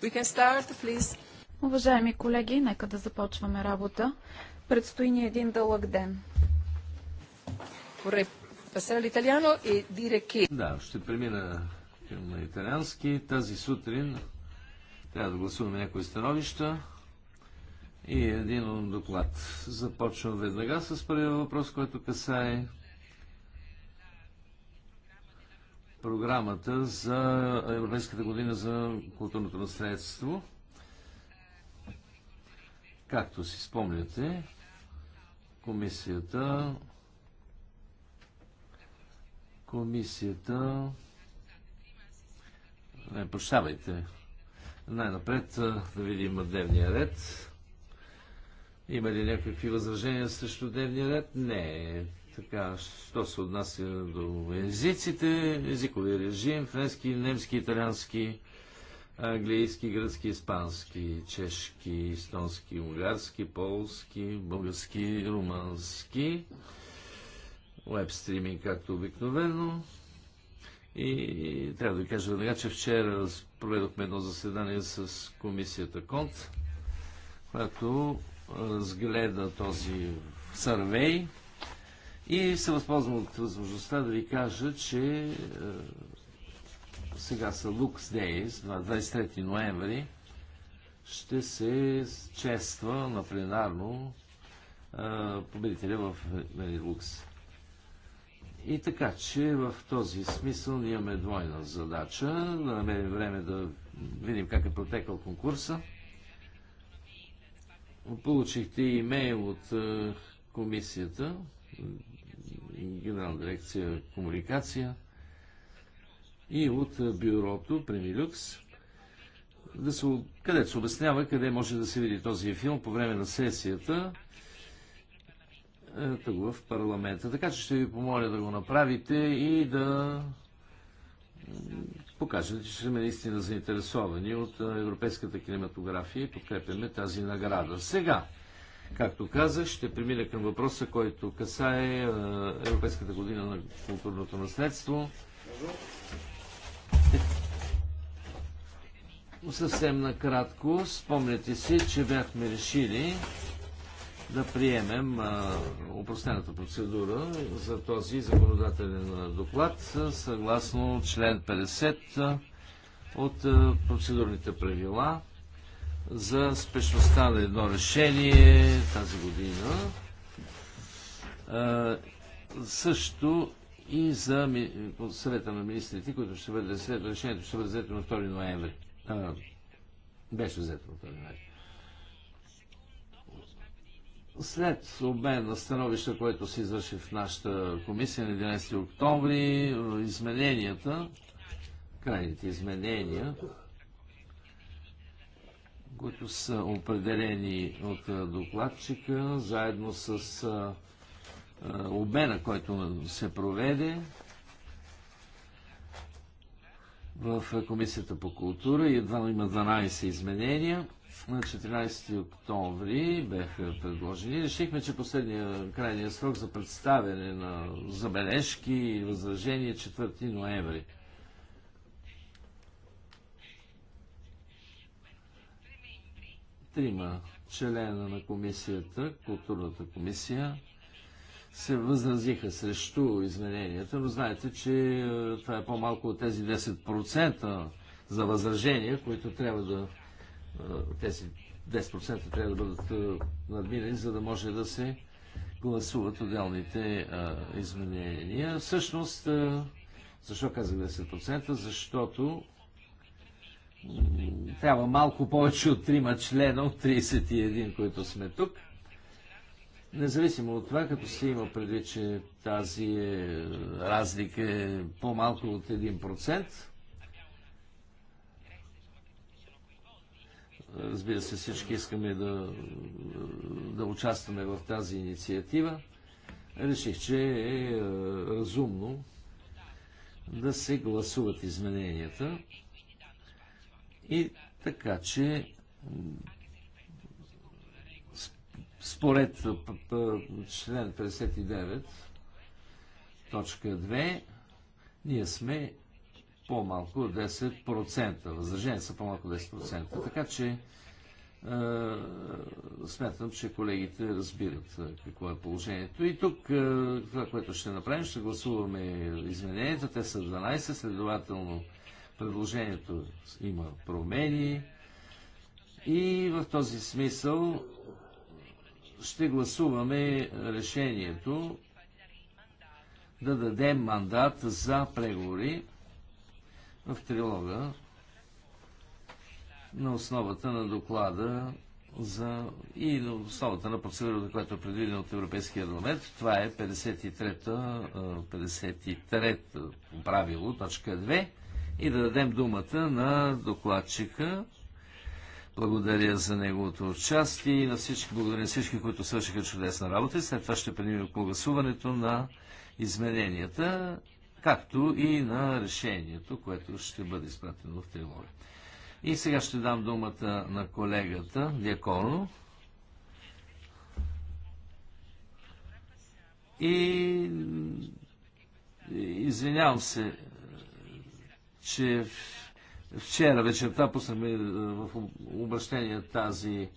Start, Уважаеми колеги, нека да започваме работа. Предстои ни един дълъг ден. E да, ще премина към италиански. Тази сутрин трябва да гласуваме някои становища и един доклад. Започвам веднага с първия въпрос, който касае програмата за Европейската година за културното наследство. Както си спомняте, комисията комисията не, прощавайте. Най-напред да видим дневния ред. Има ли някакви възражения срещу дневния ред? Не. Така, що се отнася до езиците, езиковия режим, френски, немски, италиански, английски, гръцки, испански, чешки, естонски, унгарски, полски, български, румански, веб стриминг, както обикновено. И трябва да ви кажа веднага, че вчера проведохме едно заседание с комисията КОНТ, която разгледа този сървей, и се възползвам от възможността да ви кажа, че е, сега са Лукс Дейс, 23 ноември, ще се чества на пленарно е, победителя в Лукс. Е, и така, че в този смисъл ние имаме двойна задача, да намерим време да видим как е протекал конкурса. Получихте имейл от е, комисията, Генерална дирекция комуникация и от бюрото Премилюкс, да се, където се обяснява къде може да се види този филм по време на сесията е, тук в парламента. Така че ще ви помоля да го направите и да покажете, че сме наистина заинтересовани от е, европейската кинематография и подкрепяме тази награда. Сега, Както каза, ще премина към въпроса, който касае е, Европейската година на културното наследство. Е, съвсем накратко, спомняте си, че бяхме решили да приемем а, е, упростената процедура за този законодателен доклад съгласно член 50 от а, процедурните правила за спешността на едно решение тази година. А, също и за съвета на министрите, които ще бъде след решението, ще бъде взето на 2 ноември. А, беше взето на 2 ноември. След обмен на становища, което се извърши в нашата комисия на 11 октомври, измененията, крайните изменения, които са определени от докладчика, заедно с обмена, който се проведе в Комисията по култура едва има 12 изменения. На 14 октомври бяха предложени. Решихме, че последния крайния срок за представяне на забележки и възражения е 4 ноември. трима члена на комисията, културната комисия, се възразиха срещу измененията, но знаете, че е, това е по-малко от тези 10% за възражения, които трябва да е, тези 10% трябва да бъдат е, надминени, за да може да се гласуват отделните а, изменения. Всъщност, а, защо казах 10%? Защото трябва малко повече от трима члена от 31, които сме тук. Независимо от това, като се има предвид, че тази е, разлика е по-малко от 1%, разбира се, всички искаме да, да участваме в тази инициатива, реших, че е, е разумно да се гласуват измененията. И така, че според член 59, точка 2, ние сме по-малко 10%. Възражения са по-малко 10%. Така че е, смятам, че колегите разбират е, какво е положението. И тук е, това, което ще направим, ще гласуваме измененията. Те са 12, следователно предложението има промени и в този смисъл ще гласуваме решението да дадем мандат за преговори в трилога на основата на доклада за... и на основата на процедурата, която е предвидена от Европейския парламент. Това е 53-та 53 правило, точка 2 и да дадем думата на докладчика. Благодаря за неговото участие и на всички, благодаря на всички, които свършиха чудесна работа. И след това ще преминем по гласуването на измененията, както и на решението, което ще бъде изпратено в трилога. И сега ще дам думата на колегата Дяконо. И извинявам се, че вчера вечерта пуснахме е, в обращение тази,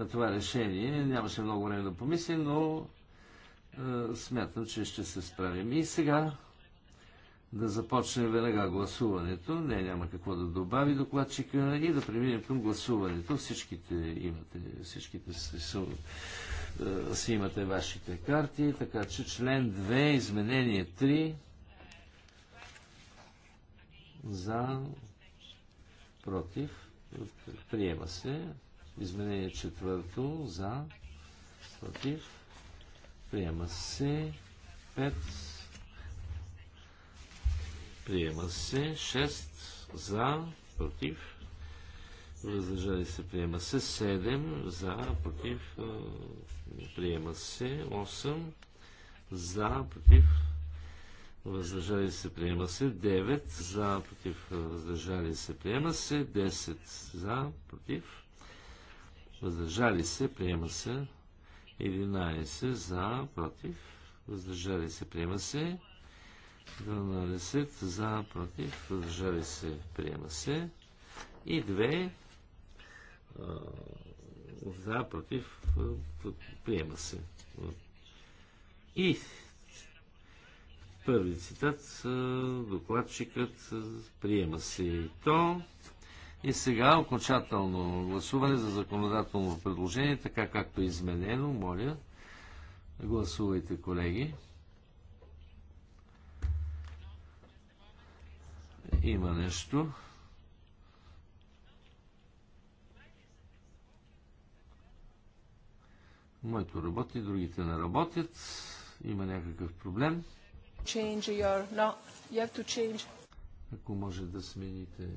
е, това решение. Нямаше много време да помисли, но е, смятам, че ще се справим. И сега да започнем веднага гласуването. Не, няма какво да добави докладчика и да преминем към гласуването. Всичките имате, всичките си, е, си имате вашите карти, така че член 2, изменение 3, за, против, приема се. Изменение четвърто, за, против, приема се. Пет, приема се. Шест, за, против, въздържали се, приема се. Седем, за, против, приема се. Осем, за, против, въздържали се, приема се. 9 за, против, въздържали се, приема се. 10 за, против, въздържали се, приема се. 11 за, против, въздържали се, приема се. 12 за, против, въздържали се, приема се. И 2 за, против, приема се. И Първи цитат, докладчикът приема се и то. И сега окончателно гласуване за законодателно предложение, така както е изменено. Моля, гласувайте, колеги. Има нещо. Моето работи, другите не работят. Има някакъв проблем. Change your... No, you have to change. Ако може да смените...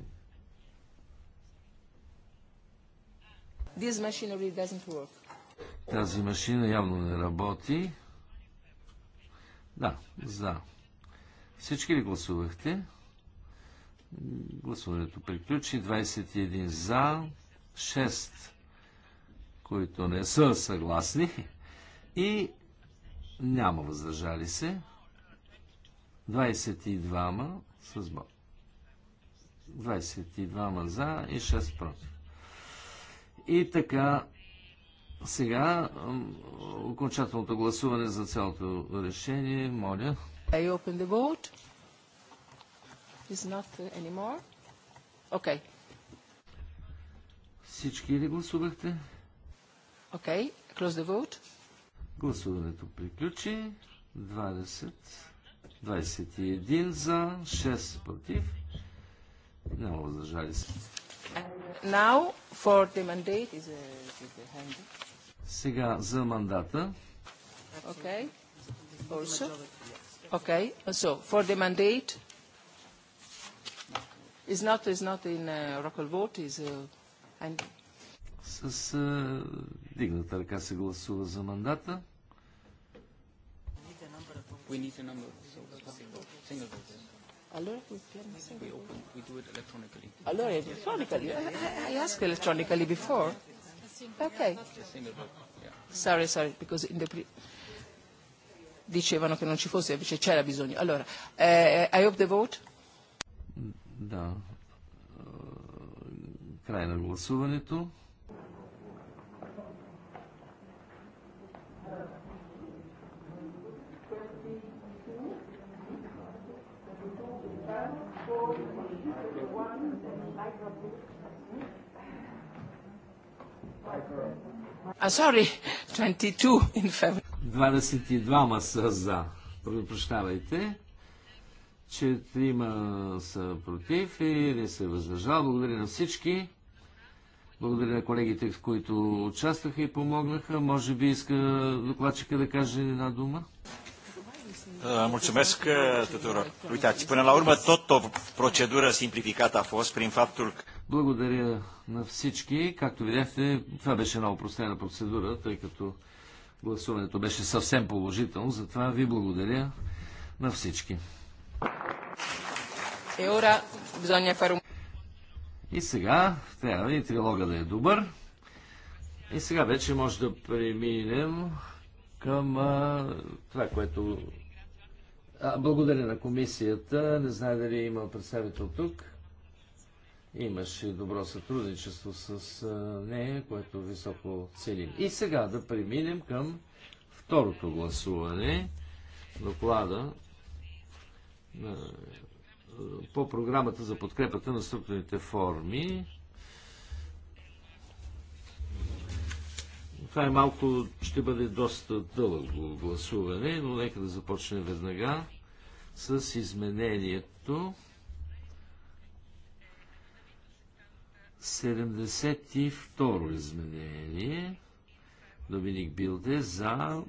This machinery doesn't work. Тази машина явно не работи. Да, за. Всички ли гласувахте? Гласуването приключи. 21 за, 6, които не са съгласни и няма въздържали се. 22 с 22 за и 6 против. И така, сега окончателното гласуване за цялото решение, моля. I open the vote. It's not anymore. Okay. Всички ли гласувахте? Okay. Close the vote. Гласуването приключи. 20 21 за, 6 против. Няма въздържали се. Now for the mandate is a, is a hand. Сега за мандата. Okay. Also. Okay. So for the mandate is not is not in uh, rock vote is uh, and... С uh, дигната ръка се гласува за мандата. We need a number. So single vote. Allora we open we do it electronically. Allora electronically. I asked electronically before. Okay. Sorry, sorry, because in the pre dicevano che non ci fosse, invece c'era bisogno. Allora, eh, I hope the vote. Да. Край на гласуването. Uh, sorry, 22 in favor. 22 са за. Предупрещавайте, че трима са против и не се въздържал. Благодаря на всички. Благодаря на колегите, които участваха и помогнаха. Може би иска докладчика да каже една дума. Mulțumesc tuturor. Uitați, până la urmă tot o procedură simplificată a fost prin faptul că... Благодаря на всички. Както видяхте, това беше една упростена процедура, тъй като гласуването беше съвсем положително. Затова ви благодаря на всички. Е, и сега трябва и трилога да е добър. И сега вече може да преминем към а, това, което... А, благодаря на комисията. Не знае дали има представител тук. Имаше добро сътрудничество с нея, което високо целим. И сега да преминем към второто гласуване. Доклада по програмата за подкрепата на структурните форми. Това е малко, ще бъде доста дълго гласуване, но нека да започнем веднага с изменението. 72 изменение. Доминик Билде за,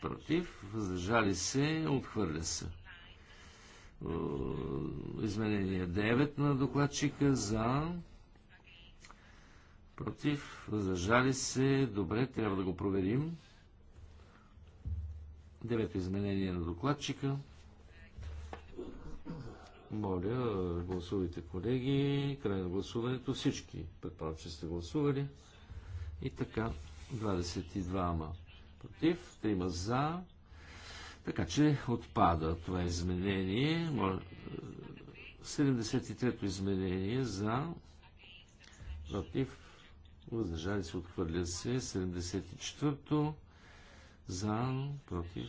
против, въздържали се, отхвърля се. Изменение 9 на докладчика за, против, въздържали се. Добре, трябва да го проверим. Девето изменение на докладчика. Моля, гласувайте, колеги. Край на гласуването. Всички, предполагам, че сте гласували. И така, 22 ма против, 3 ма за. Така че отпада това изменение. 73-то изменение за против, въздържали се, отхвърля се. 74-то за против,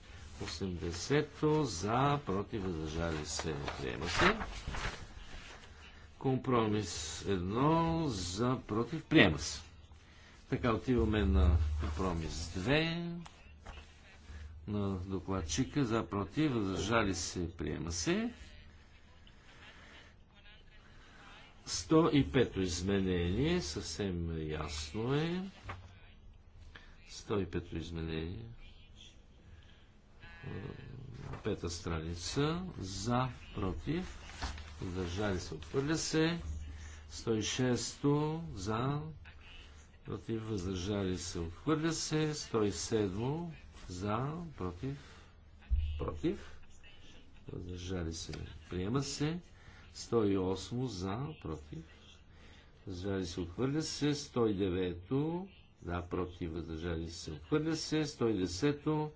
80-то за, против, въздържали се, приема се. Компромис 1 за, против, приема се. Така отиваме на компромис 2 на докладчика за, против, въздържали се, приема се. 105-то изменение, съвсем ясно е. 105-то изменение пета страница. За, против, въздържали се, отхвърля се. 106 за, против, въздържали се, отхвърля се. 107 за, против, против, въздържали се, приема се. 108 за, против, въздържали се, отхвърля се. 109 за, против, въздържали се, отхвърля се. 110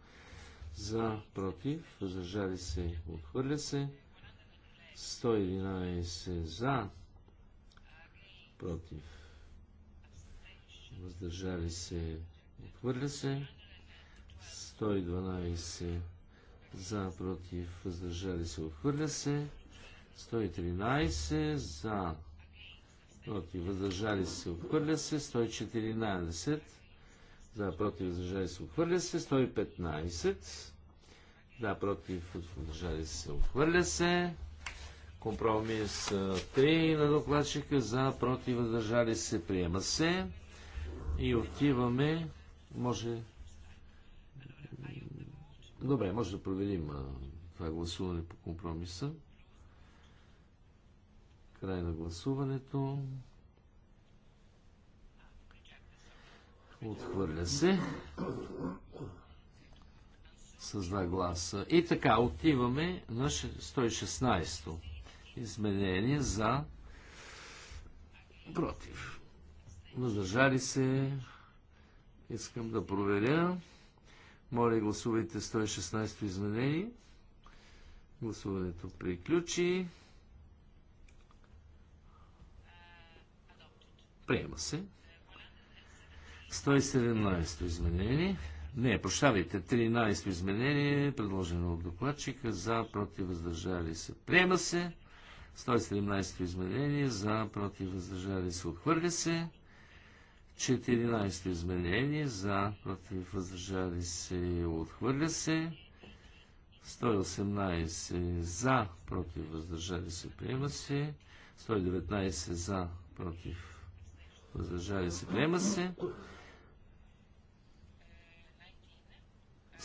за, против, въздържали се, отхвърля се. 111 за, против, въздържали се, отхвърля се. 112 за, против, въздържали се, отхвърля се. 113 за, против, въздържали се, отхвърля се. 114 за против въздържали се отхвърля се. 115 за против въздържали се отхвърля се. Компромис 3 на докладчика за против въздържали се приема се. И отиваме, може... Добре, може да проверим това гласуване по компромиса. Край на гласуването. Отхвърля се. С два гласа. И така, отиваме на 116-то. Изменение за против. Въздържали се. Искам да проверя. Моля, гласувайте 116-то изменение. Гласуването приключи. Приема се. 117 изменение. Не, прощавайте, 13 изменение, предложено от докладчика, за, против, въздържали се. Приема се. 117 изменение, за, против, въздържали се, отхвърля се. 14 изменение, за, против, въздържали се, отхвърля се. 118 за, против, въздържали се, приема се. 119 за, против, въздържали се, приема се.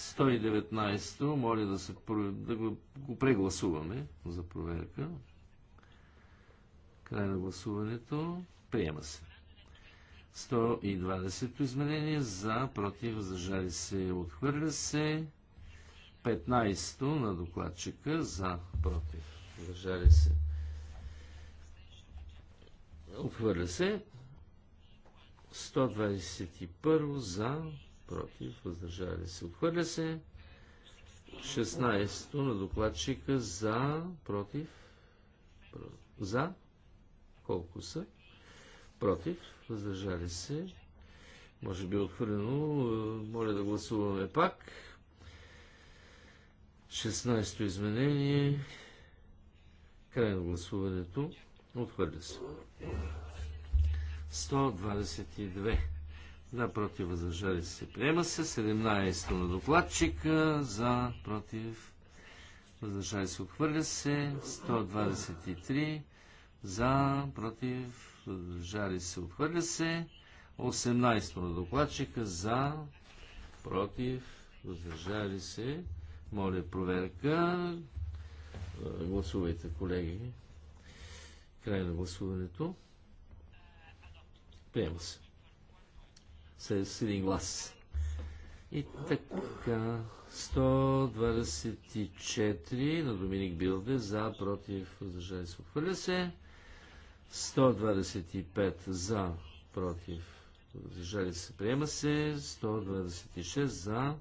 119-то, моля да, се, да го, прегласуваме за проверка. Край на гласуването. Приема се. 120-то изменение за, против, зажали се, отхвърля се. 15-то на докладчика за, против, зажали се. Отхвърля се. 121 за, против, въздържали се, отхвърля се. 16 на докладчика за, против, за, колко са, против, въздържали се, може би е отхвърлено, моля да гласуваме пак. 16-то изменение, край на гласуването, отхвърля се. 122 за против възражали се приема се. 17 на докладчика за против въздържали се отхвърля се. 123 за против въздържали се отхвърля се. 18 на докладчика за против въздържали се. Моля проверка. Гласувайте, колеги. Край на гласуването. Приема се с един глас. И така, 124 на Доминик Билде, за, против, въздържали се, отхвърля се. 125 за, против, въздържали се, приема се. 126 за,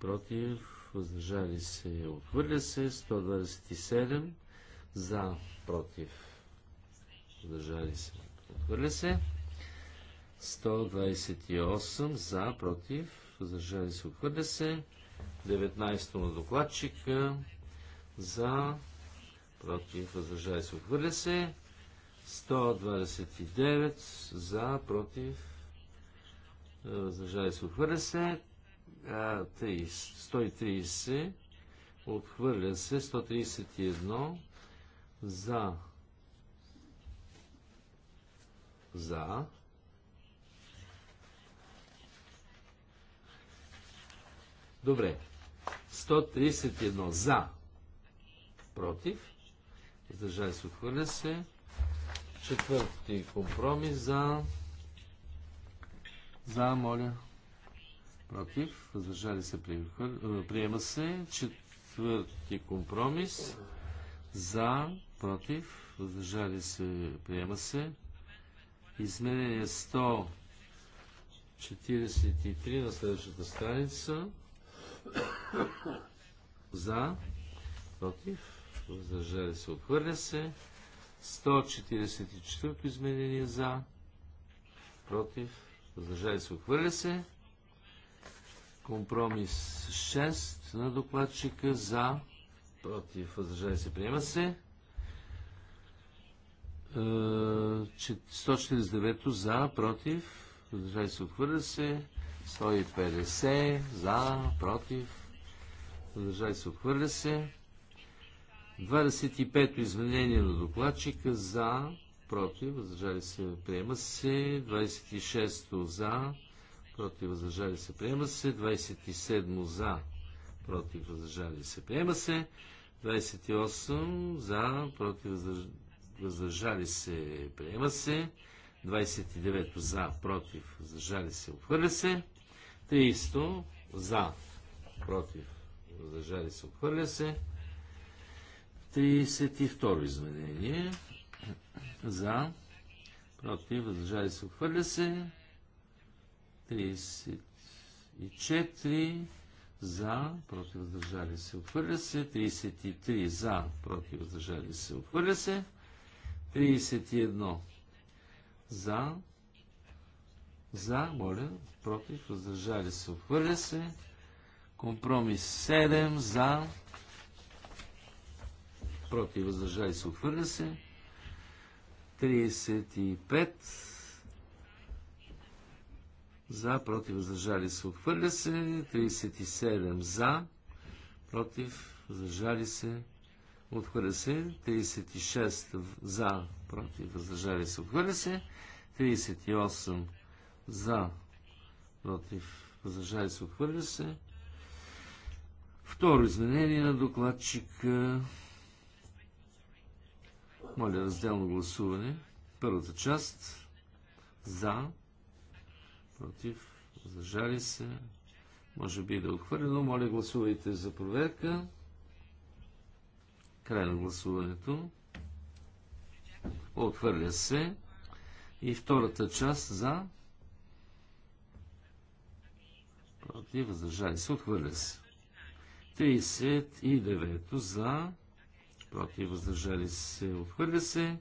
против, въздържали се, отхвърля се. 127 за, против, въздържали се, отхвърля се. 128 за, против, въздържали се, отхвърля се. 19 на докладчика за, против, въздържали се, отхвърля се. 129 за, против, въздържали се, отхвърля се. 130 отхвърля се. 131 за, за, Добре. 131 за. Против. Въздържали се, отхвърля се. Четвърти компромис за. За, моля. Против. Въздържали се, приема се. Четвърти компромис. За, против. Въздържали се, приема се. Изменение 143 на следващата страница. За. Против. Въздържали се. Отхвърля се. 144 изменение за. Против. Въздържали се. Отхвърля се. Компромис 6 на докладчика за. Против. Въздържали се. Приема се. 149 е, за, против, въздържали се, отхвърля се. 150 за, против, въздържали се, отхвърля се. 25-то изменение на докладчика за, против, въздържали се, приема се. 26-то за, против, въздържали се, приема се. 27-то за, против, въздържали се, приема се. 28 за, против, въздържали се, приема се. 29 за, против, въздържали се, отхвърля се. 300 за, против, въздържали се, отхвърля се. 32 изменение за, против, въздържали се, отхвърля се. 34 за, против, въздържали се, отхвърля се. 33 за, против, въздържали се, отхвърля се. 31 за, за, моля, против, въздържали се, отхвърля се. Компромис 7, за, против, въздържали се, отхвърля се. 35, за, против, въздържали се, отхвърля се. 37, за, против, въздържали се, отхвърля се. 36, за, против, въздържали се, отхвърля се. 38, за, против, възражали се, отхвърля се. Второ изменение на докладчика. Моля, разделно гласуване. Първата част. За. Против. възражали се. Може би да е но Моля, гласувайте за проверка. Край на гласуването. Отхвърля се. И втората част за. против, въздържали се, отхвърля се. 39 за, против, въздържали се, отхвърля се.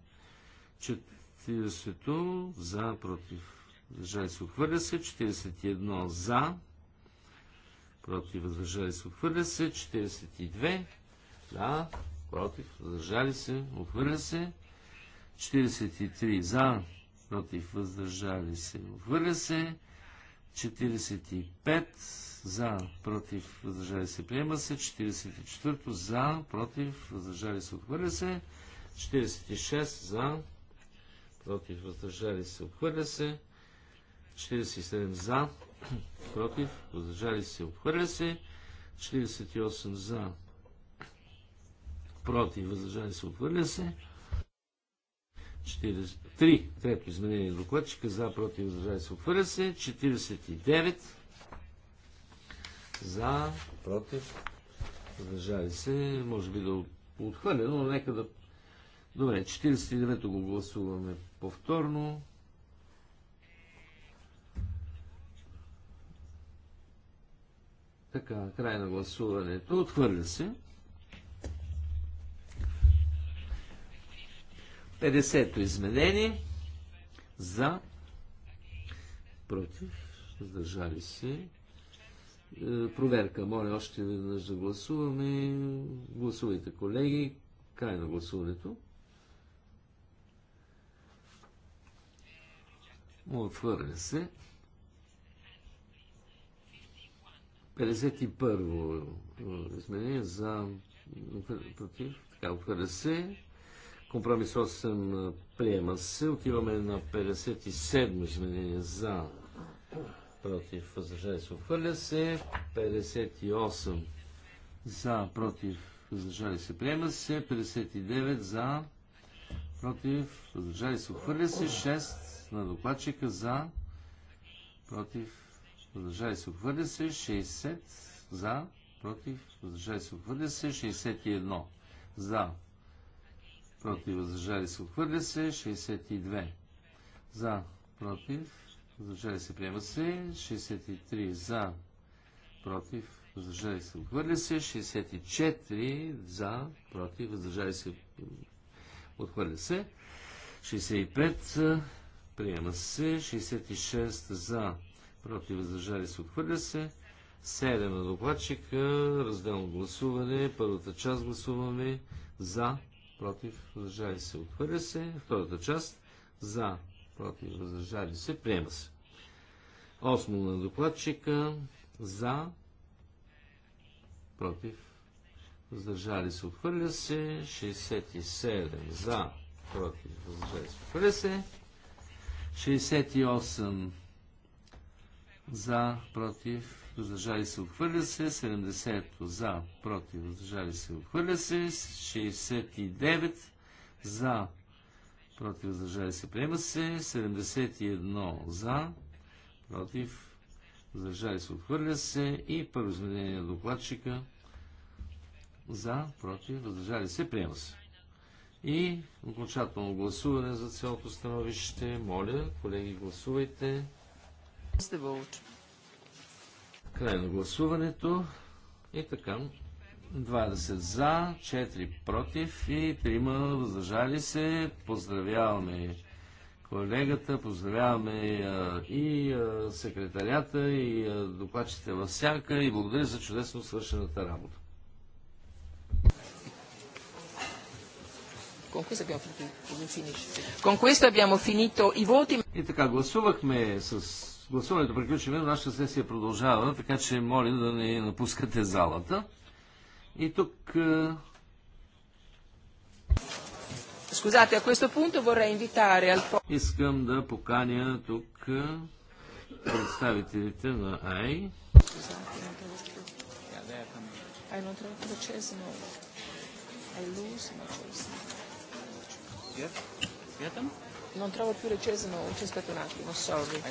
40 за, против, въздържали се, отхвърля се. 41 за, против, въздържали се, отхвърля се. 42 за, против, въздържали се, отхвърля се. 43 за, против, въздържали се, отхвърля се. 45 за, против, въздържали се, приема се. 44 за, против, въздържали се, отхвърля се. 46 за, против, въздържали се, отхвърля се. 47 за, против, въздържали се, отхвърля се. 48 за, против, въздържали се, отхвърля се. 43. Трето изменение на докладчика. За, против, въздържали се. Отхвърля се. 49. За, против, въздържали се. Може би да отхвърля, но нека да... Добре, 49-то го гласуваме повторно. Така, край на гласуването. Отхвърля се. 50-то изменение за против, задържали се. Е, проверка, моля още веднъж да гласуваме. Гласувайте, колеги. Край на гласуването. Отвърля се. 51 е, изменение за против. Така, отхвърля се. Компромис 8 приема се. Отиваме на 57 изменение за против въздържали се. Отхвърля се. 58 за против въздържали се. Приема се. 59 за против въздържали се. Отхвърля се. 6 на докладчика за против въздържали се. Отхвърля се. 60 за против въздържали се. Отхвърля се. 61 за против, въздържали се, отхвърля се. 62 за, против, въздържали се, приема се. 63 за, против, въздържали се, отхвърля се. 64 за, против, въздържали се, отхвърля се. 65 приема се. 66 за, против, въздържали се, отхвърля се. 7 на докладчика, разделно гласуване, първата част гласуваме за, против, въздържали се, отхвърля се. Втората част за, против, въздържали се, приема се. Осмо на докладчика за, против, въздържали се, отхвърля се. 67 за, против, въздържали се, отхвърля се. 68 за, против, въздържали се, отхвърля се, 70 за, против, въздържали се, отхвърля се, 69 за, против, въздържали се, приема се, 71 за, против, въздържали се, отхвърля се и първо изменение на докладчика за, против, въздържали се, приема се. И окончателно гласуване за цялото становище. Моля, колеги, гласувайте. Сте Край на гласуването. И така. 20 за, 4 против и 3 въздържали се. Поздравяваме колегата, поздравяваме и секретарята, и докладчите в сянка и благодаря за чудесно свършената работа. И така гласувахме с гласуването приключваме, но нашата сесия продължава, така че моля да не напускате залата. И тук... Е, Scusate, a questo punto vorrei invitare al... Искам да поканя тук е, представителите на Ай. Hai non trovo più le cese, no, c'è stato un attimo, sorry.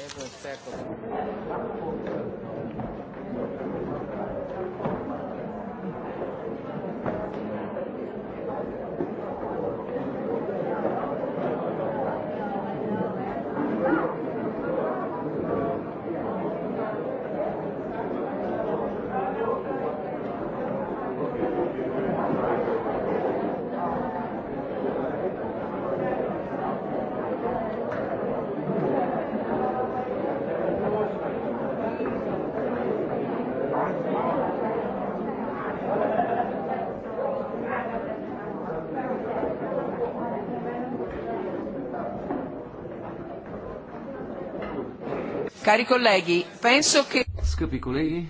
Cari colleghi, penso che... Скъпи колеги,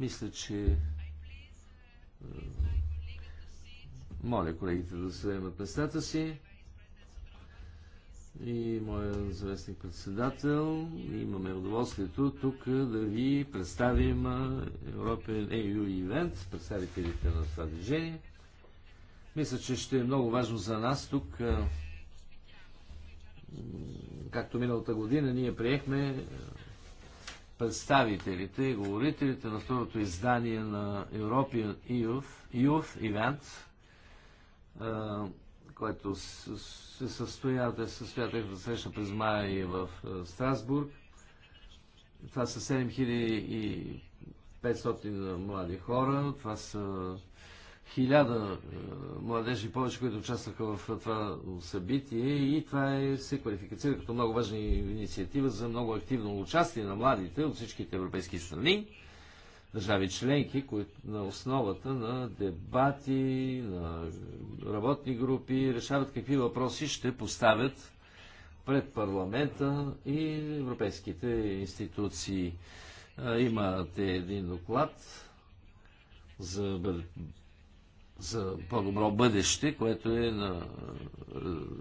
мисля, че... Е, моля колегите да заемат местата си. И моя заместник председател, имаме удоволствието тук е, да ви представим European EU Event, представителите на това движение. Мисля, че ще е много важно за нас тук е, както миналата година, ние приехме е, представителите и говорителите на второто издание на European Youth, Youth Event, е, Което се състоя, те състоя техната среща през май в е, Страсбург. Това са 7500 млади хора, това са хиляда е, младежи повече, които участваха в това събитие и това е, се квалифицира като много важна инициатива за много активно участие на младите от всичките европейски страни, държави членки, които на основата на дебати, на работни групи решават какви въпроси ще поставят пред парламента и европейските институции. Е, имате един доклад за за по-добро бъдеще, което е на е,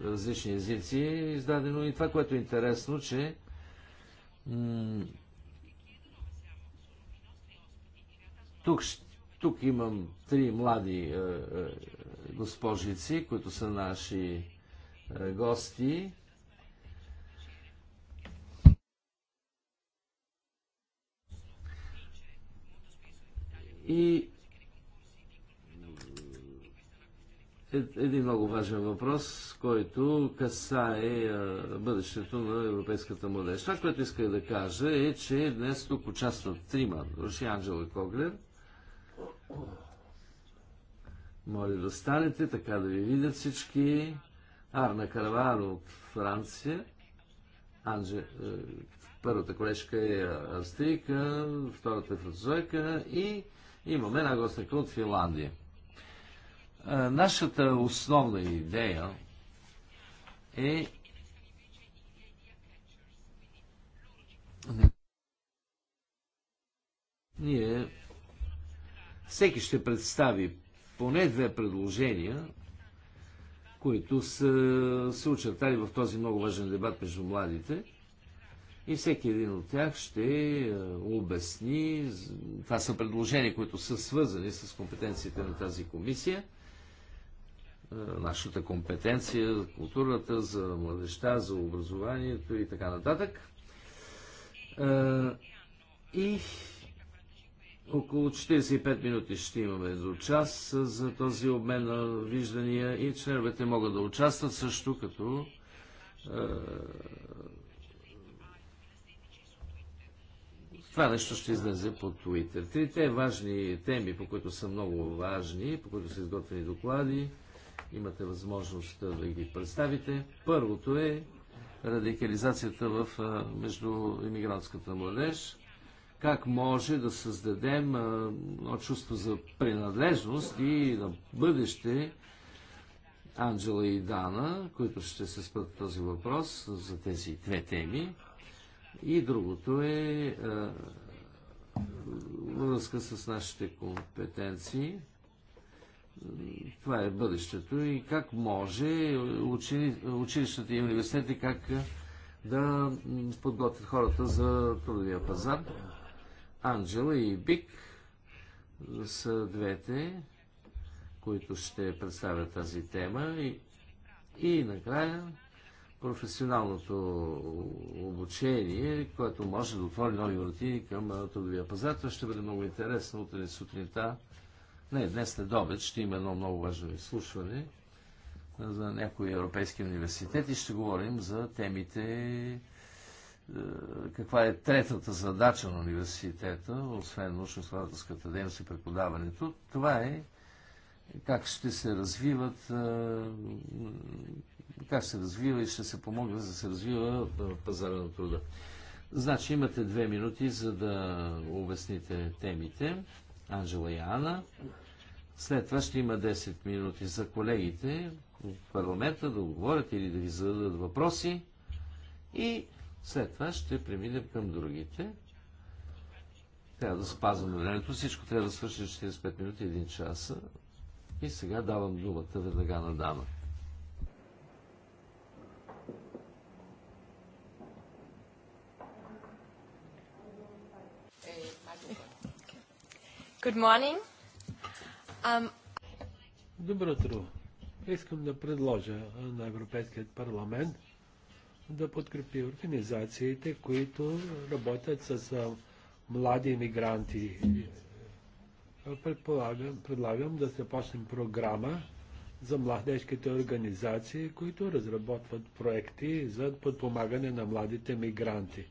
различни езици издадено. И това, което е интересно, че тук, тук имам три млади е, е, госпожици, които са наши гости. И е един много важен въпрос, който касае бъдещето на европейската младеж. Това, което исках да кажа е, че днес тук участват трима души, и Коглер. Моля да станете, така да ви видят всички. Арна Каравар от Франция. Анже, е, първата колежка е австрийка, втората е французойка и имаме една гостника от Финландия. Нашата основна идея е ние всеки ще представи поне две предложения, които са се очертали в този много важен дебат между младите. И всеки един от тях ще обясни. Това са предложения, които са свързани с компетенциите на тази комисия – е, нашата компетенция, за културата, за младеща, за образованието и така нататък. Е, и около 45 минути ще имаме до час е, за този обмен на виждания и членовете могат да участват също като Това нещо ще излезе по Twitter. Трите важни теми, по които са много важни, по които са изготвени доклади, Имате възможност да ги представите. Първото е радикализацията в между иммигрантската младеж. Как може да създадем а, чувство за принадлежност и на бъдеще Анджела и Дана, които ще се спрат този въпрос за тези две теми. И другото е а, връзка с нашите компетенции това е бъдещето и как може учени, училищата и университети как да подготвят хората за трудовия пазар. Анджела и Бик са двете, които ще представят тази тема. И, и накрая професионалното обучение, което може да отвори нови врати към трудовия пазар. Това ще бъде много интересно утре сутринта не, днес след обед ще има едно много важно изслушване за някои европейски университети. Ще говорим за темите е, каква е третата задача на университета, освен научно-изследователската дейност и преподаването. Това е как ще се развиват е, как се развива и ще се помогне за да се развива е, пазара на труда. Значи имате две минути, за да обясните темите. Анжела и Ана. След това ще има 10 минути за колегите от парламента да говорят или да ви зададат въпроси. И след това ще преминем към другите. Трябва да спазваме времето. Всичко трябва да свърши 45 минути, 1 часа. И сега давам думата веднага на дама. Good morning. Um... Добро утро. Искам да предложа на Европейският парламент да подкрепи организациите, които работят с млади мигранти. Предполагам, предлагам да се почнем програма за младежките организации, които разработват проекти за подпомагане на младите мигранти.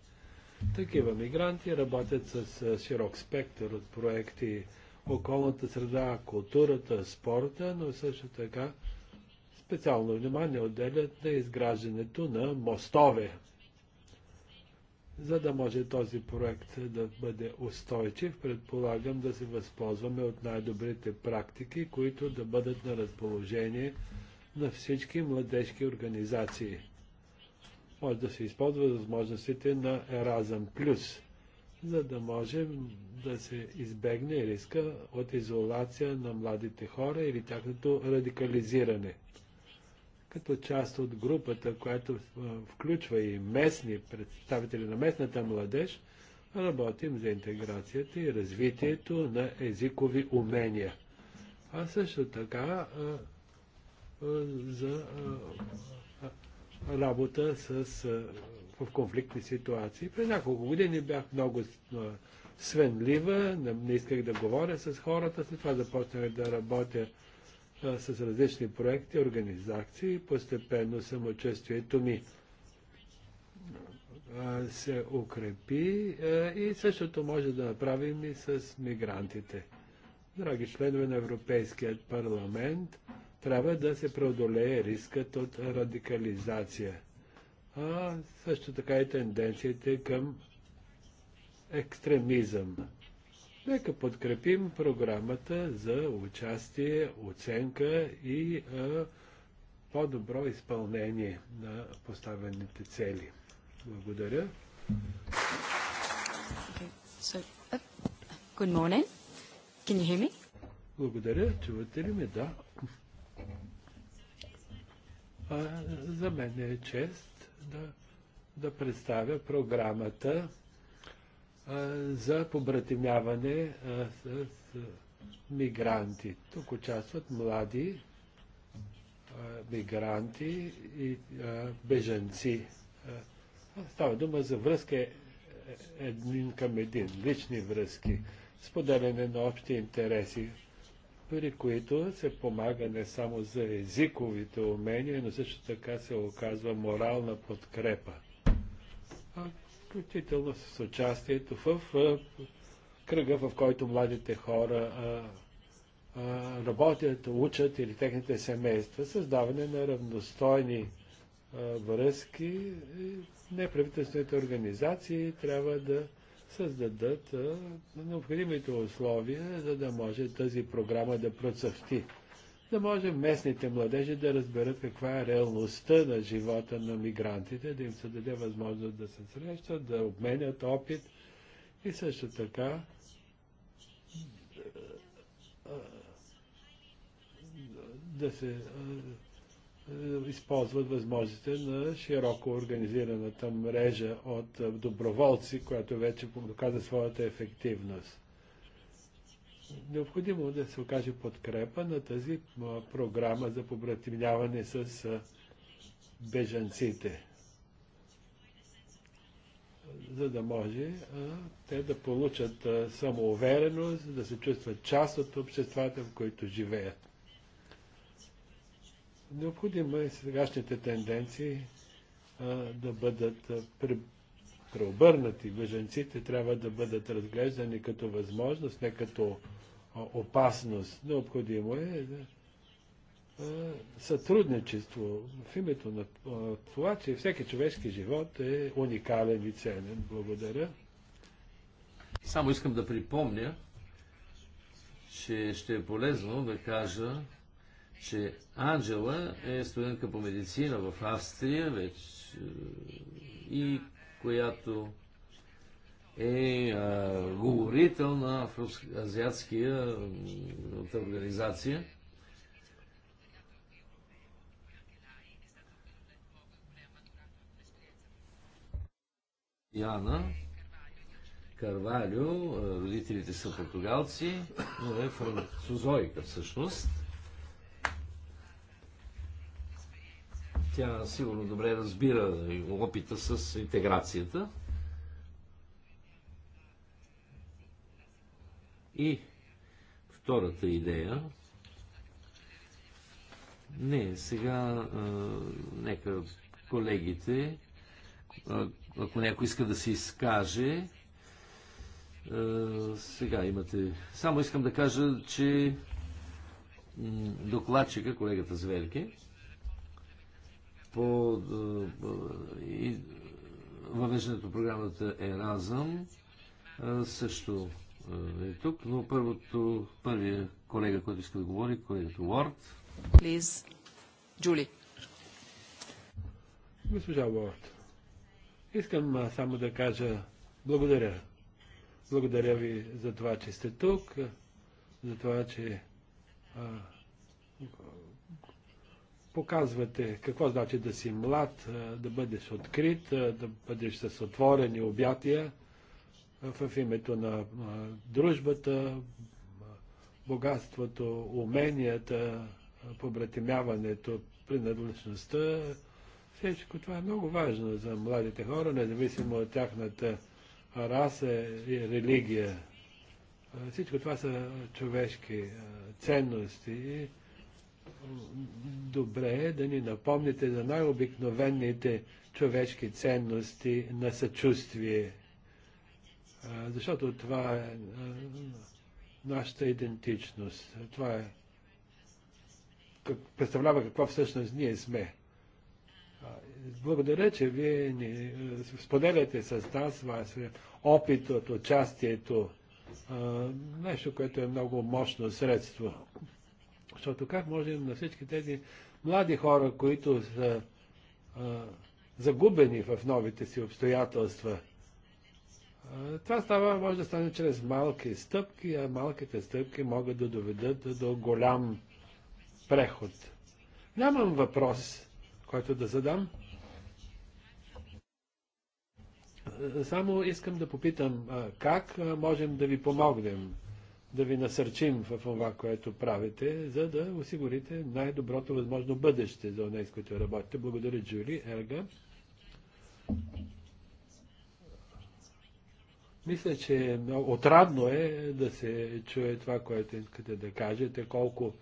Такива мигранти работят с широк спектър от проекти околната среда, културата, спорта, но също така специално внимание отделят на изграждането на мостове, за да може този проект да бъде устойчив, предполагам да се възползваме от най-добрите практики, които да бъдат на разположение на всички младежки организации може да се използва възможностите на Еразъм Плюс, за да може да се избегне риска от изолация на младите хора или тяхното радикализиране. Като част от групата, която включва и местни представители на местната младеж, работим за интеграцията и развитието на езикови умения. А също така за работа с, в конфликтни ситуации. През няколко години бях много свенлива, не исках да говоря с хората, след това започнах да работя а, с различни проекти, организации, постепенно самочувствието ми а, се укрепи а, и същото може да направим и с мигрантите. Драги членове на Европейският парламент, трябва да се преодолее рискът от радикализация. А също така и тенденциите към екстремизъм. Нека подкрепим програмата за участие, оценка и по-добро изпълнение на поставените цели. Благодаря. Uh, good morning. Can you hear me? Благодаря. Чувате ли ме? Да. А, за мен е чест да, да представя програмата а, за побратимяване а, с, мигранти. Тук участват млади мигранти и беженци. Става дума за връзка е, един към един, лични връзки, споделяне на общи интереси, при които се помага не само за езиковите умения, но също така се оказва морална подкрепа. Включително с участието в, в кръга, в който младите хора а, а, работят, учат или техните семейства, създаване на равностойни а, връзки. Неправителствените организации трябва да създадат необходимите условия, за да може тази програма да процъфти. Да може местните младежи да разберат каква е реалността на живота на мигрантите, да им се даде възможност да се срещат, да обменят опит и също така да се е, използват възможностите на широко организираната мрежа от е, доброволци, която вече доказа своята ефективност. Необходимо е да се окаже подкрепа на тази програма за побратимняване с бежанците, за да може те да получат самоувереност, да се чувстват част от обществата, в които живеят. Необходимо е сегашните тенденции а, да бъдат пре, преобърнати. Беженците трябва да бъдат разглеждани като възможност, не като а, опасност. Необходимо е да, а, сътрудничество в името на а, това, че всеки човешки живот е уникален и ценен. Благодаря. Само искам да припомня, че ще е полезно да кажа, че Анджела е студентка по медицина в Австрия вече и която е а, говорител на Афроазиатския организация. Яна Карвалю, родителите са португалци, но е французойка всъщност. Тя сигурно добре разбира опита с интеграцията. И втората идея. Не, сега а, нека колегите, а, ако някой иска да се изкаже, а, сега имате. Само искам да кажа, че докладчика, колегата Зверки, по въвеждането програмата Еразъм също е тук, но първото, първият колега, който иска да говори, колегата Уорд. Плиз, Джули. Госпожа Уорд, искам само да кажа благодаря. Благодаря ви за това, че сте тук, за това, че показвате какво значи да си млад, да бъдеш открит, да бъдеш с отворени обятия в името на дружбата, богатството, уменията, побратимяването, принадлежността. Всичко това е много важно за младите хора, независимо от тяхната раса и религия. Всичко това са човешки ценности добре е да ни напомните за най-обикновените човешки ценности на съчувствие. Защото това е нашата идентичност. Това е, как, представлява какво всъщност ние сме. Благодаря, че вие ни споделяте с нас опит от участието, нещо, което е много мощно средство. Защото как можем на всички тези млади хора, които са а, загубени в новите си обстоятелства, а, това става, може да стане чрез малки стъпки, а малките стъпки могат да доведат до голям преход. Нямам въпрос, който да задам. Само искам да попитам, а, как можем да ви помогнем? да ви насърчим в това, което правите, за да осигурите най-доброто възможно бъдеще за онези, които работите. Благодаря, Джули. Елга. Мисля, че отрадно е да се чуе това, което искате да кажете, колко,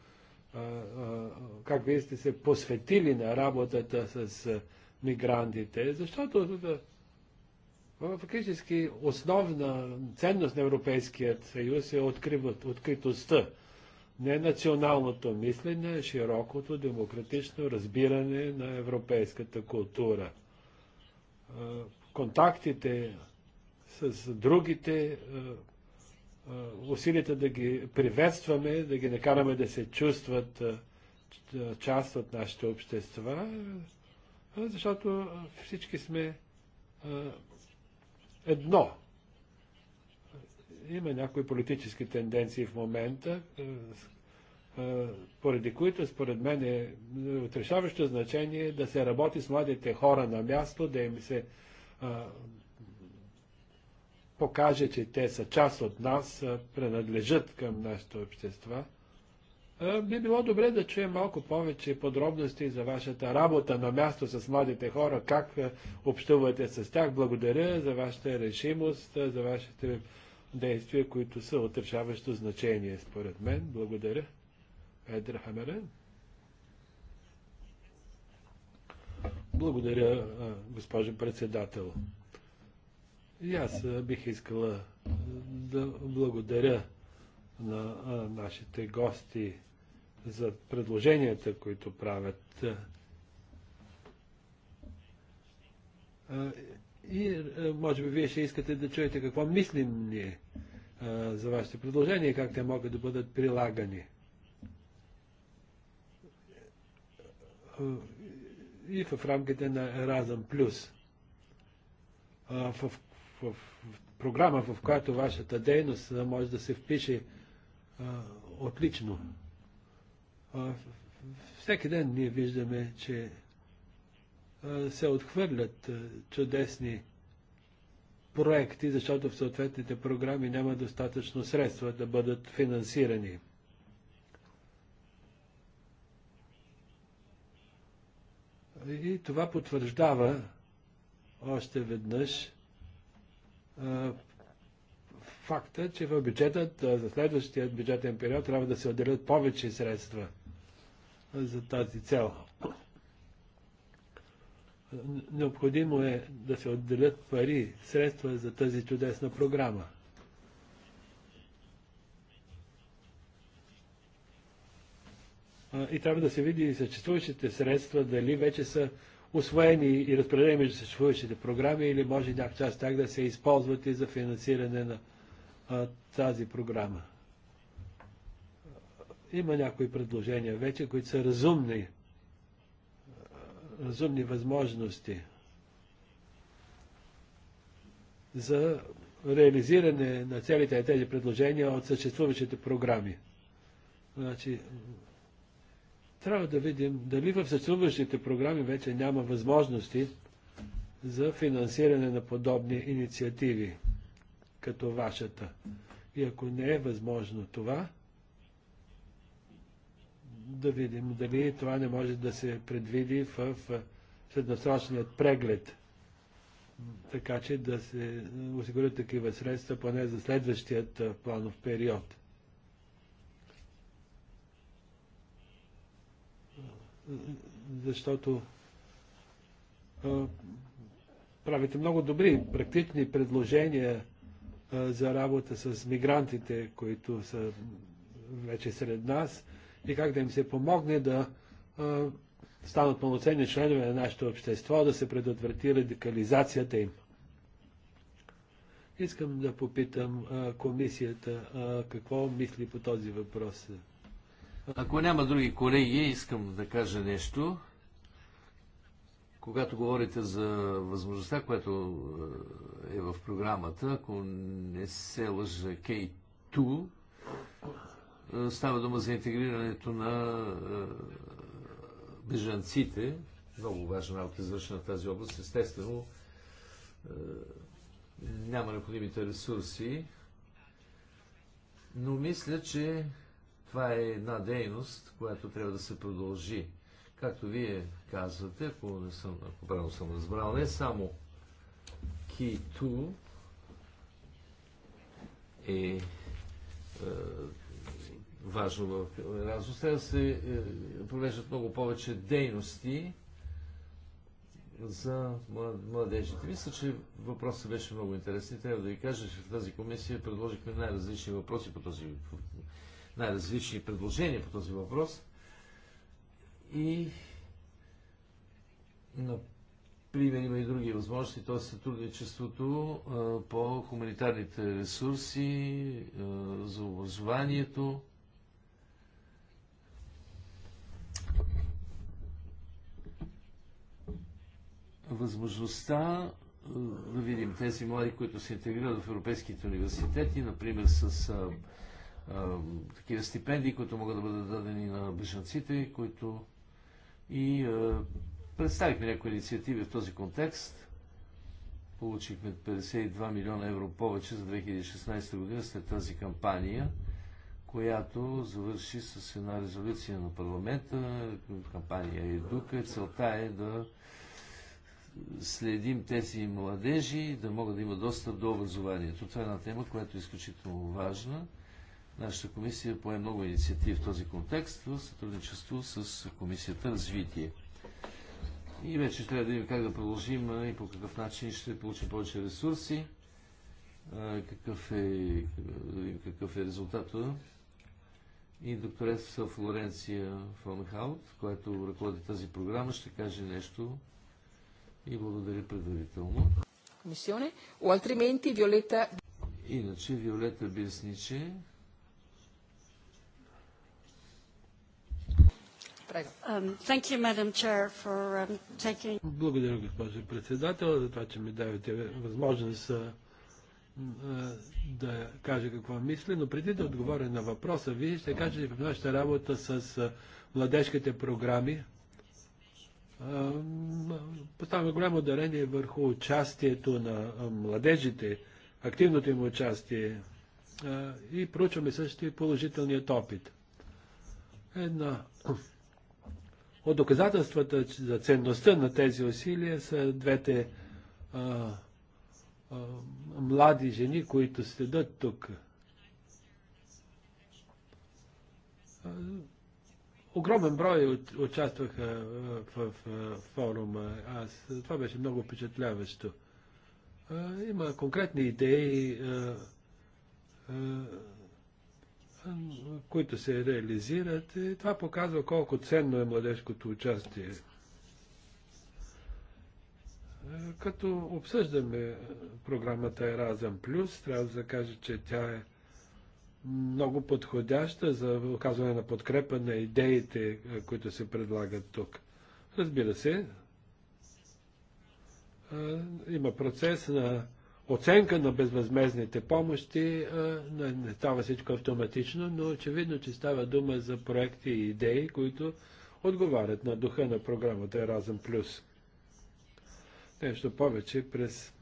как вие сте се посветили на работата с мигрантите, защото Фактически основна ценност на Европейският съюз е откриват, откритостта, не националното мислене, а широкото демократично разбиране на европейската култура. Контактите с другите, усилията да ги приветстваме, да ги накараме да се чувстват част от нашите общества, защото всички сме едно. Има някои политически тенденции в момента, е, е, поради които според мен е, е от решаващо значение да се работи с младите хора на място, да им се покаже, че те са част от нас, принадлежат към нашите общества. Би било добре да чуем малко повече подробности за вашата работа на място с младите хора, как общувате с тях. Благодаря за вашата решимост, за вашите действия, които са отрешаващо значение, според мен. Благодаря. Едра Хамерен. Благодаря, госпожо председател. И аз бих искала да благодаря на нашите гости за предложенията, които правят. И може би вие ще искате да чуете какво мислим ние за вашите предложения как те могат да бъдат прилагани. И в рамките на Еразъм Плюс. В, в програма, в която вашата дейност може да се впише отлично. Всеки ден ние виждаме, че се отхвърлят чудесни проекти, защото в съответните програми няма достатъчно средства да бъдат финансирани. И това потвърждава още веднъж а, факта, че в бюджетът за следващия бюджетен период трябва да се отделят повече средства – за тази цел. Необходимо е да се отделят пари, средства за тази чудесна програма. И трябва да се види и съществуващите средства, дали вече са освоени и разпределени между съществуващите програми или може някаква част так тях да се използват и за финансиране на а, тази програма. Има някои предложения вече, които са разумни, разумни възможности за реализиране на целите тези предложения от съществуващите програми. Значи, трябва да видим дали в съществуващите програми вече няма възможности за финансиране на подобни инициативи, като вашата. И ако не е възможно това, да видим дали това не може да се предвиди в средносрочният преглед, така че да се осигурят такива средства поне за следващият планов период. Защото правите много добри практични предложения за работа с мигрантите, които са вече сред нас и как да им се помогне да а, станат пълноценни членове на нашето общество, да се предотврати радикализацията им. Искам да попитам а, комисията а, какво мисли по този въпрос. Ако няма други колеги, искам да кажа нещо. Когато говорите за възможността, която е в програмата, ако не се лъжа K2, е, става дума за интегрирането на е, бежанците. Много важна работа извършена в тази област. Естествено, е, няма необходимите ресурси, но мисля, че това е една дейност, която трябва да се продължи. Както вие казвате, ако, не съм, ако правилно съм разбрал, не само Киту е, е важно в Еразус. Трябва да се е, провеждат много повече дейности за младежите. Мисля, че въпросът беше много интересен. Трябва да ви кажа, че в тази комисия предложихме най-различни въпроси по този най-различни предложения по този въпрос. И на Пример има и други възможности, т.е. сътрудничеството по хуманитарните ресурси, за образованието, възможността е, да видим тези млади, които се интегрират в европейските университети, например с а, е, а, е, такива стипендии, които могат да бъдат дадени на бежанците, които и а, представихме някои инициативи в този контекст. Получихме 52 милиона евро повече за 2016 година след тази кампания, която завърши с една резолюция на парламента, кампания Едука. Целта е да следим тези младежи да могат да имат достъп до образованието. Това е една тема, която е изключително важна. Нашата комисия пое много инициативи в този контекст в сътрудничество с Комисията развитие. И вече трябва да видим как да продължим и по какъв начин ще получим повече ресурси, какъв е, какъв е резултата. И докторец Флоренция Фонхаут, която ръководи тази програма, ще каже нещо и благодаря предварително. Комисионе, у алтрименти Виолета... Иначе Виолета обясни, че... Um, um, благодаря, госпожо председател, за това, че ми давате възможност да кажа какво мисля, но преди да отговоря на въпроса вие ще кажа, че в нашата работа с младежките програми поставяме голямо дарение върху участието на младежите, активното им участие и проучваме също и положителният опит. Една от доказателствата за ценността на тези усилия са двете а, а, млади жени, които следят тук. Огромен брой участваха в форума. Аз, това беше много впечатляващо. Има конкретни идеи, които се реализират. И това показва колко ценно е младежкото участие. Като обсъждаме програмата Еразъм Плюс, трябва да кажа, че тя е много подходяща за оказване на подкрепа на идеите, които се предлагат тук. Разбира се, има процес на оценка на безвъзмезните помощи. Не става всичко автоматично, но очевидно, че става дума за проекти и идеи, които отговарят на духа на програмата Еразъм Плюс. Нещо повече през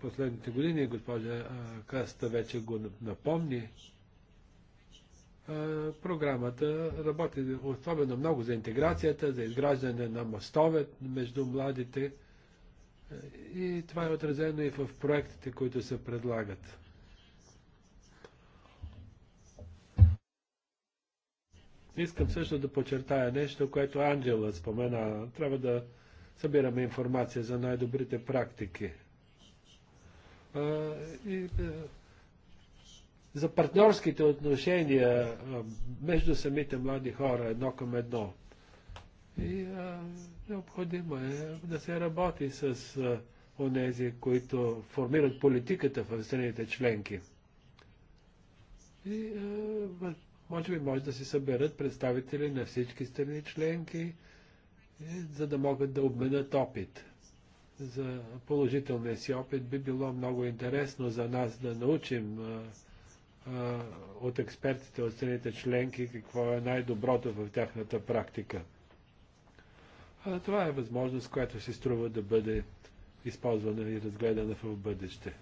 последните години, госпожа Каста вече го напомни, програмата работи особено много за интеграцията, за изграждане на мостове между младите и това е отразено и в проектите, които се предлагат. Искам също да подчертая нещо, което Анджела спомена. Трябва да събираме информация за най-добрите практики и за партньорските отношения между самите млади хора едно към едно. И а, необходимо е да се работи с онези, които формират политиката в страните членки. И а, може би може да се съберат представители на всички страни членки, за да могат да обменят опит за положителния си опит. Би било много интересно за нас да научим а, а, от експертите от страните членки какво е най-доброто в тяхната практика. А, това е възможност, която се струва да бъде използвана и разгледана в бъдеще.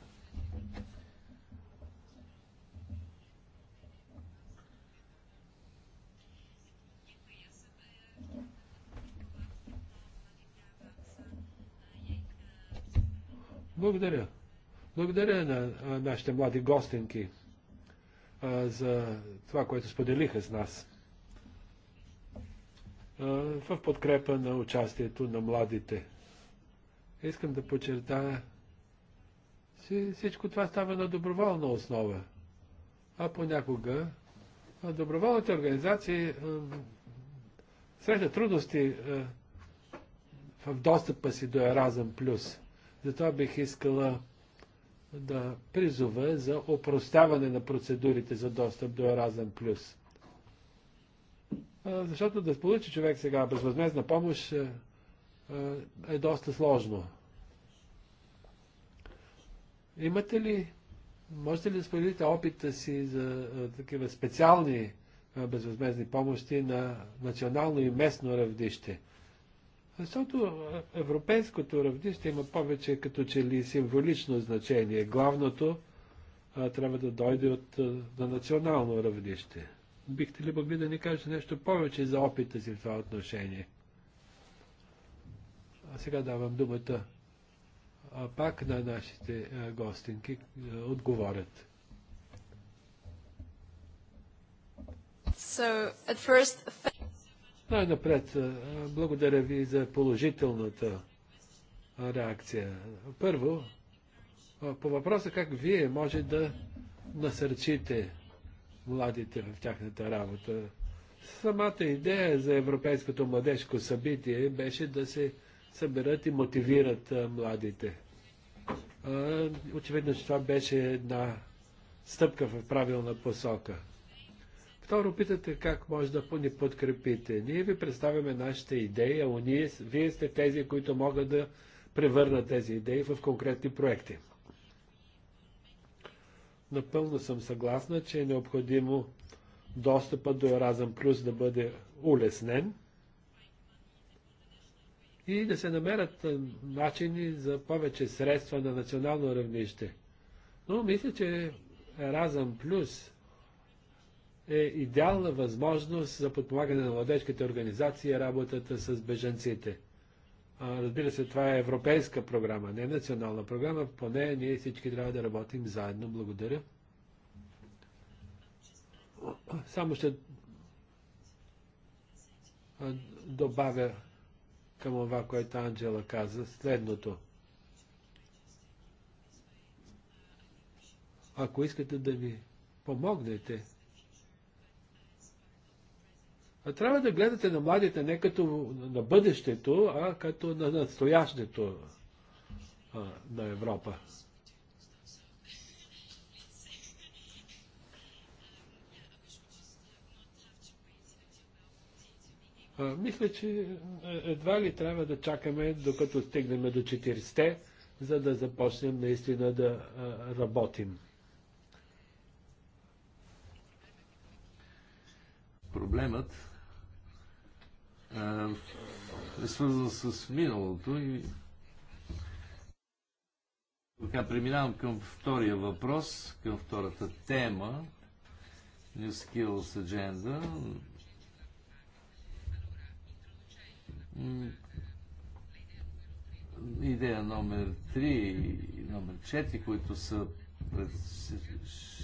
Благодаря. Благодаря на нашите млади гостинки за това, което споделиха с нас в подкрепа на участието на младите. Искам да подчертая, че всичко това става на доброволна основа, а понякога доброволните организации срещат трудности в достъпа си до Еразъм Плюс. Затова бих искала да призова за опростяване на процедурите за достъп до Еразен Плюс. Защото да получи човек сега безвъзмезна помощ е доста сложно. Имате ли, можете ли да споделите опита си за такива специални безвъзмезни помощи на национално и местно равнище? Защото европейското равнище има повече като че ли символично значение. Главното а, трябва да дойде от, на национално равнище. Бихте ли могли да ни кажете нещо повече за опита си в това отношение? А сега давам думата а пак на нашите а, гостинки а, отговорят. So, at first, най-напред, благодаря ви за положителната реакция. Първо, по въпроса как вие може да насърчите младите в тяхната работа. Самата идея за Европейското младежко събитие беше да се съберат и мотивират младите. Очевидно, че това беше една стъпка в правилна посока. Второ, питате как може да ни подкрепите. Ние ви представяме нашите идеи, а вие сте тези, които могат да превърнат тези идеи в конкретни проекти. Напълно съм съгласна, че е необходимо достъпът до Еразъм Плюс да бъде улеснен и да се намерят начини за повече средства на национално равнище. Но мисля, че Еразъм Плюс е идеална възможност за подпомагане на младежките организации и работата с беженците. Разбира се, това е европейска програма, не национална програма. По нея ние всички трябва да работим заедно. Благодаря. Само ще добавя към това, което Анджела каза, следното. Ако искате да ми помогнете, трябва да гледате на младите не като на бъдещето, а като на настоящето а, на Европа. А, мисля, че едва ли трябва да чакаме, докато стигнем до 40-те, за да започнем наистина да а, работим. Проблемът е, е свързан с миналото и така, преминавам към втория въпрос, към втората тема. New Skills Agenda. Идея номер 3 и номер 4, които са пред,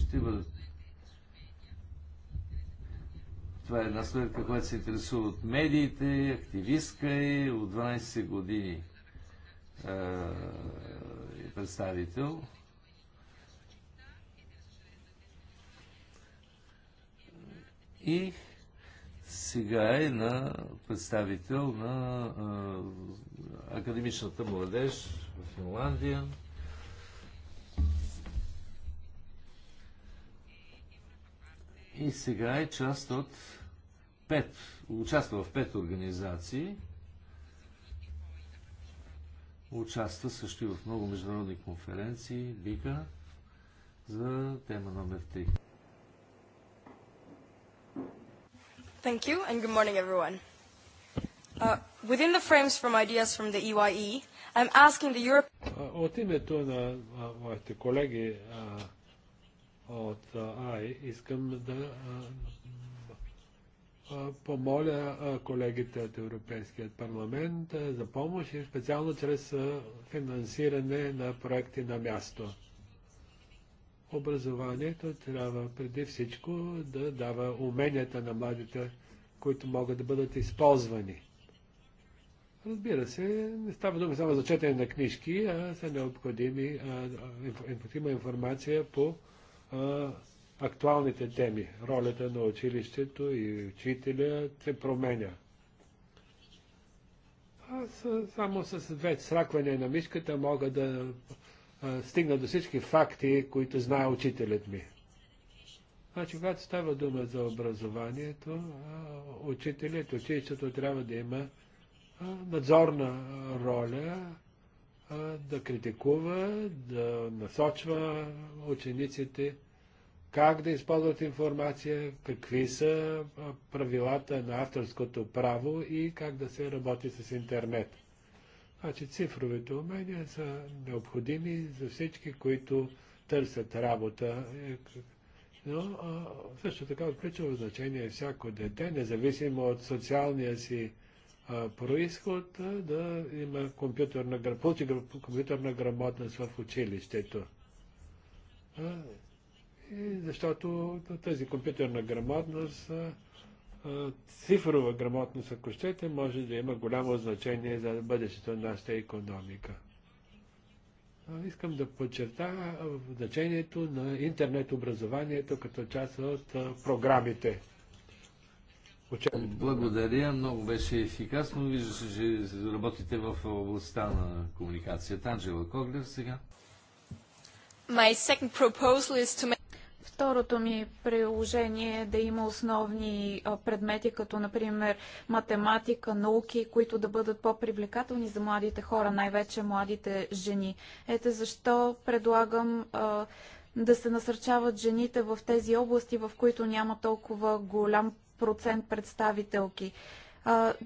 ще бъдат Това е една студентка, която се интересува от медиите, активистка е, от 12 години е, е представител. И сега е на представител на е, академичната младеж в Финландия. и сега е част от пет, участва в пет организации, участва също и в много международни конференции, бика, за тема номер 3. Thank you and good morning everyone. Uh, within the frames from ideas from the EYE, e, I'm asking the Europe... От името на моите колеги, uh, от АИ, искам да помоля колегите от Европейският парламент за помощ и специално чрез финансиране на проекти на място. Образованието трябва преди всичко да дава уменията на младите, които могат да бъдат използвани. Разбира се, не става дума само за четене на книжки, а са необходими, а, информация по актуалните теми. Ролята на училището и учителя се променя. Аз само с две сраквания на мишката мога да а, стигна до всички факти, които знае учителят ми. Значи, когато става дума за образованието, учителят, училището трябва да има надзорна роля, да критикува, да насочва учениците как да използват информация, какви са правилата на авторското право и как да се работи с интернет. Значи цифровите умения са необходими за всички, които търсят работа. Е, но също така от ключово значение е всяко дете, независимо от социалния си а, происход, да има компютърна, получи компютърна грамотност в училището и защото тази компютърна грамотност, цифрова грамотност, ако щете, може да има голямо значение за бъдещето на нашата економика. Искам да подчерта, значението на интернет образованието като част от програмите. Благодаря, много беше ефикасно. Вижда се, че работите в областта на комуникацията. Анджела Коглер сега. My second proposal is to Второто ми приложение е да има основни предмети, като например математика, науки, които да бъдат по-привлекателни за младите хора, най-вече младите жени. Ето защо предлагам да се насърчават жените в тези области, в които няма толкова голям процент представителки.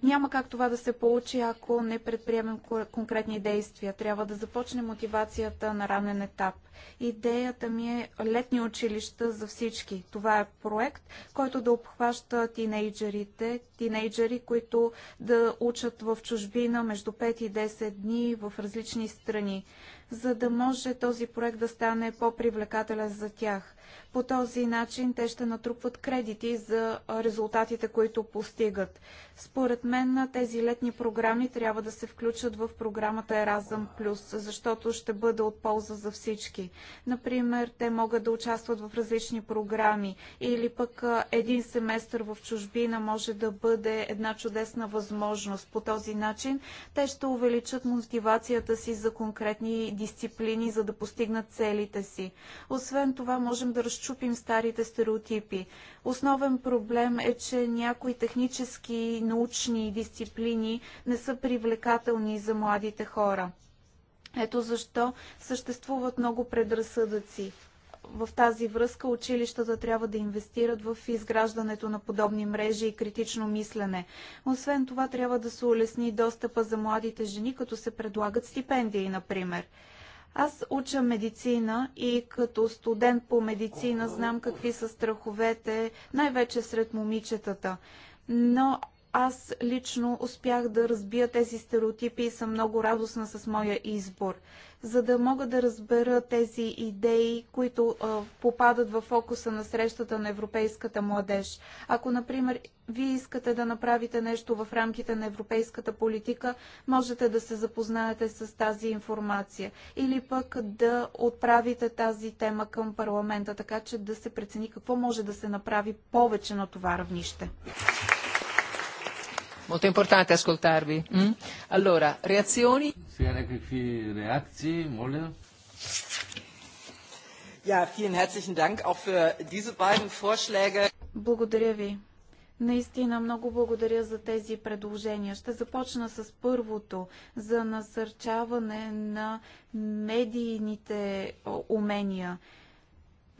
Няма как това да се получи, ако не предприемем конкретни действия. Трябва да започне мотивацията на ранен етап. Идеята ми е летни училища за всички. Това е проект, който да обхваща тинейджерите, тинейджери, които да учат в чужбина между 5 и 10 дни в различни страни за да може този проект да стане по-привлекателен за тях. По този начин те ще натрупват кредити за резултатите, които постигат. Според мен тези летни програми трябва да се включат в програмата Erasm+, защото ще бъде от полза за всички. Например, те могат да участват в различни програми или пък един семестър в чужбина може да бъде една чудесна възможност. По този начин те ще увеличат мотивацията си за конкретни дисциплини, за да постигнат целите си. Освен това, можем да разчупим старите стереотипи. Основен проблем е, че някои технически научни дисциплини не са привлекателни за младите хора. Ето защо съществуват много предразсъдъци в тази връзка училищата трябва да инвестират в изграждането на подобни мрежи и критично мислене. Освен това, трябва да се улесни достъпа за младите жени, като се предлагат стипендии, например. Аз уча медицина и като студент по медицина знам какви са страховете, най-вече сред момичетата. Но аз лично успях да разбия тези стереотипи и съм много радостна с моя избор. За да мога да разбера тези идеи, които а, попадат в фокуса на срещата на европейската младеж. Ако, например, вие искате да направите нещо в рамките на европейската политика, можете да се запознаете с тази информация или пък да отправите тази тема към парламента, така че да се прецени какво може да се направи повече на това равнище. Molto importante ascoltarvi. Mm? Allora, reazioni? Ja, vielen herzlichen Dank auch für diese beiden Vorschläge. Благодаря ви. Наистина много благодаря за тези предложения. Ще започна с първото за насърчаване на медийните умения.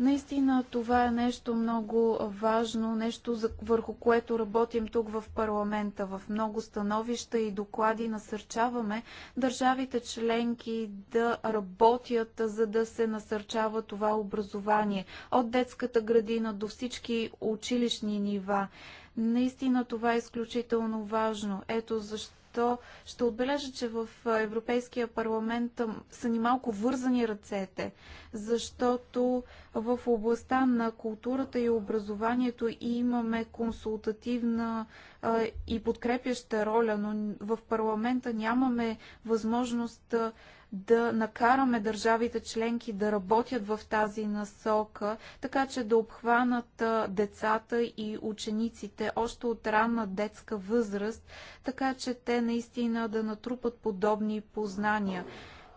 Наистина това е нещо много важно, нещо за, върху което работим тук в парламента. В много становища и доклади насърчаваме държавите членки да работят, за да се насърчава това образование. От детската градина до всички училищни нива. Наистина това е изключително важно. Ето защо то ще отбележа, че в Европейския парламент са ни малко вързани ръцете, защото в областта на културата и образованието имаме консултативна и подкрепяща роля, но в парламента нямаме възможност да накараме държавите членки да работят в тази насока, така че да обхванат децата и учениците още от ранна детска възраст, така че те наистина да натрупат подобни познания.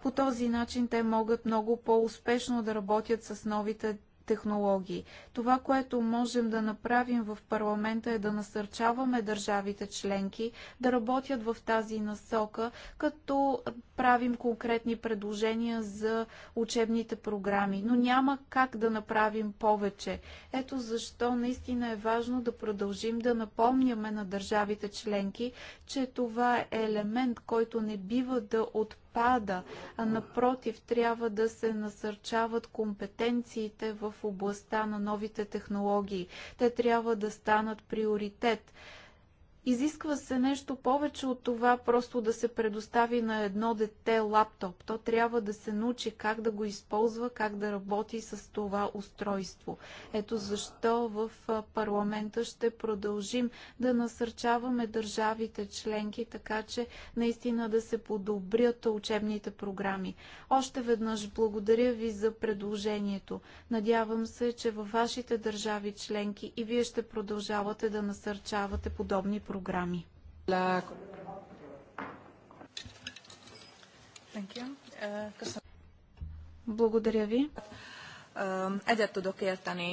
По този начин те могат много по-успешно да работят с новите технологии. Това, което можем да направим в парламента е да насърчаваме държавите членки да работят в тази насока, като правим конкретни предложения за учебните програми. Но няма как да направим повече. Ето защо наистина е важно да продължим да напомняме на държавите членки, че това е елемент, който не бива да отпада пада, а напротив, трябва да се насърчават компетенциите в областта на новите технологии. Те трябва да станат приоритет. Изисква се нещо повече от това просто да се предостави на едно дете лаптоп. То трябва да се научи как да го използва, как да работи с това устройство. Ето защо в парламента ще продължим да насърчаваме държавите членки, така че наистина да се подобрят учебните програми. Още веднъж благодаря ви за предложението. Надявам се, че във вашите държави членки и вие ще продължавате да насърчавате подобни програми програми. Благодаря ви. Egyet tudok érteni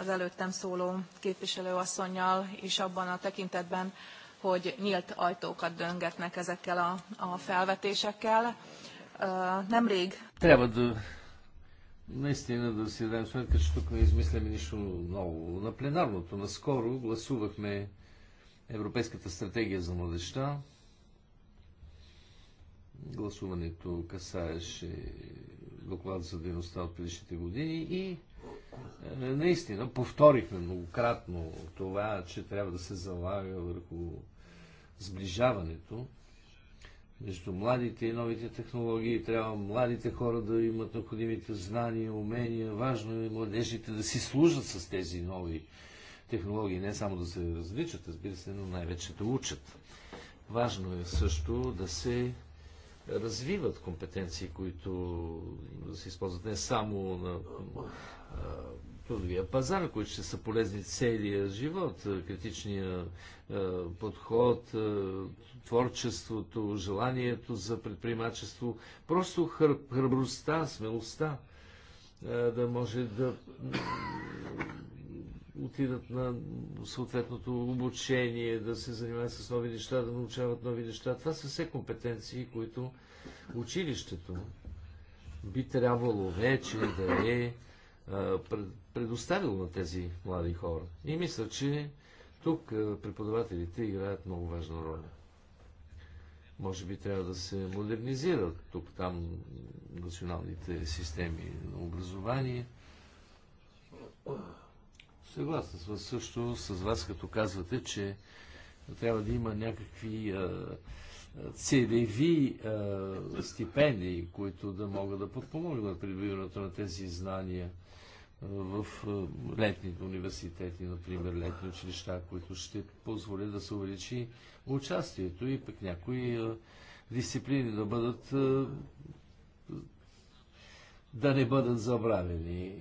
az előttem szóló képviselőasszonynal is abban a tekintetben, hogy nyílt ajtókat döngetnek ezekkel a, a felvetésekkel. Nemrég... Трябва да наистина да си дадем сметка, че тук измисляме нищо ново. На пленарното наскоро гласувахме Европейската стратегия за младеща. Гласуването касаеше доклад за дейността от предишните години и е, наистина повторихме многократно това, че трябва да се залага върху сближаването между младите и новите технологии. Трябва младите хора да имат необходимите знания, умения. Важно е младежите да си служат с тези нови технологии технологии не само да се различат, разбира се, но най-вече да учат. Важно е също да се развиват компетенции, които да се използват не само на трудовия пазар, които ще са полезни целия живот, критичния подход, творчеството, желанието за предприемачество, просто хър, храбростта, смелостта да може да отидат на съответното обучение, да се занимават с нови неща, да научават нови неща. Това са все компетенции, които училището би трябвало вече да е предоставило на тези млади хора. И мисля, че тук преподавателите играят много важна роля. Може би трябва да се модернизират тук там националните системи на образование. Съгласен съм също с вас, като казвате, че трябва да има някакви а, целеви а, стипендии, които да могат да подпомогнат придобиването на тези знания в летните университети, например, летни училища, които ще позволят да се увеличи участието и пък някои дисциплини да бъдат да не бъдат забравени.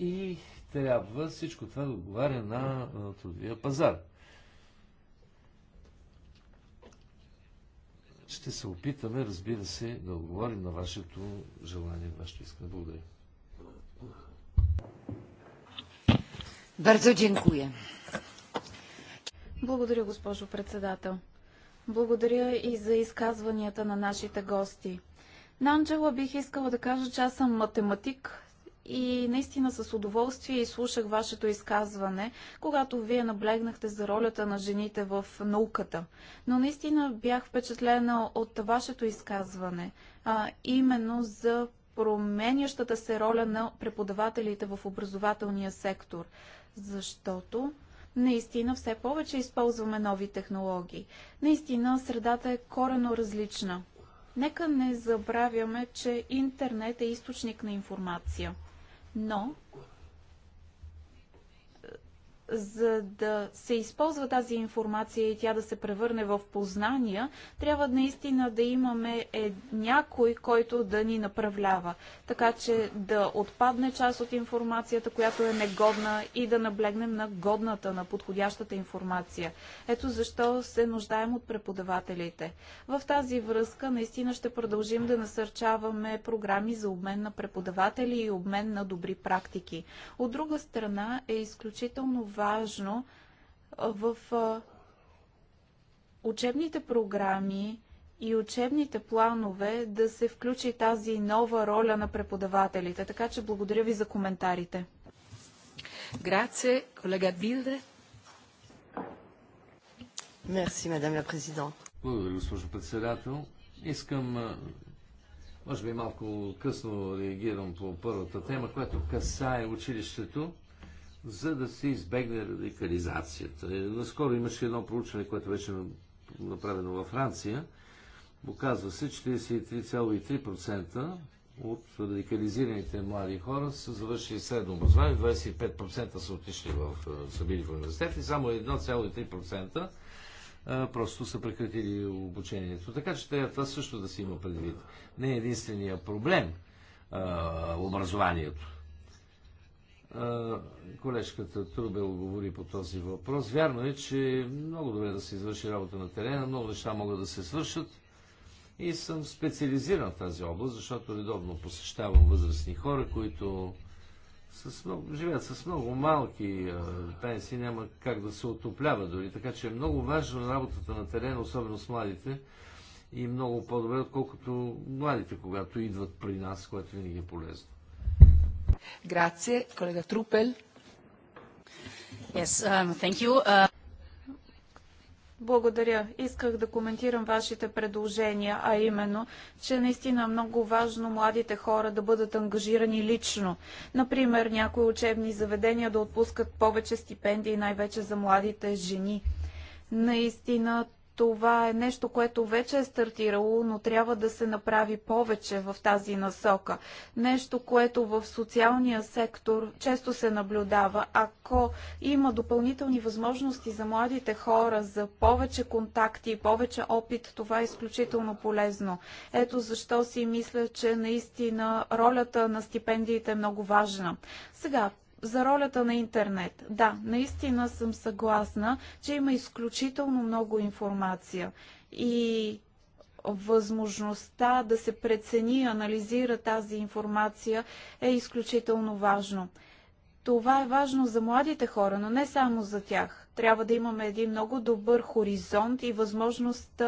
И трябва всичко това да отговаря на трудовия пазар. Ще се опитаме, разбира се, да отговорим на вашето желание, вашето искане. Благодаря. Бързо дзинкуя. Благодаря, госпожо председател. Благодаря и за изказванията на нашите гости. На Анджела бих искала да кажа, че аз съм математик и наистина с удоволствие изслушах вашето изказване, когато вие наблегнахте за ролята на жените в науката. Но наистина бях впечатлена от вашето изказване, а, именно за променящата се роля на преподавателите в образователния сектор, защото наистина все повече използваме нови технологии. Наистина средата е корено различна. Нека не забравяме, че интернет е източник на информация – но за да се използва тази информация и тя да се превърне в познания, трябва наистина да имаме е, някой, който да ни направлява. Така че да отпадне част от информацията, която е негодна и да наблегнем на годната, на подходящата информация. Ето защо се нуждаем от преподавателите. В тази връзка наистина ще продължим да насърчаваме програми за обмен на преподаватели и обмен на добри практики. От друга страна е изключително важно в учебните програми и учебните планове да се включи тази нова роля на преподавателите. Така че благодаря ви за коментарите. Grazie, колега Билде. Мерси, мадам ла президент. Благодаря, госпожо председател. Искам, може би малко късно реагирам по първата тема, която касае училището за да се избегне радикализацията. Е, наскоро имаше едно проучване, което беше направено във Франция. показва се, 43,3% от радикализираните млади хора са завършили средно образование, 25% са отишли в, е, са били в университет и само 1,3% е, просто са прекратили обучението. Така че това също да се има предвид. Не е единствения проблем а, образованието. Колежката Трубел говори по този въпрос. Вярно е, че е много добре да се извърши работа на терена, много неща могат да се свършат. И съм специализиран в тази област, защото редовно посещавам възрастни хора, които с много, живеят с много малки а, пенсии, няма как да се отоплява дори. Така че е много важно работата на терена, особено с младите, и много по-добре, отколкото младите, когато идват при нас, което винаги е полезно. Yes, um, thank you. Uh... Благодаря. Исках да коментирам вашите предложения, а именно, че наистина е много важно младите хора да бъдат ангажирани лично. Например, някои учебни заведения да отпускат повече стипендии, най-вече за младите жени. Наистина това е нещо, което вече е стартирало, но трябва да се направи повече в тази насока. Нещо, което в социалния сектор често се наблюдава. Ако има допълнителни възможности за младите хора за повече контакти и повече опит, това е изключително полезно. Ето защо си мисля, че наистина ролята на стипендиите е много важна. Сега, за ролята на интернет. Да, наистина съм съгласна, че има изключително много информация и възможността да се прецени и анализира тази информация е изключително важно. Това е важно за младите хора, но не само за тях трябва да имаме един много добър хоризонт и възможност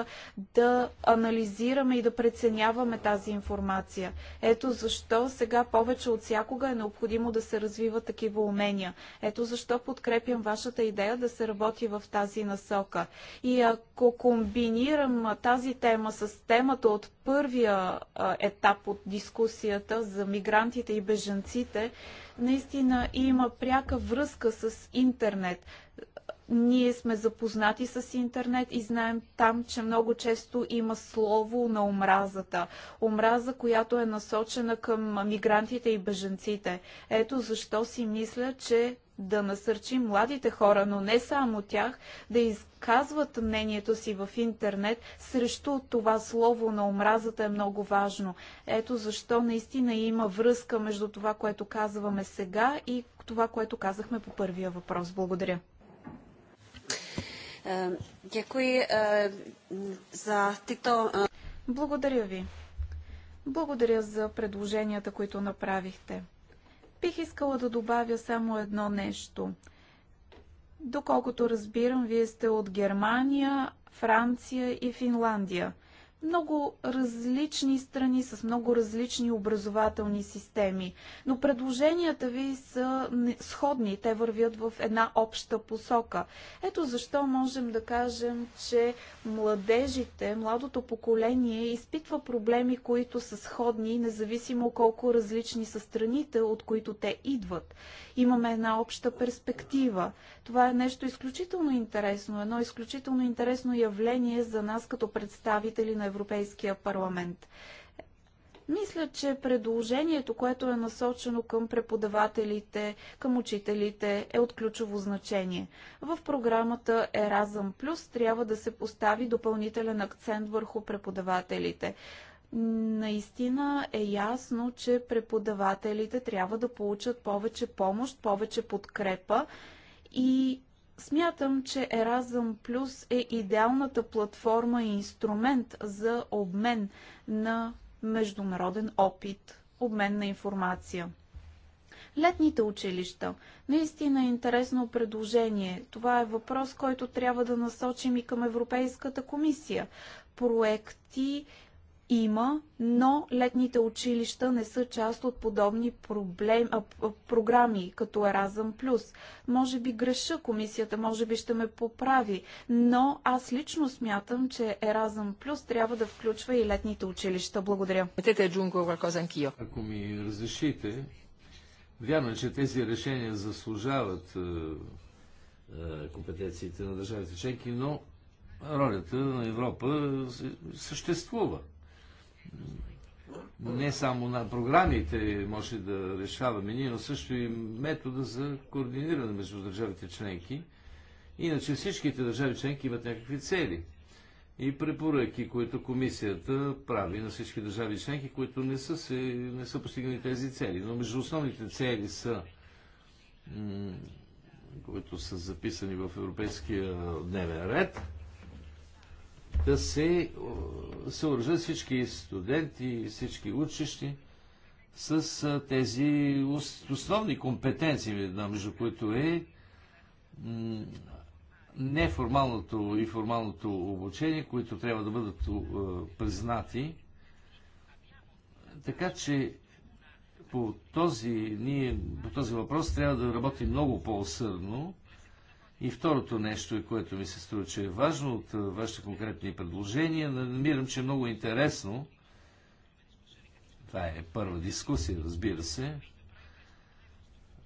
да анализираме и да преценяваме тази информация. Ето защо сега повече от всякога е необходимо да се развиват такива умения. Ето защо подкрепям вашата идея да се работи в тази насока. И ако комбинирам тази тема с темата от първия етап от дискусията за мигрантите и беженците, наистина има пряка връзка с интернет. Ние сме запознати с интернет и знаем там, че много често има слово на омразата. Омраза, която е насочена към мигрантите и беженците. Ето защо си мисля, че да насърчи младите хора, но не само тях, да изказват мнението си в интернет срещу това слово на омразата е много важно. Ето защо наистина има връзка между това, което казваме сега и това, което казахме по първия въпрос. Благодаря. Е, děkuji за е, е, Благодаря ви. Благодаря за предложенията, които направихте. Бих искала да добавя само едно нещо. Доколкото разбирам, вие сте от Германия, Франция и Финландия – много различни страни с много различни образователни системи. Но предложенията ви са сходни, те вървят в една обща посока. Ето защо можем да кажем, че младежите, младото поколение изпитва проблеми, които са сходни, независимо колко различни са страните, от които те идват. Имаме една обща перспектива. Това е нещо изключително интересно, едно изключително интересно явление за нас като представители на Европейския парламент. Мисля, че предложението, което е насочено към преподавателите, към учителите, е от ключово значение. В програмата Еразъм Плюс трябва да се постави допълнителен акцент върху преподавателите. Наистина е ясно, че преподавателите трябва да получат повече помощ, повече подкрепа и смятам, че Еразъм Плюс е идеалната платформа и инструмент за обмен на международен опит, обмен на информация. Летните училища. Наистина е интересно предложение. Това е въпрос, който трябва да насочим и към Европейската комисия. Проекти има, но летните училища не са част от подобни проблем, а, програми, като Еразъм Плюс. Може би греша комисията, може би ще ме поправи, но аз лично смятам, че Еразъм Плюс трябва да включва и летните училища. Благодаря. Ако ми разрешите, вярно, е, че тези решения заслужават е, е, компетенциите на държавите членки, но ролята на Европа съществува не само на програмите може да решаваме ние, но също и метода за координиране между държавите членки. Иначе всичките държави членки имат някакви цели и препоръки, които комисията прави на всички държави членки, които не са, се, не са постигнали тези цели. Но между основните цели са, които са записани в Европейския дневен ред – да се е, съоръжат всички студенти, всички учещи с е, тези основни компетенции, между които е неформалното и формалното обучение, които трябва да бъдат е, признати. Така че по този, ние, по този въпрос трябва да работим много по-усърдно и второто нещо, което ми се струва, че е важно от вашите конкретни предложения, намирам, че е много интересно. Това е първа дискусия, разбира се.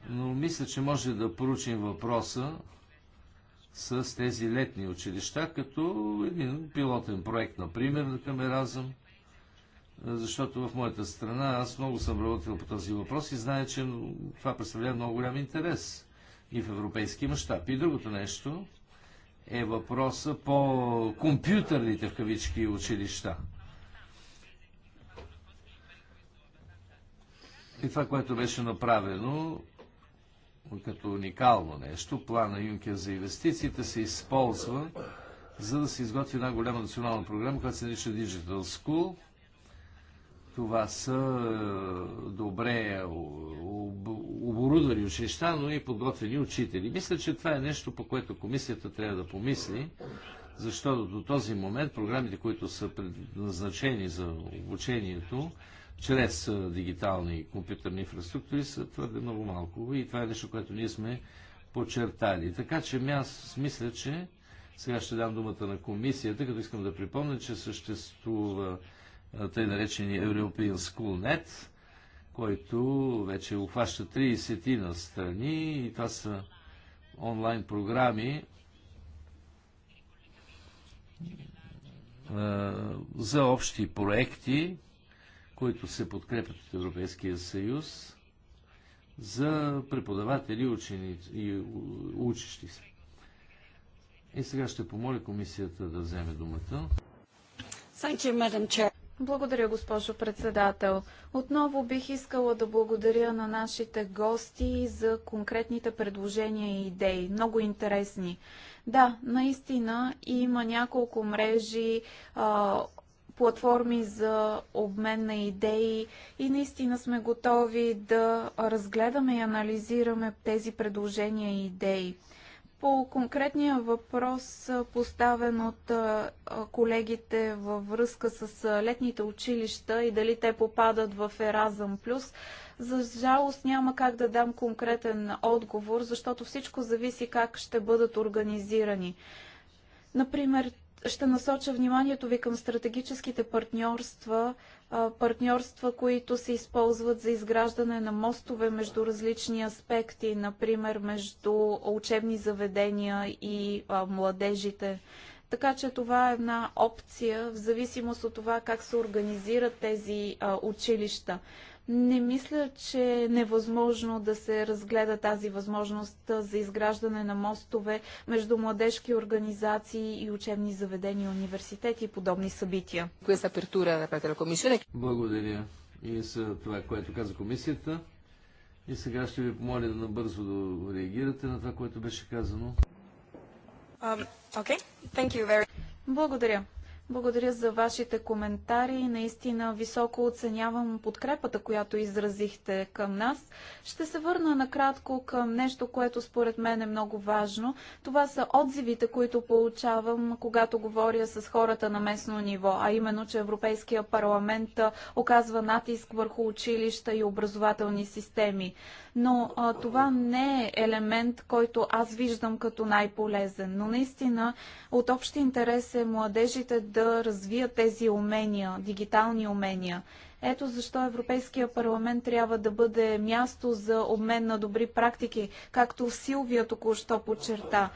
Но мисля, че може да поручим въпроса с тези летни училища, като един пилотен проект, например, на Камеразъм. Защото в моята страна аз много съм работил по този въпрос и зная, че това представлява много голям интерес и в европейски мащаб. И другото нещо е въпроса по компютърните в кавички училища. И това, което беше направено като уникално нещо, плана Юнкер за инвестициите се използва за да се изготви една голяма национална програма, която се нарича Digital School – това са е, добре е, оборудвани училища, но и подготвени учители. Мисля, че това е нещо, по което комисията трябва да помисли, защото до този момент програмите, които са предназначени за обучението, чрез е, дигитални компютърни инфраструктури са твърде много малко и това е нещо, което ние сме подчертали. Така че ами, аз мисля, че сега ще дам думата на комисията, като искам да припомня, че съществува тъй наречени European School Net, който вече обхваща 30 на страни и това са онлайн програми за общи проекти, които се подкрепят от Европейския съюз за преподаватели учени, и учещи се. И сега ще помоля комисията да вземе думата. Благодаря, госпожо председател. Отново бих искала да благодаря на нашите гости за конкретните предложения и идеи. Много интересни. Да, наистина има няколко мрежи, платформи за обмен на идеи и наистина сме готови да разгледаме и анализираме тези предложения и идеи. По конкретния въпрос, поставен от колегите във връзка с летните училища и дали те попадат в Еразъм Плюс, за жалост няма как да дам конкретен отговор, защото всичко зависи как ще бъдат организирани. Например, ще насоча вниманието ви към стратегическите партньорства, партньорства, които се използват за изграждане на мостове между различни аспекти, например между учебни заведения и младежите. Така че това е една опция в зависимост от това как се организират тези а, училища. Не мисля, че е невъзможно да се разгледа тази възможност за изграждане на мостове между младежки организации и учебни заведения, университети и подобни събития. Благодаря и за това, което каза комисията. И сега ще ви помоля да набързо да реагирате на това, което беше казано. Um, okay. Very... Благодаря. Благодаря за вашите коментари. Наистина високо оценявам подкрепата, която изразихте към нас. Ще се върна накратко към нещо, което според мен е много важно. Това са отзивите, които получавам, когато говоря с хората на местно ниво, а именно, че Европейския парламент оказва натиск върху училища и образователни системи но а, това не е елемент, който аз виждам като най-полезен. Но наистина от общ интерес е младежите да развият тези умения, дигитални умения. Ето защо Европейския парламент трябва да бъде място за обмен на добри практики, както Силвия току-що подчерта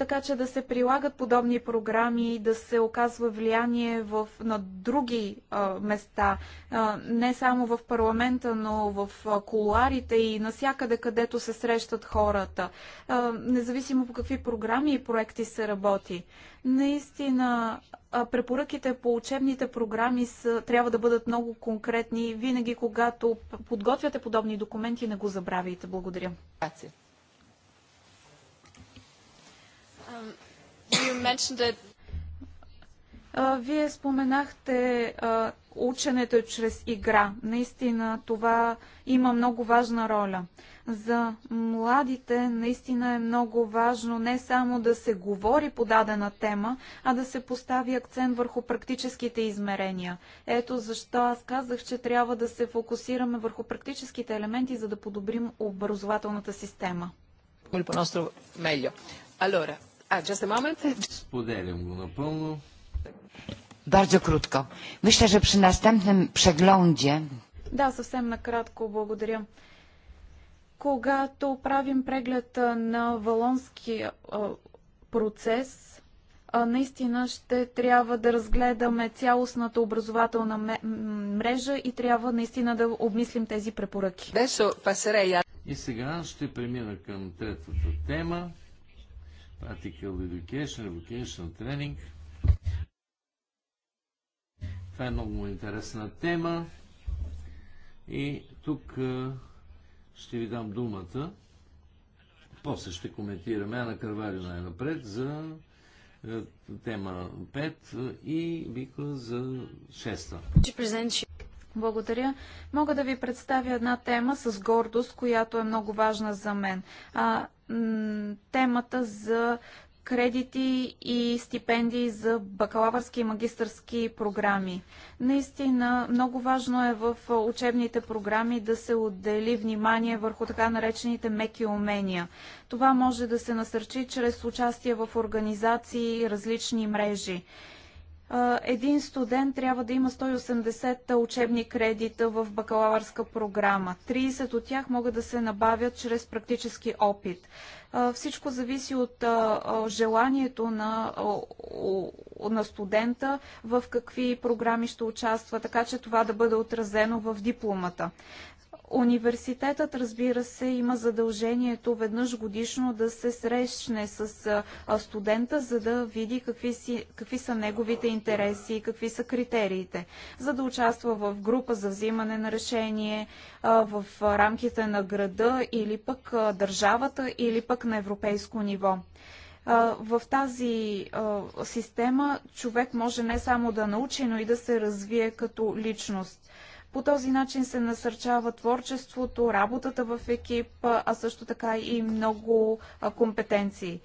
така че да се прилагат подобни програми, да се оказва влияние в, на други а, места, а, не само в парламента, но в а, коларите и насякъде, където се срещат хората, а, независимо по какви програми и проекти се работи. Наистина, препоръките по учебните програми са, трябва да бъдат много конкретни. Винаги, когато подготвяте подобни документи, не го забравяйте. Благодаря. Вие споменахте ученето чрез игра. Наистина това има много важна роля. За младите наистина е много важно не само да се говори по дадена тема, а да се постави акцент върху практическите измерения. Ето защо аз казах, че трябва да се фокусираме върху практическите елементи, за да подобрим образователната система. Allora, just a moment. Споделям го напълно. Bardzo krótko. Myślę, że przy następnym przeglądzie... Да, съвсем накратко, благодаря. Когато правим преглед на валонския процес, наистина ще трябва да разгледаме цялостната образователна мрежа и трябва наистина да обмислим тези препоръки. И сега ще премина към третата тема Practical Education, Educational Training. Това е много интересна тема. И тук ще ви дам думата. После ще коментираме Ана Карварио най-напред за тема 5 и Бико за 6. Благодаря. Мога да ви представя една тема с гордост, която е много важна за мен. А, темата за кредити и стипендии за бакалавърски и магистърски програми. Наистина, много важно е в учебните програми да се отдели внимание върху така наречените меки умения. Това може да се насърчи чрез участие в организации и различни мрежи един студент трябва да има 180 учебни кредита в бакалавърска програма. 30 от тях могат да се набавят чрез практически опит. Всичко зависи от желанието на, на студента в какви програми ще участва, така че това да бъде отразено в дипломата. Университетът, разбира се, има задължението веднъж годишно да се срещне с студента, за да види какви, си, какви са неговите интереси и какви са критериите, за да участва в група за взимане на решение в рамките на града или пък държавата или пък на европейско ниво в тази система човек може не само да научи, но и да се развие като личност. По този начин се насърчава творчеството, работата в екип, а също така и много компетенции.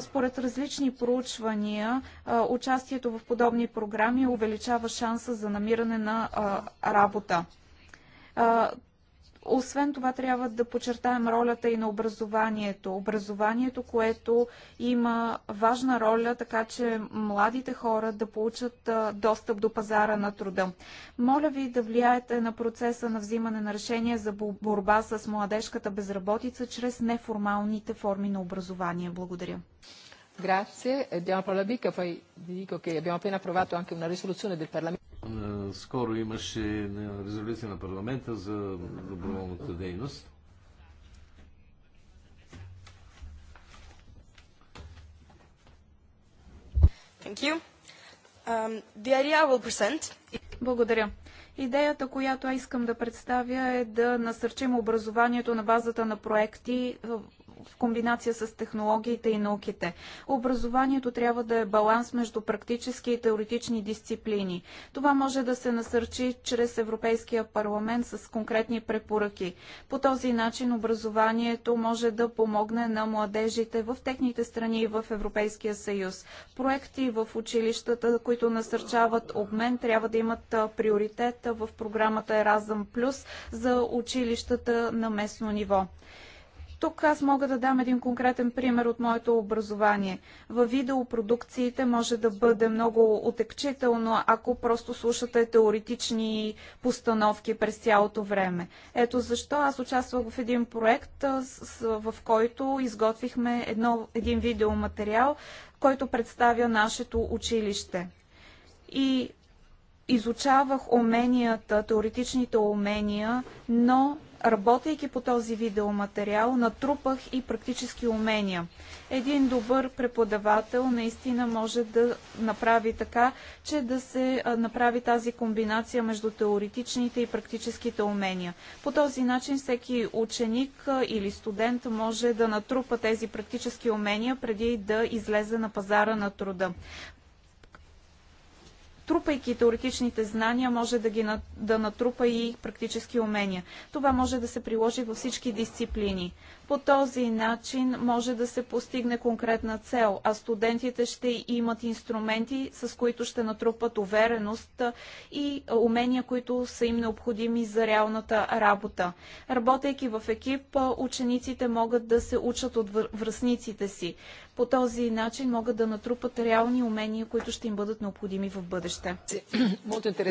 Според различни проучвания, участието в подобни програми увеличава шанса за намиране на работа освен това, трябва да подчертаем ролята и на образованието. Образованието, което има важна роля, така че младите хора да получат достъп до пазара на труда. Моля ви да влияете на процеса на взимане на решения за борба с младежката безработица чрез неформалните форми на образование. Благодаря. Grazie. parola Bicca, poi vi dico che abbiamo appena approvato anche una risoluzione del Parlamento. Е, скоро имаше резолюция на парламента за доброволната дейност. Thank you. Um, the idea will present... Благодаря. Идеята, която искам да представя е да насърчим образованието на базата на проекти в комбинация с технологиите и науките. Образованието трябва да е баланс между практически и теоретични дисциплини. Това може да се насърчи чрез Европейския парламент с конкретни препоръки. По този начин образованието може да помогне на младежите в техните страни и в Европейския съюз. Проекти в училищата, които насърчават обмен, трябва да имат приоритет в програмата Еразъм Плюс за училищата на местно ниво. Тук аз мога да дам един конкретен пример от моето образование. Във видеопродукциите може да бъде много отекчително, ако просто слушате теоретични постановки през цялото време. Ето защо аз участвах в един проект, в който изготвихме едно, един видеоматериал, който представя нашето училище. И изучавах уменията, теоретичните умения, но Работейки по този видеоматериал, натрупах и практически умения. Един добър преподавател наистина може да направи така, че да се направи тази комбинация между теоретичните и практическите умения. По този начин всеки ученик или студент може да натрупа тези практически умения преди да излезе на пазара на труда трупайки теоретичните знания, може да, ги, да натрупа и практически умения. Това може да се приложи във всички дисциплини. По този начин може да се постигне конкретна цел, а студентите ще имат инструменти, с които ще натрупат увереност и умения, които са им необходими за реалната работа. Работейки в екип, учениците могат да се учат от връзниците си. По този начин могат да натрупат реални умения, които ще им бъдат необходими в бъдеще.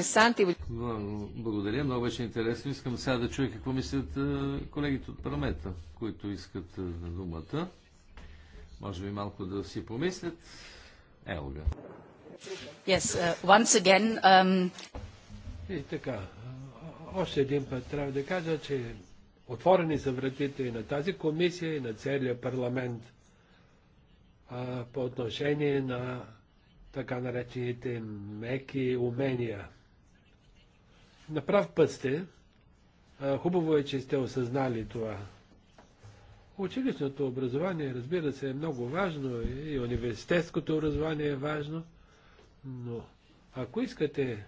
Благодаря, много беше интересно. Искам сега да чуя какво мислят колегите от парламента които искат на е, думата, може би малко да си помислят. Елга. Yes, uh, once again, um... И така, още един път трябва да кажа, че отворени са вратите и на тази комисия, и на целия парламент а, по отношение на така наречените меки умения. На прав път сте. А, хубаво е, че сте осъзнали това. Училищното образование, разбира се, е много важно и университетското образование е важно, но ако искате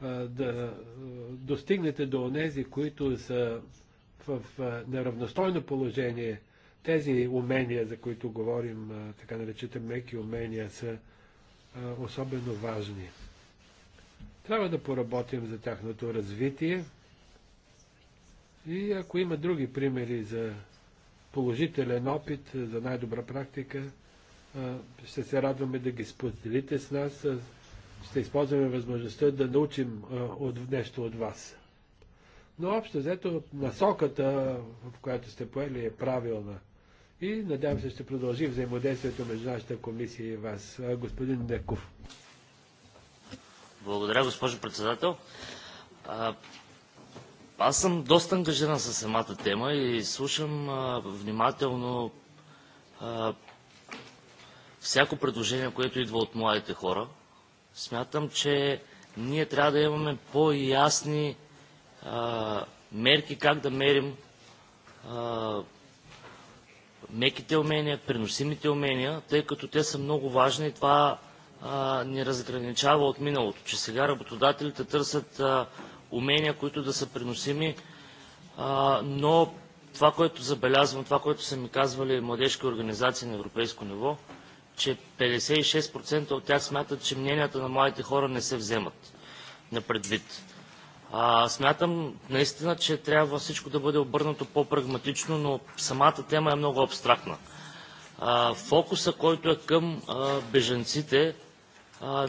а, да достигнете до онези, които са в а, неравностойно положение, тези умения, за които говорим, а, така наречете меки умения, са особено важни. Трябва да поработим за тяхното развитие и ако има други примери за положителен опит за най-добра практика. Ще се радваме да ги споделите с нас. Ще използваме възможността да научим от нещо от вас. Но общо взето насоката, в която сте поели, е правилна. И надявам се ще продължи взаимодействието между нашата комисия и вас. Господин Неков. Благодаря, госпожо председател. Аз съм доста ангажиран с самата тема и слушам а, внимателно а, всяко предложение, което идва от младите хора. Смятам, че ние трябва да имаме по-ясни мерки как да мерим а, меките умения, преносимите умения, тъй като те са много важни и това а, ни разграничава от миналото, че сега работодателите търсят а, умения, които да са приносими, а, но това, което забелязвам, това, което са ми казвали младежки организации на европейско ниво, че 56% от тях смятат, че мненията на младите хора не се вземат на предвид. А, смятам наистина, че трябва всичко да бъде обърнато по-прагматично, но самата тема е много абстрактна. А, фокуса, който е към а, беженците, а,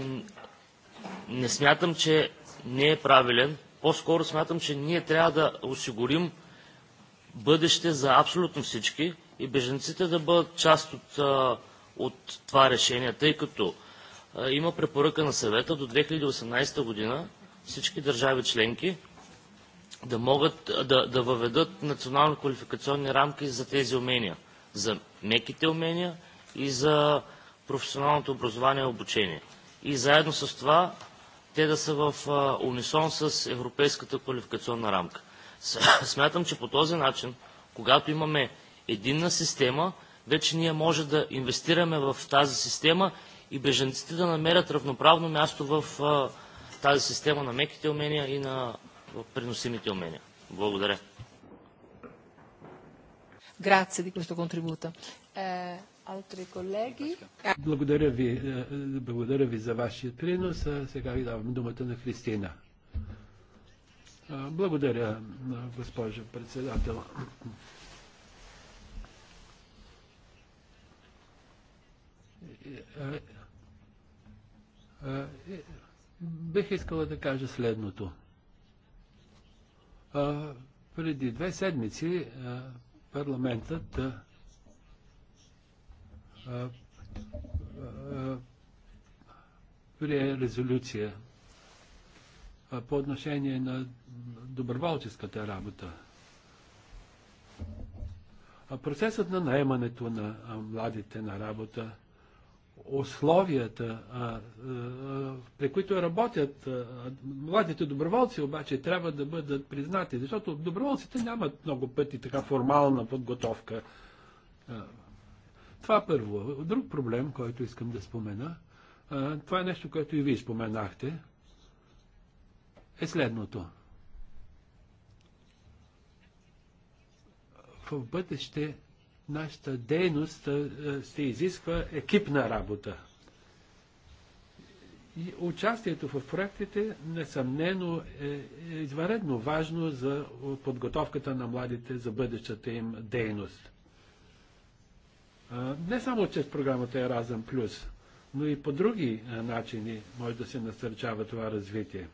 не смятам, че не е правилен. По-скоро смятам, че ние трябва да осигурим бъдеще за абсолютно всички и беженците да бъдат част от, от това решение, тъй като има препоръка на съвета до 2018 година всички държави членки да могат да, да въведат национални квалификационни рамки за тези умения, за меките умения и за професионалното образование и обучение. И заедно с това те да са в унисон с Европейската квалификационна рамка. Смятам, че по този начин, когато имаме единна система, вече ние може да инвестираме в тази система и беженците да намерят равноправно място в тази система на меките умения и на приносимите умения. Благодаря. Grazie di questo contributo. Eh, Altri колеги. Благодаря ви, е, е, благодаря ви за вашия принос. Сега ви давам думата на Христина. Благодаря, госпожо председател. Е, бих искала да кажа следното. Преди две седмици парламентът прие резолюция по отношение на доброволческата работа. Процесът на наемането на младите на работа, условията, при които работят младите доброволци, обаче трябва да бъдат признати, защото доброволците нямат много пъти така формална подготовка това първо. Друг проблем, който искам да спомена, това е нещо, което и вие споменахте, е следното. В бъдеще нашата дейност се изисква екипна работа. И участието в проектите, несъмнено, е, е изваредно важно за подготовката на младите за бъдещата им дейност не само чрез програмата Еразъм Плюс, но и по други начини може да се насърчава това развитие.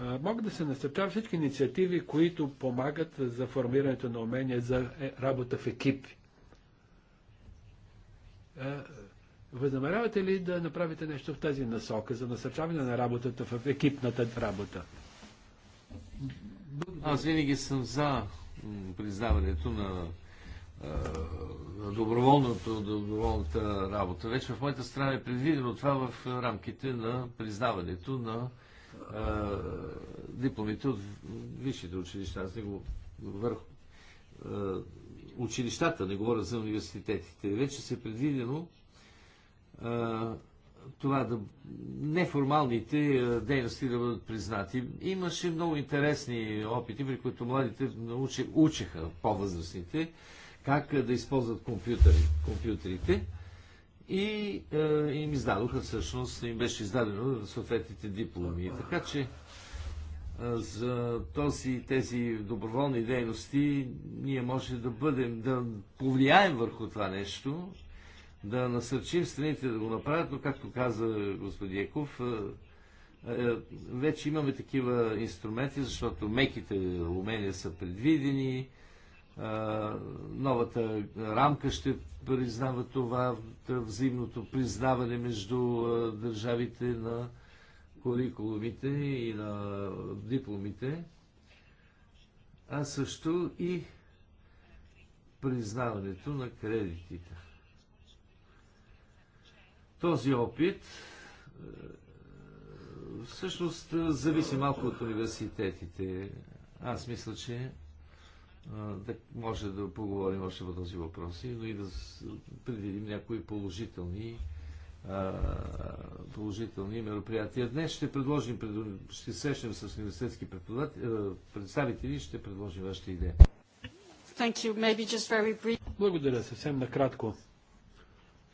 Могат да се насърчават всички инициативи, които помагат за формирането на умения за е, работа в екипи. Възнамерявате ли да направите нещо в тази насока за насърчаване на работата в екипната работа? Аз винаги съм за признаването на на е, доброволното, доброволната работа. Вече в моята страна е предвидено това в рамките на признаването на а, е, дипломите от висшите училища. Аз не го върху а, е, училищата, не говоря за университетите. Вече се е предвидено а, това да неформалните дейности да бъдат признати. Имаше много интересни опити, при които младите научи, учеха по-възрастните как е, да използват компютъри, компютрите и е, им издадоха всъщност, им беше издадено съответните дипломи. Така че е, за този, тези доброволни дейности ние може да бъдем, да повлияем върху това нещо, да насърчим страните да го направят, но както каза господин Еков, е, е, вече имаме такива инструменти, защото меките умения са предвидени, новата рамка ще признава това, взаимното признаване между държавите на курикулумите и на дипломите, а също и признаването на кредитите. Този опит всъщност зависи малко от университетите. Аз мисля, че да може да поговорим още по този въпрос, но и да предвидим някои положителни, положителни мероприятия. Днес ще предложим, ще срещнем с университетски представители и ще предложим вашите идеи. Благодаря съвсем накратко.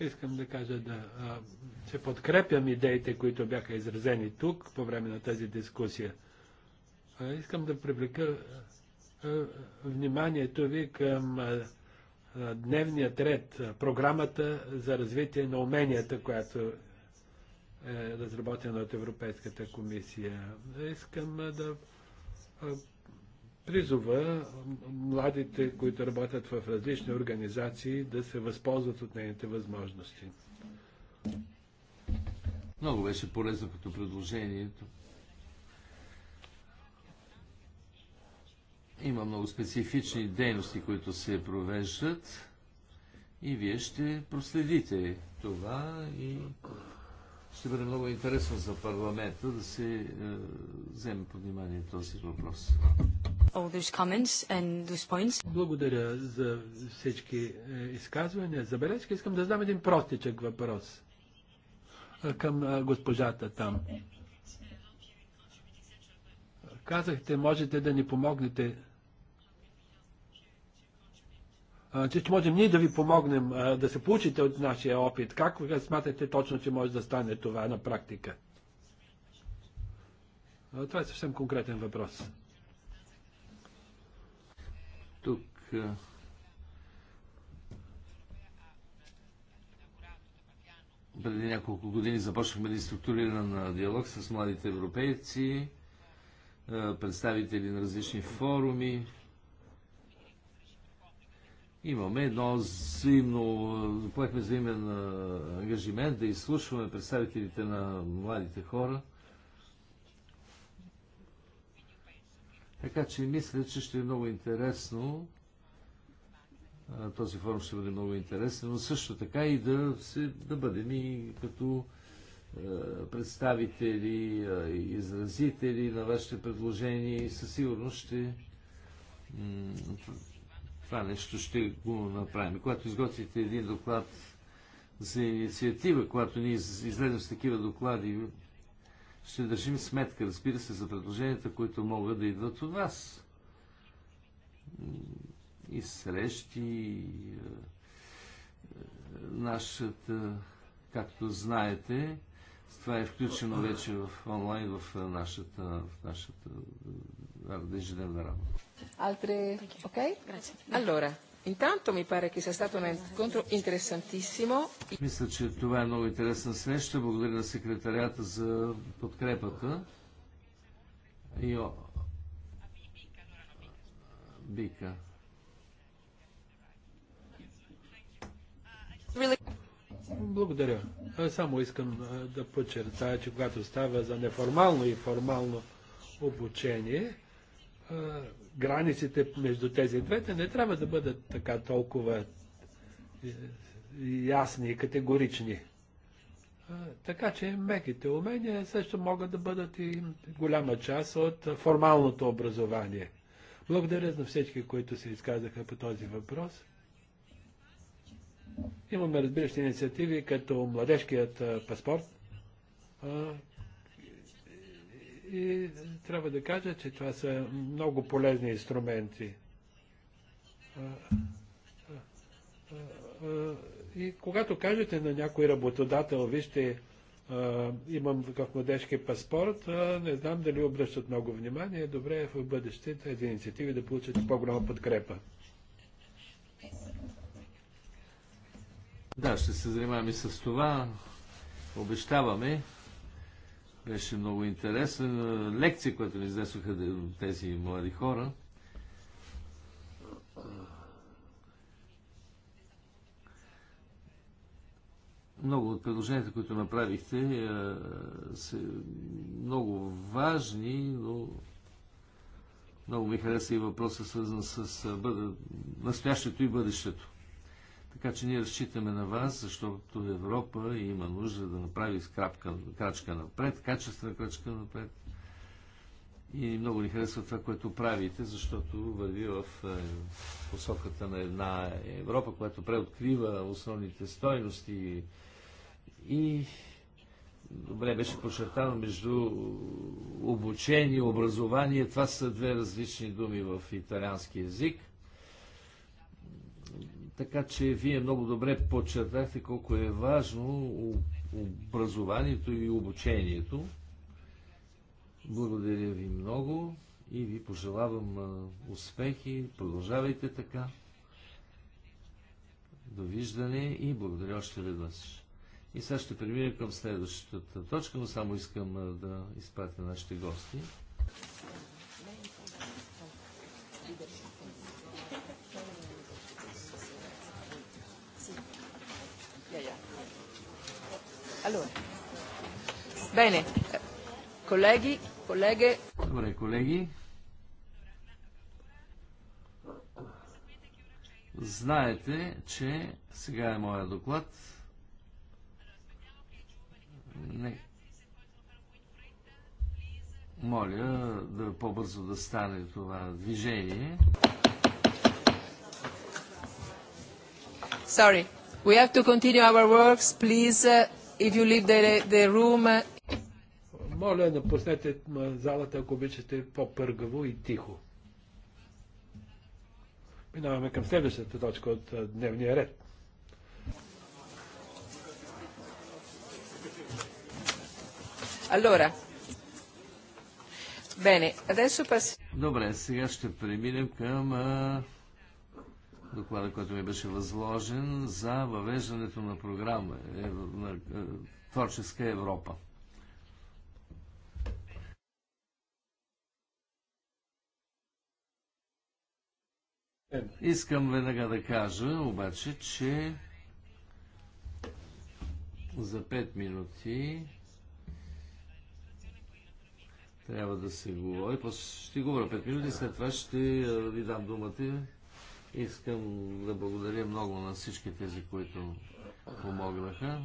Искам да кажа да а, се подкрепям идеите, които бяха изразени тук по време на тази дискусия. А, искам да привлека вниманието ви към дневният ред, програмата за развитие на уменията, която е разработена от Европейската комисия. Искам да призова младите, които работят в различни организации, да се възползват от нейните възможности. Много беше полезно като предложението. Има много специфични дейности, които се провеждат и вие ще проследите това и ще бъде много интересно за парламента да се е, вземе под внимание този въпрос. Благодаря за всички е, изказвания. забележка. искам да знам един простичък въпрос е, към е, госпожата там. Казахте, можете да ни помогнете че можем ние да ви помогнем да се получите от нашия опит. Как смятате точно, че може да стане това на практика? Това е съвсем конкретен въпрос. Тук преди няколко години започнахме да структуриран диалог с младите европейци, представители на различни форуми, Имаме едно взаимно, поехме взаимен ангажимент да изслушваме представителите на младите хора. Така че мисля, че ще е много интересно. Този форум ще бъде много интересен, но също така и да, се, да бъдем и като представители, изразители на вашите предложения и със сигурност ще това нещо ще го направим. Когато изготвите един доклад за инициатива, когато ние излезем с такива доклади, ще държим сметка, разбира се, за предложенията, които могат да идват от вас. И срещи, е, е, нашата, както знаете, това е включено вече в онлайн в нашата, в нашата е, ежедневна работа. Altre? Ok? Grazie. Allora, Intanto mi pare che sia stato un incontro interessantissimo. Мисля, че това е много интересна среща. Благодаря на секретарията за подкрепата. Йо. Бика. Благодаря. Е, само искам е, да подчертая, че когато става за неформално и формално обучение, е, границите между тези двете не трябва да бъдат така толкова е, ясни и категорични. Така че меките умения също могат да бъдат и голяма част от формалното образование. Благодаря на всички, които се изказаха по този въпрос. Имаме, разбиращи инициативи като младежкият паспорт, и трябва да кажа, че това са много полезни инструменти. И когато кажете на някой работодател, вижте, имам такъв младежки паспорт, не знам дали обръщат много внимание, добре е в бъдеще тези инициативи да получат по-голяма подкрепа. Да, ще се занимаваме с това. Обещаваме. Беше много интересна. лекция, която ни изнесоха тези млади хора. много от предложенията, които направихте, са много важни, но много ми хареса и въпроса, свързан с бъде... настоящето и бъдещето. Така че ние разчитаме на вас, защото Европа има нужда да направи скрапка, крачка напред, качествена крачка напред. И много ни харесва това, което правите, защото върви в е, посоката на една Европа, която преоткрива основните стойности и добре беше подчертано между обучение, образование. Това са две различни думи в италиански язик – така че вие много добре подчертахте колко е важно образованието и обучението. Благодаря ви много и ви пожелавам успехи. Продължавайте така. Довиждане и благодаря още веднъж. И сега ще преминем към следващата точка, но само искам да изпратя нашите гости. Allora. Bene. Колеги, колеги. Добре, колеги. Знаете, че сега е моя доклад. Не. Моля да по-бързо да стане това движение. Sorry. We have to continue our works. Please uh, if you leave the, the room... Моля, напуснете залата, ако обичате по-пъргаво и тихо. Минаваме към следващата точка от дневния ред. Allora, bene, adesso passiamo. Добре, сега ще преминем към доклада, който ми беше възложен за въвеждането на програма е, на е, Творческа Европа. Искам веднага да кажа обаче, че за 5 минути трябва да се говори. После ще говоря 5 минути, след това ще е, ви дам думата Искам да благодаря много на всички тези, които помогнаха.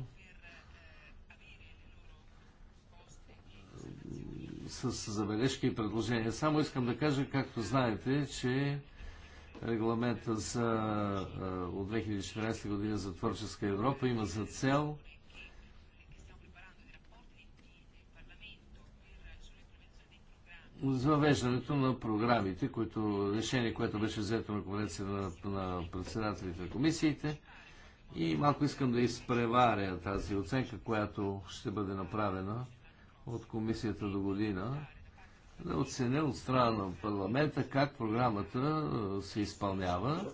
С забележки и предложения. Само искам да кажа, както знаете, че регламента за, от 2014 година за творческа Европа има за цел за въвеждането на програмите, които, решение, което беше взето на конвенция на, на председателите на комисиите. И малко искам да изпреваря тази оценка, която ще бъде направена от комисията до година, да оценя от страна на парламента как програмата се изпълнява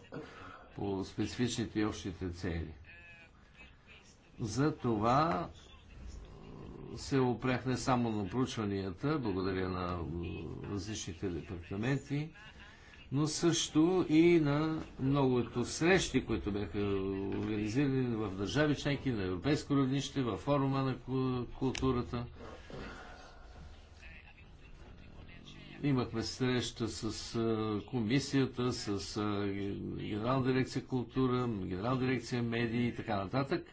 по специфичните и общите цели. За това се опрях не само на проучванията, благодаря на различните департаменти, но също и на многото срещи, които бяха организирани в държави членки, на европейско равнище, във форума на културата. Имахме среща с комисията, с генерална дирекция култура, генерал дирекция медии и така нататък.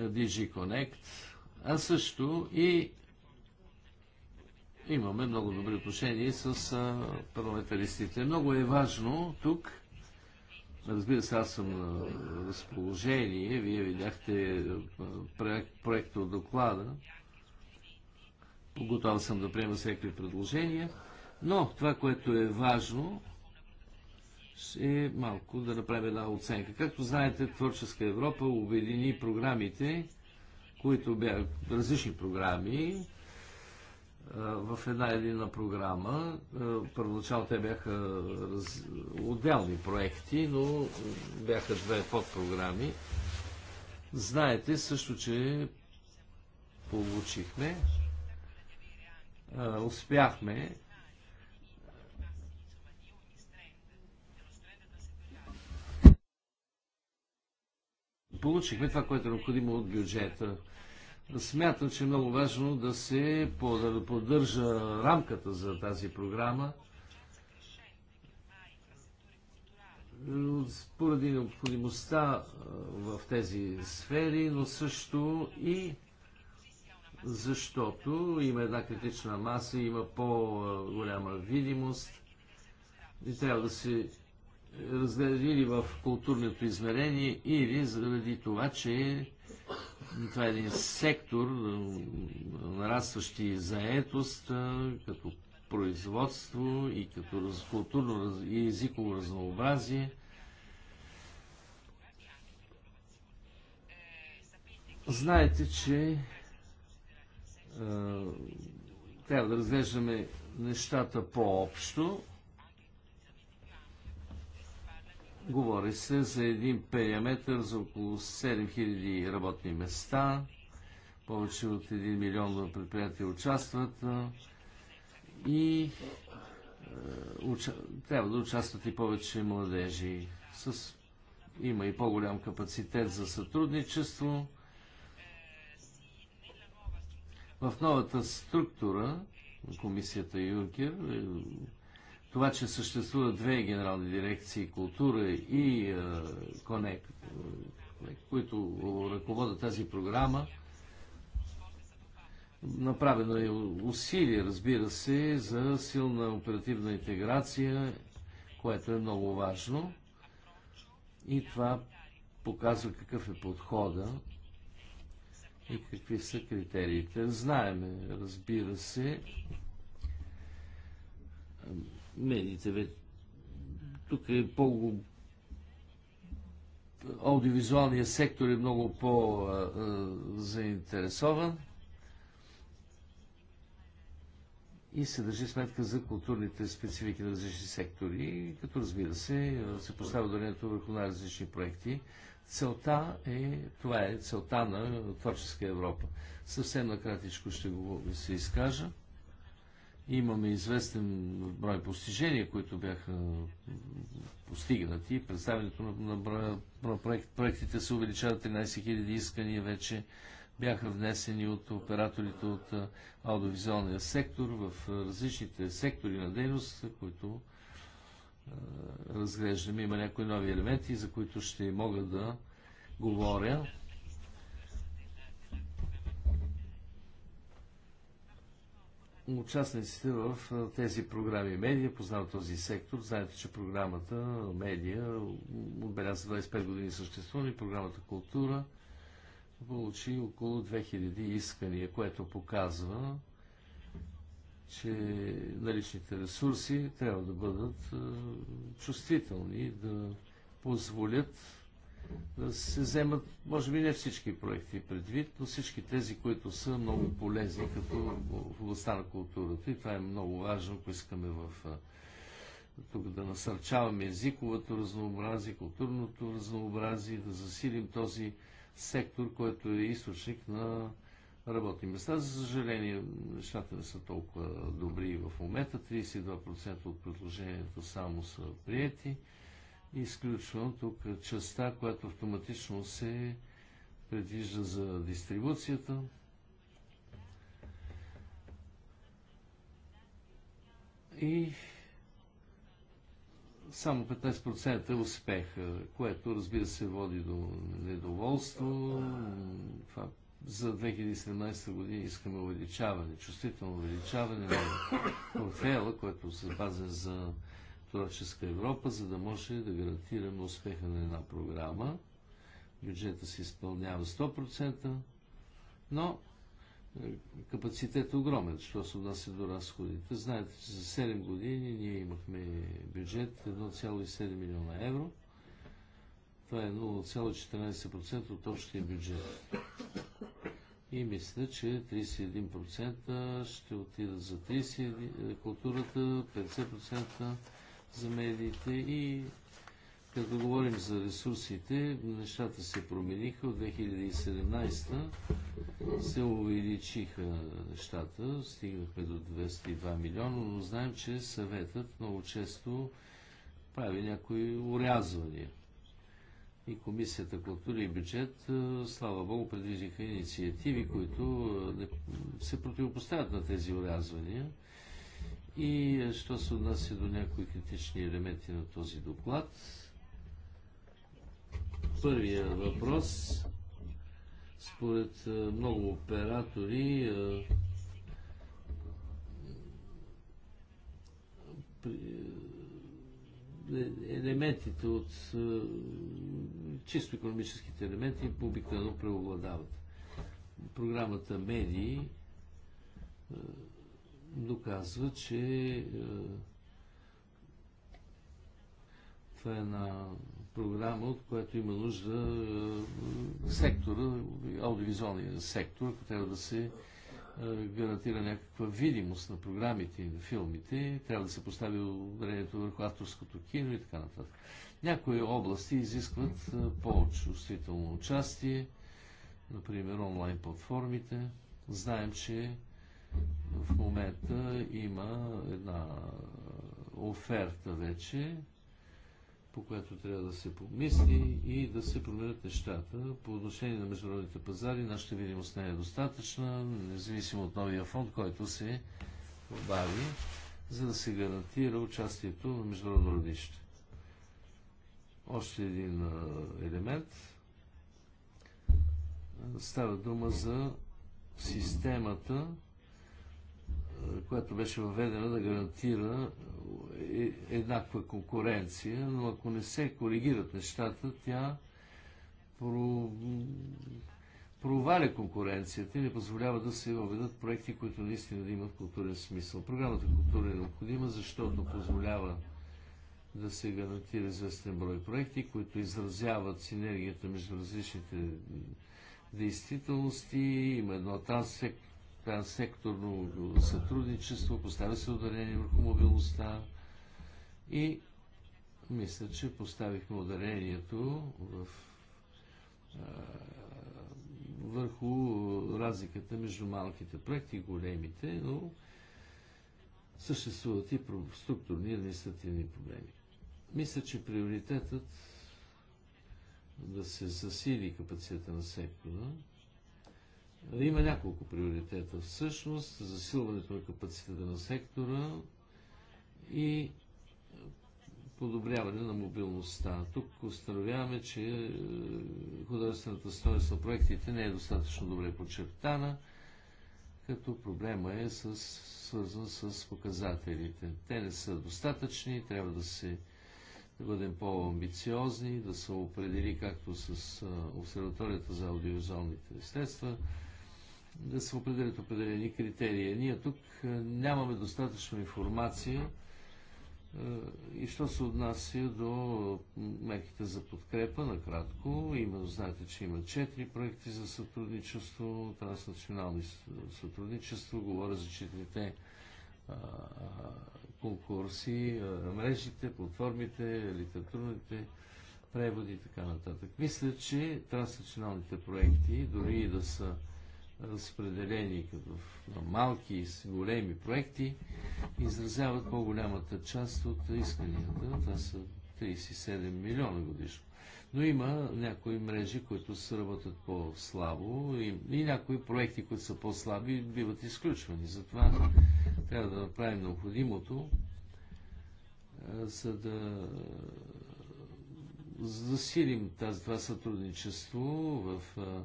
DG Connect а също и имаме много добри отношения с парламентаристите. Много е важно тук, разбира се, аз съм на разположение, вие видяхте проекта от доклада, готов съм да приема всеки предложения, но това, което е важно, е малко да направим една оценка. Както знаете, Творческа Европа обедини програмите, които бяха различни програми. В една едина програма, първоначално те бяха раз... отделни проекти, но бяха две подпрограми. Знаете също, че получихме, успяхме получихме това, което е необходимо от бюджета. Смятам, че е много важно да се поддържа рамката за тази програма поради необходимостта в тези сфери, но също и защото има една критична маса, има по-голяма видимост и трябва да се разгледа или в културното измерение, или заради това, че това е един сектор, е, нарастващи заетост, е, като производство и като културно и езиково разнообразие. Знаете, че е, трябва да разглеждаме нещата по-общо Говори се за един периметр за около 7000 работни места. Повече от 1 милион предприятия участват и е, уча... трябва да участват и повече младежи. С... Има и по-голям капацитет за сътрудничество. В новата структура на комисията Юнкер е, това, че съществуват две генерални дирекции култура и е, Конек, е, които ръководят тази програма, направено е усилие, разбира се, за силна оперативна интеграция, което е много важно. И това показва какъв е подхода и какви са критериите. Знаеме, разбира се, медиите. Тук е по аудиовизуалният сектор е много по-заинтересован и се държи сметка за културните специфики на различни сектори, като разбира се, се поставя дарението върху най-различни проекти. Целта е, това е целта на творческа Европа. Съвсем накратичко ще го се изкажа. Имаме известен брой постижения, които бяха постигнати. Представянето на, на, на проект, проектите се увеличават 13 000 искания вече бяха внесени от операторите от аудиовизуалния сектор в различните сектори на дейност, които разглеждаме. Има някои нови елементи, за които ще мога да говоря. участниците в тези програми. Медия познава този сектор. Знаете, че програмата Медия отбеляза 25 години съществуване. Програмата Култура получи около 2000 искания, което показва, че наличните ресурси трябва да бъдат чувствителни, да позволят да се вземат, може би не всички проекти предвид, но всички тези, които са много полезни като в областта на културата. И това е много важно, ако искаме в тук да насърчаваме езиковото разнообразие, културното разнообразие, да засилим този сектор, който е източник на работни места. За съжаление, нещата не са толкова добри в момента. 32% от предложението само са приети изключвам тук частта, която автоматично се предвижда за дистрибуцията. И само 15% е успеха, което разбира се води до недоволство. Това за 2017 година искаме увеличаване, чувствително увеличаване на портфела, който се запазен за Творческа Европа, за да може да гарантираме успеха на една програма. Бюджета се изпълнява 100%, но е, капацитет е огромен, що се отнася до разходите. Знаете, че за 7 години ние имахме бюджет 1,7 милиона евро. Това е 0,14% от общия бюджет. И мисля, че 31% ще отидат за 30% е, културата, 50% за медиите и като говорим за ресурсите, нещата се промениха. От 2017 се увеличиха нещата, стигнахме до 202 милиона, но знаем, че съветът много често прави някои урязвания. И Комисията култура и бюджет, слава Богу, предвижиха инициативи, които се противопоставят на тези урязвания и е, що се отнася до някои критични елементи на този доклад? Първият въпрос. Според е, много оператори е, елементите от чисто економическите елементи обикновено преобладават. Програмата Медии доказва, че е, това е една програма, от която има нужда е, сектора, аудиовизуалния сектор, ако трябва да се е, гарантира някаква видимост на програмите и на филмите, трябва да се постави ударението върху авторското кино и така нататък. Някои области изискват по-чувствително участие, например онлайн платформите. Знаем, че в момента има една оферта вече, по която трябва да се помисли и да се променят нещата. По отношение на международните пазари, нашата видимост не е достатъчна, независимо от новия фонд, който се добави, за да се гарантира участието на международно родище. Още един елемент. Става дума за системата която беше въведена да гарантира еднаква конкуренция, но ако не се коригират нещата, тя проваля конкуренцията и не позволява да се въведат проекти, които наистина да имат културен смисъл. Програмата култура е необходима, защото позволява да се гарантира известен брой проекти, които изразяват синергията между различните действителности. Има едно транс транссекторно сътрудничество, поставя се ударение върху мобилността и мисля, че поставихме ударението в, а, върху разликата между малките проекти и големите, но съществуват и структурни и административни проблеми. Мисля, че приоритетът да се засили капацитета на сектора има няколко приоритета. Всъщност, засилването на капацитета на сектора и подобряване на мобилността. Тук установяваме, че е, художествената стоеност на проектите не е достатъчно добре подчертана, като проблема е с, свързан с показателите. Те не са достатъчни, трябва да се да бъдем по-амбициозни, да се определи както с е, обсерваторията за аудиовизуалните средства, да се определят определени критерии. Ние тук е, нямаме достатъчно информация е, и що се отнася до мерките за подкрепа, накратко, има, знаете, че има четири проекти за сътрудничество, транснационални сътрудничество, говоря за четирите конкурси, мрежите, платформите, литературните преводи и така нататък. Мисля, че транснационалните проекти, дори и да са разпределени като на малки и големи проекти, изразяват по-голямата част от исканията. Това са 37 милиона годишно. Но има някои мрежи, които се работят по-слабо и, и някои проекти, които са по-слаби, биват изключвани. Затова трябва да направим необходимото, е, за да засилим тази, това сътрудничество в е,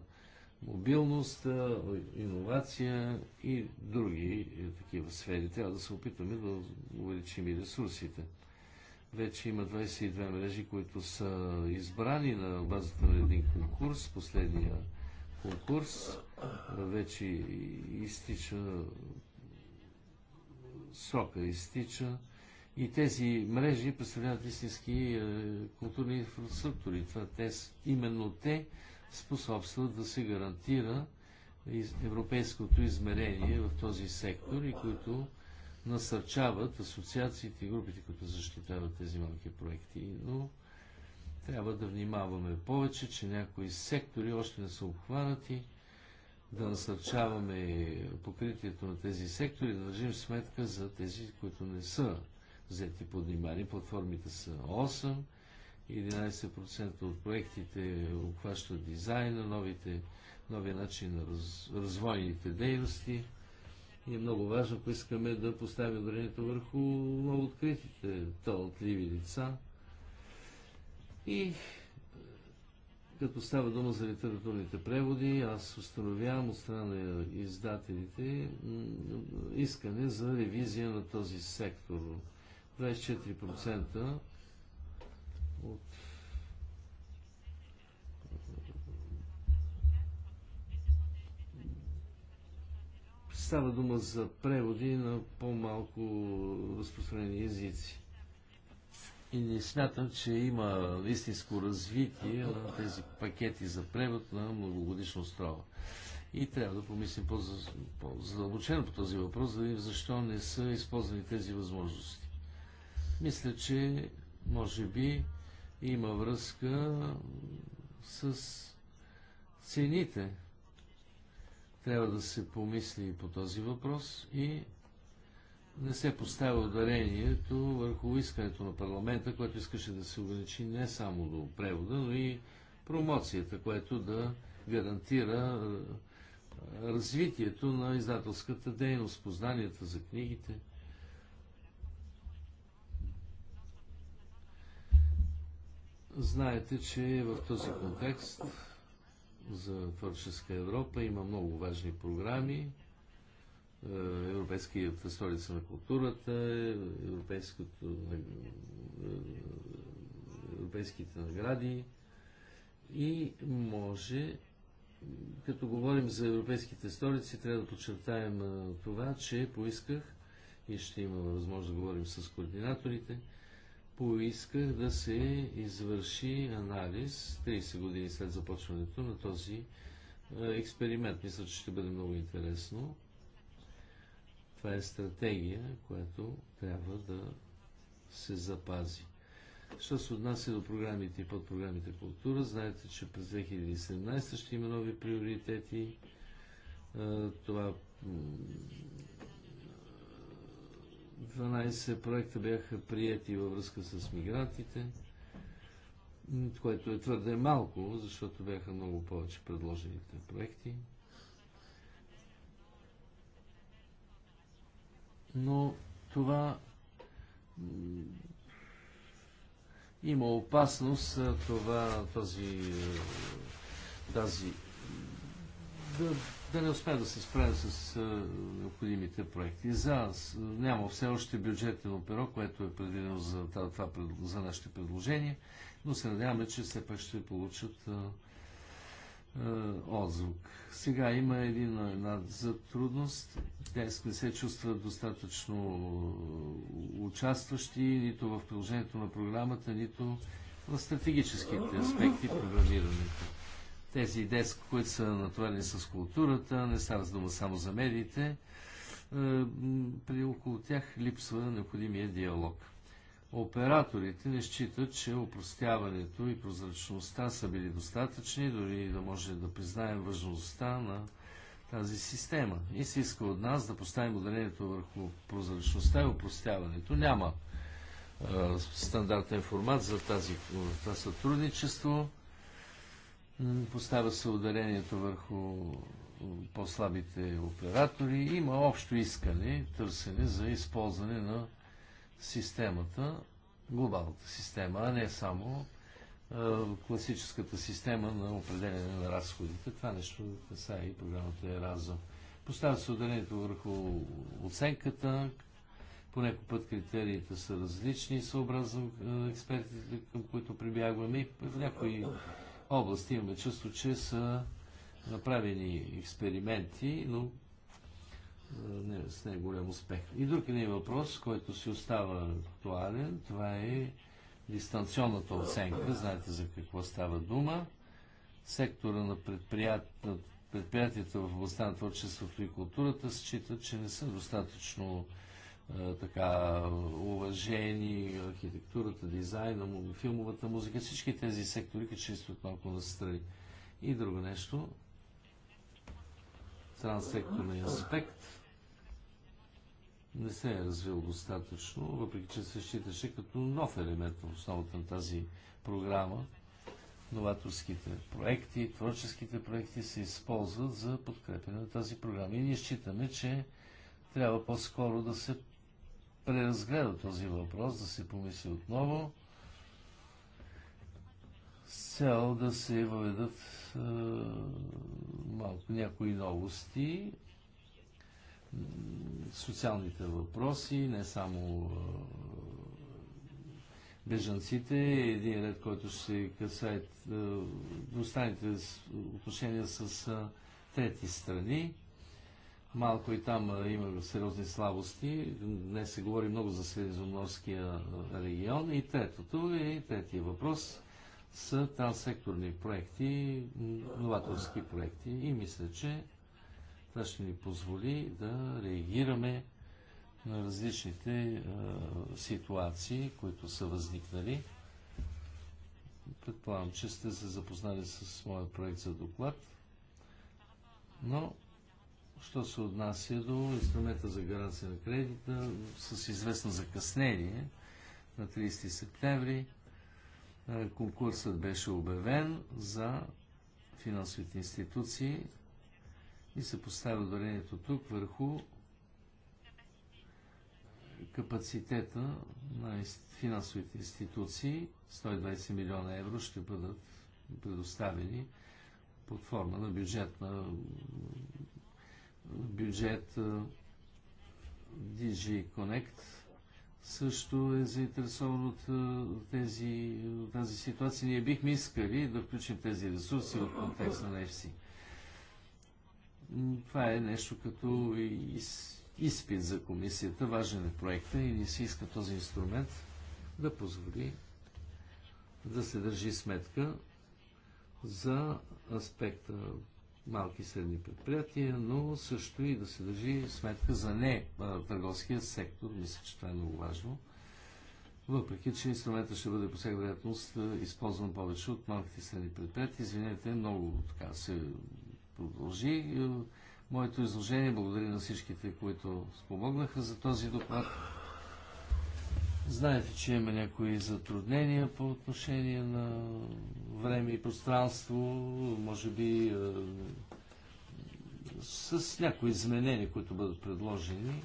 мобилност, иновация и други е, такива сфери. Трябва да се опитваме да увеличим и ресурсите. Вече има 22 мрежи, които са избрани на базата на един конкурс, последния конкурс. Вече изтича срока, изтича. И тези мрежи представляват истински е, културни инфраструктури. Това те, именно те способстват да се гарантира европейското измерение в този сектор и които насърчават асоциациите и групите, които защитават тези малки проекти. Но трябва да внимаваме повече, че някои сектори още не са обхванати, да насърчаваме покритието на тези сектори, да държим сметка за тези, които не са взети под внимание. Платформите са 11% от проектите обхващат дизайна, новите, новия начин на раз, развойните дейности. И е много важно, ако искаме да поставим времето върху много откритите талантливи лица. И е, като става дума за литературните преводи, аз установявам от страна на издателите искане за ревизия на този сектор. 24% става дума за преводи на по-малко разпространени езици. И не смятам, че има истинско развитие на тези пакети за превод на многогодишна острова. И трябва да помислим по-задълбочено по този въпрос, да видим защо не са използвани тези възможности. Мисля, че може би има връзка с цените трябва да се помисли и по този въпрос и не се поставя ударението върху искането на парламента, което искаше да се ограничи не само до превода, но и промоцията, което да гарантира е, развитието на издателската дейност, познанията за книгите. Знаете, че в този контекст за творческа Европа. Има много важни програми. Е, Европейската столица на културата, е, е, европейските награди и може, като говорим за европейските столици, трябва да подчертаем това, че поисках и ще има възможност да говорим с координаторите – поисках да се извърши анализ 30 години след започването на този експеримент. Мисля, че ще бъде много интересно. Това е стратегия, която трябва да се запази. Що се отнася до програмите и подпрограмите култура, знаете, че през 2017 ще има нови приоритети. Това 12 проекта бяха прияти във връзка с мигрантите, което е твърде малко, защото бяха много повече предложените проекти. Но това има опасност това, е, тази, тази да да не успеем да се справят с необходимите проекти. За, няма все още бюджетен перо, което е предвидено за, това, за нашите предложения, но се надяваме, че все пак ще получат отзвук. Сега има един, една затрудност. Те не се чувстват достатъчно участващи нито в приложението на програмата, нито в стратегическите аспекти програмирането тези идеи, които са натворени с културата, не става дума само за медиите, е, при около тях липсва необходимия диалог. Операторите не считат, че опростяването и прозрачността са били достатъчни, дори да може да признаем важността на тази система. И се иска от нас да поставим ударението върху прозрачността и опростяването. Няма е, стандартен формат за тази, това сътрудничество. Поставя се ударението върху по-слабите оператори. Има общо искане, търсене за използване на системата, глобалната система, а не само класическата система на определение на разходите. Това нещо касае и програмата Еразъм. Поставя се ударението върху оценката. понеко път критериите са различни, съобразно експертите, към които прибягваме. В някои области имаме чувство, че са направени експерименти, но не, с не е голям успех. И друг един въпрос, който си остава актуален, това е дистанционната оценка. Знаете за какво става дума. Сектора на, на предприятията в областта на творчеството и културата счита, че не са достатъчно е, така, уважени, архитектурата, дизайна, филмовата музика, всички тези сектори, като ще стоят малко настрани. И друго нещо, Трансекторния аспект не се е развил достатъчно, въпреки че се считаше като нов елемент в основата на тази програма. Новаторските проекти, творческите проекти се използват за подкрепене на тази програма. И ние считаме, че трябва по-скоро да се преразгледа този въпрос, да се помисли отново с цел да се въведат е, малко някои новости, социалните въпроси, не само е, бежанците, един ред, който ще касае двустранните отношения с трети страни. Малко и там има сериозни слабости. Днес се говори много за Средиземноморския регион. И третото е, и третия въпрос са транссекторни проекти, новаторски проекти. И мисля, че това ще ни позволи да реагираме на различните е, ситуации, които са възникнали. Предполагам, че сте се запознали с моя проект за доклад, но Що се отнася до инструмента за гаранция на кредита, с известно закъснение на 30 септември е, конкурсът беше обявен за финансовите институции и се поставя ударението тук върху капацитета на финансовите институции. 120 милиона евро ще бъдат предоставени под форма на бюджетна бюджет DG Connect също е заинтересован от тези, тази ситуация. Ние бихме искали да включим тези ресурси в контекста на FC. Това е нещо като изпит за комисията. Важен е проекта и ни се иска този инструмент да позволи да се държи сметка за аспекта малки и средни предприятия, но също и да се държи сметка за не търговския сектор. Мисля, че това е много важно. Въпреки, че инструмента ще бъде по всяка вероятност използван повече от малките и средни предприятия. Извинете, много така се продължи. Моето изложение благодаря на всичките, които спомогнаха за този доклад. Знаете, че има някои затруднения по отношение на време и пространство, може би е, с някои изменения, които бъдат предложени.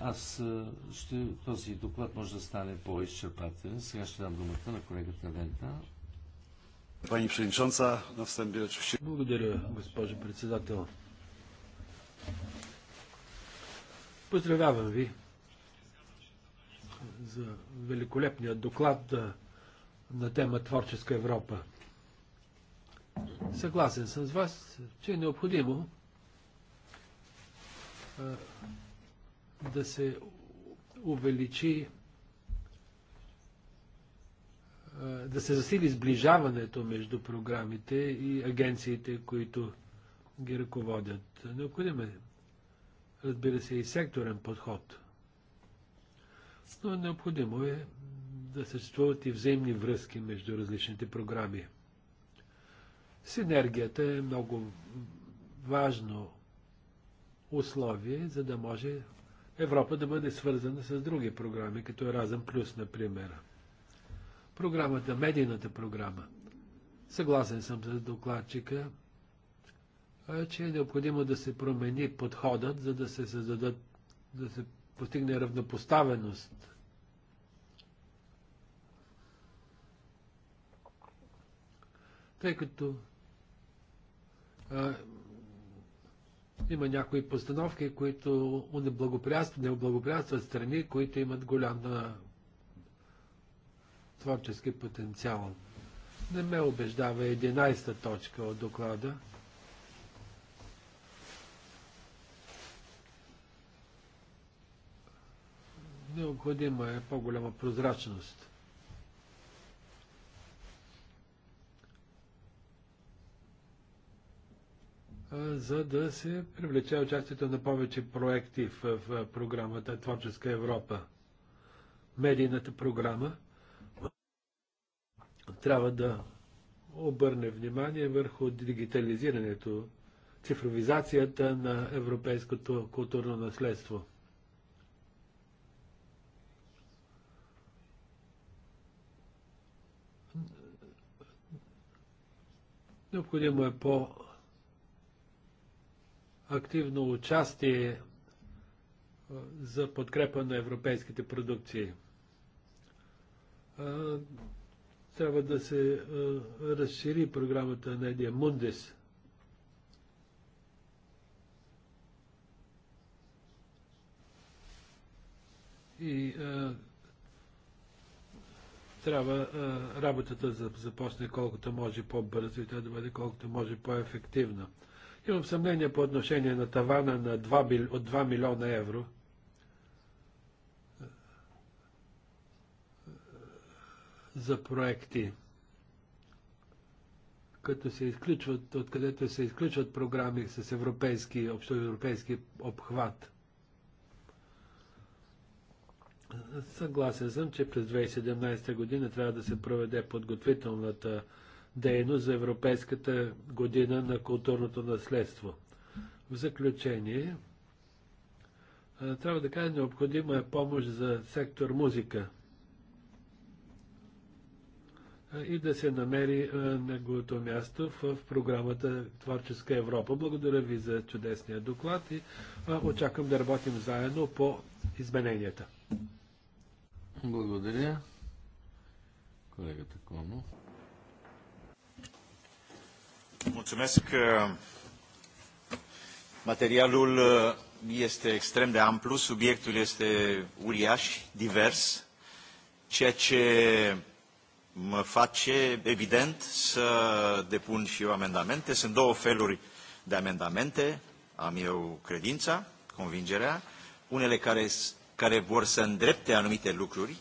Аз е, ще, този доклад може да стане по-изчерпателен. Сега ще дам думата на колегата Вента. Пани Пшеничонца, на встъпие, Благодаря, госпожо председател. Поздравявам ви за великолепния доклад на тема Творческа Европа. Съгласен съм с вас, че е необходимо да се увеличи, да се засили сближаването между програмите и агенциите, които ги ръководят. Необходим е, разбира се, и секторен подход – но необходимо е да съществуват и взаимни връзки между различните програми. Синергията е много важно условие, за да може Европа да бъде свързана с други програми, като Еразъм Плюс, например. Програмата, медийната програма. Съгласен съм с докладчика, че е необходимо да се промени подходът, за да се създадат, да се постигне равнопоставеност. Тъй като а, има някои постановки, които не облагоприятстват страни, които имат голям творчески потенциал. Не ме убеждава 11-та точка от доклада – Необходима е по-голяма прозрачност. за да се привлече участието на повече проекти в, в програмата Творческа Европа. Медийната програма трябва да обърне внимание върху дигитализирането, цифровизацията на европейското културно наследство. Необходимо е по-активно участие за подкрепа на европейските продукции. Трябва да се разшири програмата на Едия Мундис. И трябва работата да започне колкото може по-бързо и тя да бъде колкото може по-ефективна. Имам съмнение по отношение на тавана на 2, от 2 милиона евро. за проекти, като се изключват, откъдето се изключват програми с европейски, общоевропейски обхват – Съгласен съм, че през 2017 година трябва да се проведе подготвителната дейност за Европейската година на културното наследство. В заключение, трябва да кажа, необходима е помощ за сектор музика и да се намери неговото място в програмата Творческа Европа. Благодаря ви за чудесния доклад и очаквам да работим заедно по измененията. Благодаря. Колегата Коно. Mulțumesc. Materialul este extrem de amplu, subiectul este uriaș, divers, ceea ce mă face, evident, să depun și eu amendamente. Sunt două feluri de amendamente, am eu credința, convingerea, unele care care vor să îndrepte anumite lucruri,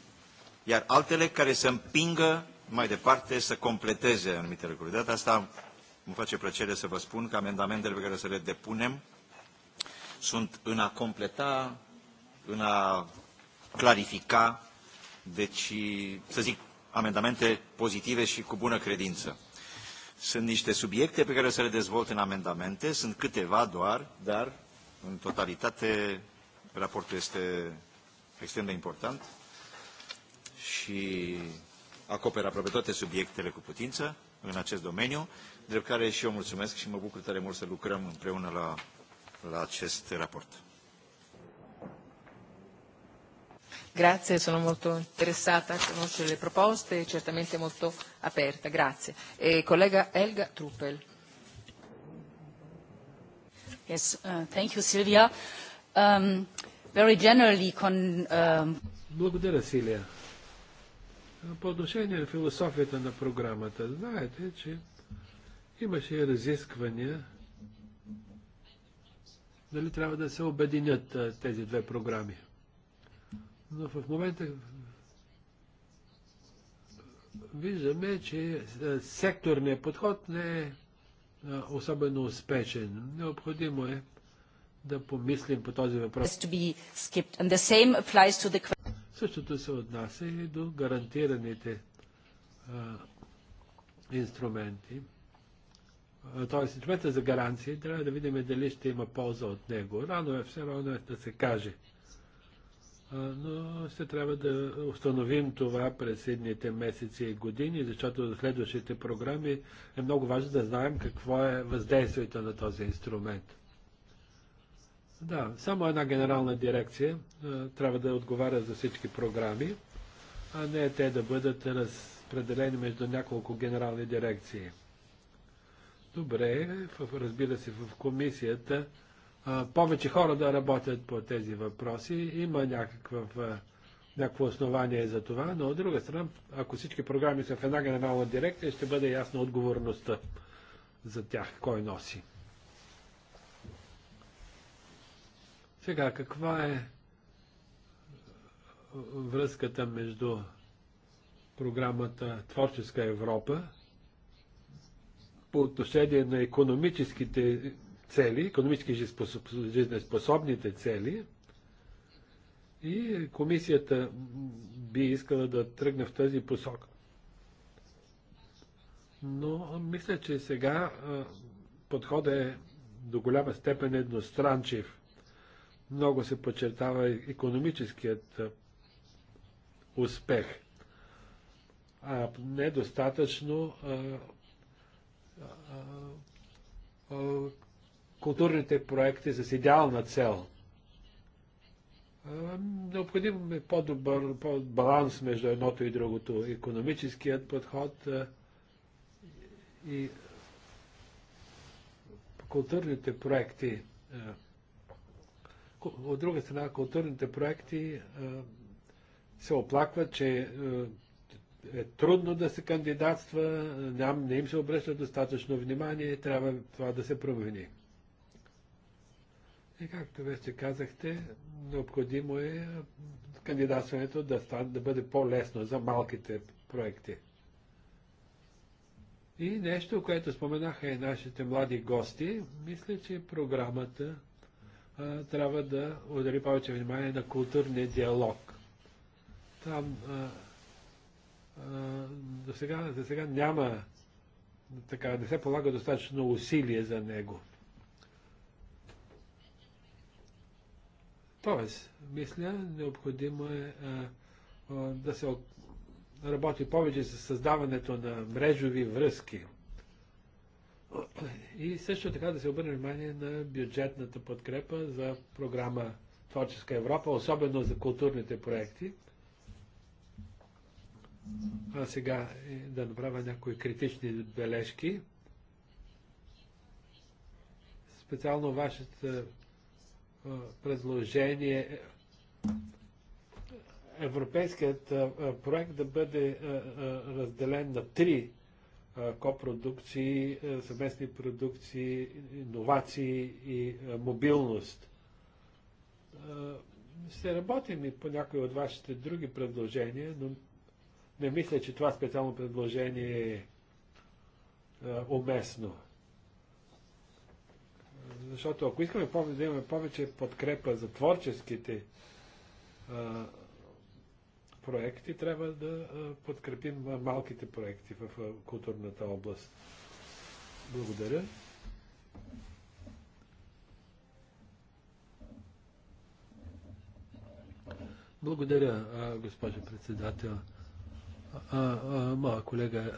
iar altele care să împingă mai departe să completeze anumite lucruri. De data asta îmi face plăcere să vă spun că amendamentele pe care să le depunem sunt în a completa, în a clarifica, deci, să zic, amendamente pozitive și cu bună credință. Sunt niște subiecte pe care să le dezvolt în amendamente, sunt câteva doar, dar în totalitate Raportul este extrem de important și acoperă aproape toate subiectele cu putință în acest domeniu, drept care și eu mulțumesc și mă bucur tare mult să lucrăm împreună la, la acest raport. Grazie, sono molto interessata a conoscere le proposte, certamente molto aperta. Grazie. E collega Elga Truppel. Yes, uh, thank you Silvia um, very generally con, um... Благодаря, Силия. По отношение на философията на програмата, знаете, че имаше разисквания дали трябва да се обединят тези две програми. Но в момента виждаме, че секторният подход не е особено успешен. Необходимо е да помислим по този въпрос. Същото се отнася и до гарантираните а, инструменти. Т.е. инструмента за гаранции трябва да видим дали ще има полза от него. Рано е все рано е да се каже. А, но ще трябва да установим това през едните месеци и години, защото за следващите програми е много важно да знаем какво е въздействието на този инструмент. Да, само една генерална дирекция трябва да отговаря за всички програми, а не те да бъдат разпределени между няколко генерални дирекции. Добре, разбира се, в комисията повече хора да работят по тези въпроси. Има някаква, някакво основание за това, но от друга страна, ако всички програми са в една генерална дирекция, ще бъде ясна отговорността за тях, кой носи. Сега, каква е връзката между програмата Творческа Европа по отношение на економическите цели, економически жизнеспособните цели и комисията би искала да тръгне в тази посока. Но мисля, че сега подходът е до голяма степен едностранчив. Много се подчертава економическият успех. А недостатъчно а, а, а, културните проекти с идеална цел. Необходим е по-добър по баланс между едното и другото. Економическият подход и културните проекти от друга страна, културните проекти е, се оплакват, че е, е трудно да се кандидатства, ням, не им се обръща достатъчно внимание и трябва това да се промени. И както вече казахте, необходимо е кандидатстването да, стан, да бъде по-лесно за малките проекти. И нещо, което споменаха и нашите млади гости, мисля, че програмата трябва да отдели повече внимание на културния диалог. Там а, а, до, сега, до сега няма така, не се полага достатъчно усилие за него. Тоест, мисля, необходимо е а, а, да се работи повече за създаването на мрежови връзки. И също така да се обърне внимание на бюджетната подкрепа за програма Творческа Европа, особено за културните проекти. А сега е да направя някои критични бележки. Специално вашето предложение е, европейският проект да бъде разделен на три копродукции, съвместни продукции, иновации и мобилност. Ще работим и по някои от вашите други предложения, но не мисля, че това специално предложение е уместно. Защото ако искаме да имаме повече подкрепа за творческите проекти, трябва да подкрепим малките проекти в културната област. Благодаря. Благодаря, госпожо председател моя колега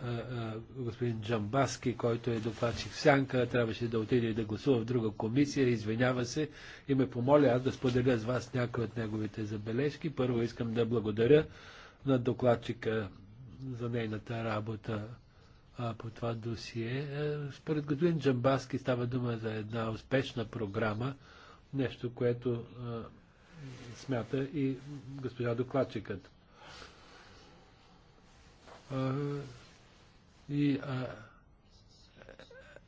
господин Джамбаски, който е докладчик в Сянка, трябваше да отиде и да гласува в друга комисия, извинява се и ме помоля аз да споделя с вас някои от неговите забележки. Първо искам да благодаря на докладчика за нейната работа а, по това досие. Е, според господин Джамбаски става дума за една успешна програма, нещо, което а, смята и госпожа докладчикът. И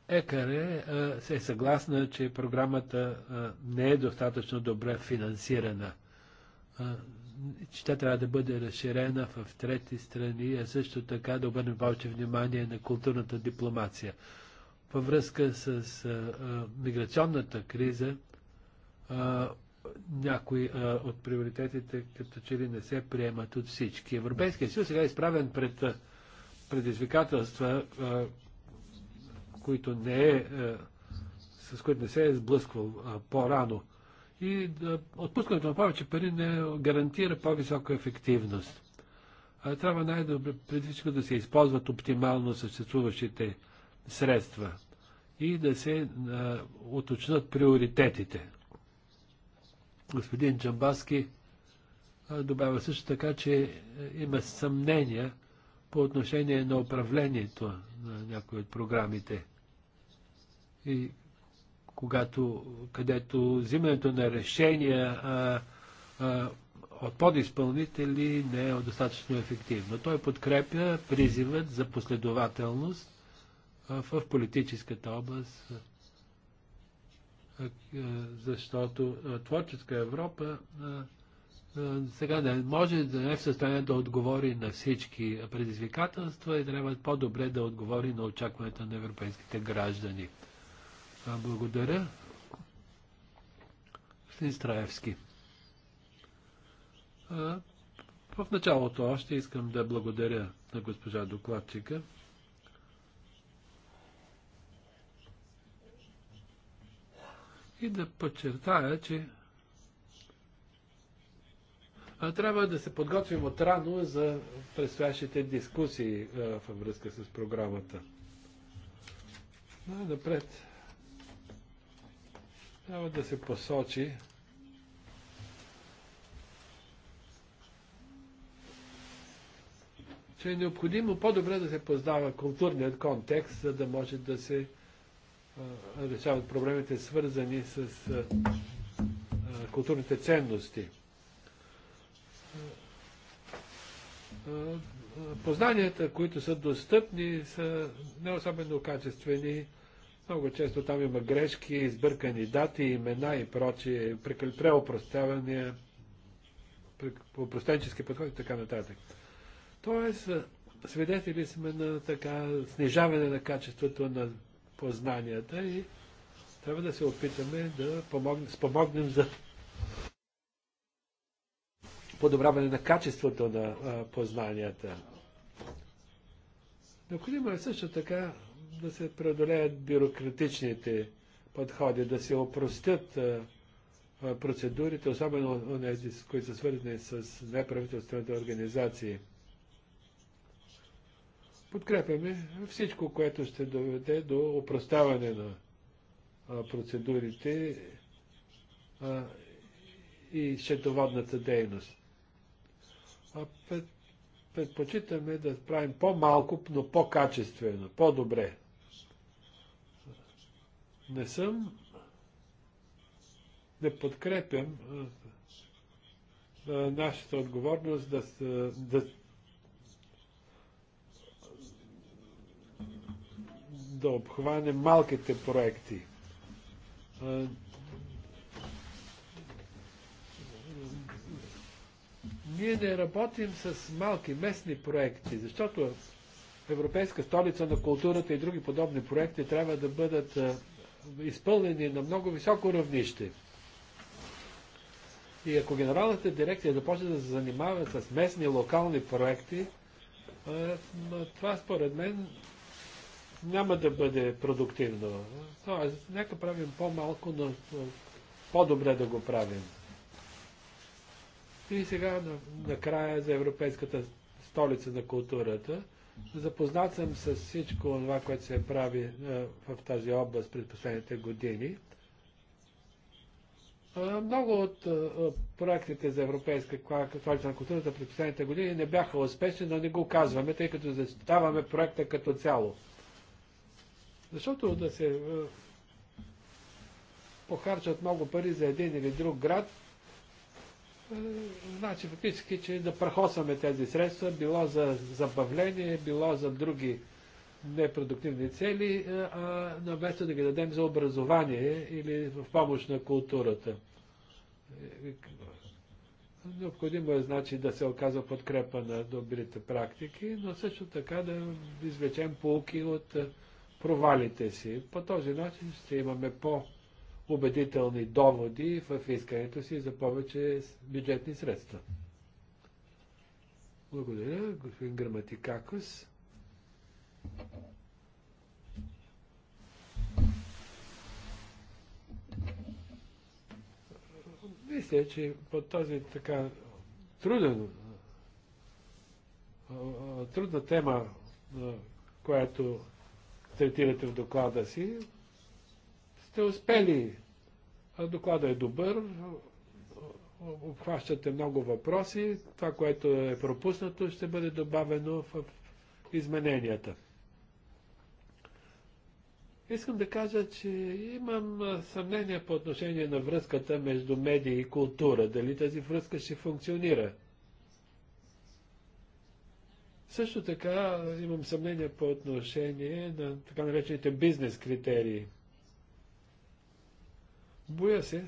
ЕКАРЕ се е съгласна, че програмата не е достатъчно добре финансирана, че тя трябва да бъде разширена в трети страни, а също така да обърнем повече внимание на културната дипломация. Във връзка с миграционната криза, някои а, от приоритетите като че ли не се приемат от всички. Европейския съюз сега е изправен пред предизвикателства, а, които не е, а, с които не се е сблъсквал по-рано. И а, отпускането на повече пари не гарантира по-висока ефективност. А, трябва най-добре преди всичко да се използват оптимално съществуващите средства и да се а, уточнат приоритетите господин Джамбаски добавя също така, че е, има съмнения по отношение на управлението на някои от програмите. И когато, където взимането на решения а, а, от подиспълнители не е достатъчно ефективно. Той подкрепя призивът за последователност а, в политическата област защото творческа Европа сега не може да не е в състояние да отговори на всички предизвикателства и трябва по-добре да отговори на очакването на европейските граждани. Благодаря. Господин Страевски. В началото още искам да благодаря на госпожа докладчика. и да подчертая, че трябва да се подготвим от рано за предстоящите дискусии във връзка с програмата. Най-напред трябва да се посочи че е необходимо по-добре да се познава културният контекст, за да може да се решават проблемите, свързани с културните ценности. Познанията, които са достъпни, са не особено качествени. Много често там има грешки, избъркани дати, имена и прочие, преопростявания, опростенчески подходи и така нататък. Тоест, свидетели сме на така снижаване на качеството на познанията и трябва да се опитаме да помогнем, спомогнем за подобряване на качеството на а, познанията. Необходимо е също така да се преодолеят бюрократичните подходи, да се опростят а, процедурите, особено тези, които са свързани с неправителствените организации – Подкрепяме всичко, което ще доведе до опроставане на процедурите и счетоводната дейност. А предпочитаме да правим по-малко, но по-качествено, по-добре. Не съм, не подкрепям нашата отговорност да, да да обхване малките проекти. Ние не работим с малки местни проекти, защото Европейска столица на културата и други подобни проекти трябва да бъдат изпълнени на много високо равнище. И ако генералната дирекция започне да се занимава с местни локални проекти, това според мен няма да бъде продуктивно. Тоест, нека правим по-малко, но по-добре да го правим. И сега накрая на за Европейската столица на културата. Запознат съм с всичко това, което се прави в тази област през последните години. много от проектите за Европейска столица на културата през последните години не бяха успешни, но не го казваме, тъй като защитаваме проекта като цяло. Защото да се е, похарчат много пари за един или друг град, е, значи фактически, че да прахосваме тези средства, било за забавление, било за други непродуктивни цели, е, а место да ги дадем за образование или в помощ на културата. Необходимо е, значи, да се оказва подкрепа на добрите практики, но също така да извлечем полки от провалите си. По този начин ще имаме по-убедителни доводи в искането си за повече бюджетни средства. Благодаря, господин Граматикакос. Мисля, че по този така труден, трудна тема, която третирате в доклада си, сте успели. Доклада е добър, обхващате много въпроси. Това, което е пропуснато, ще бъде добавено в измененията. Искам да кажа, че имам съмнение по отношение на връзката между медии и култура. Дали тази връзка ще функционира? Също така имам съмнение по отношение на така наречените бизнес критерии. Боя се,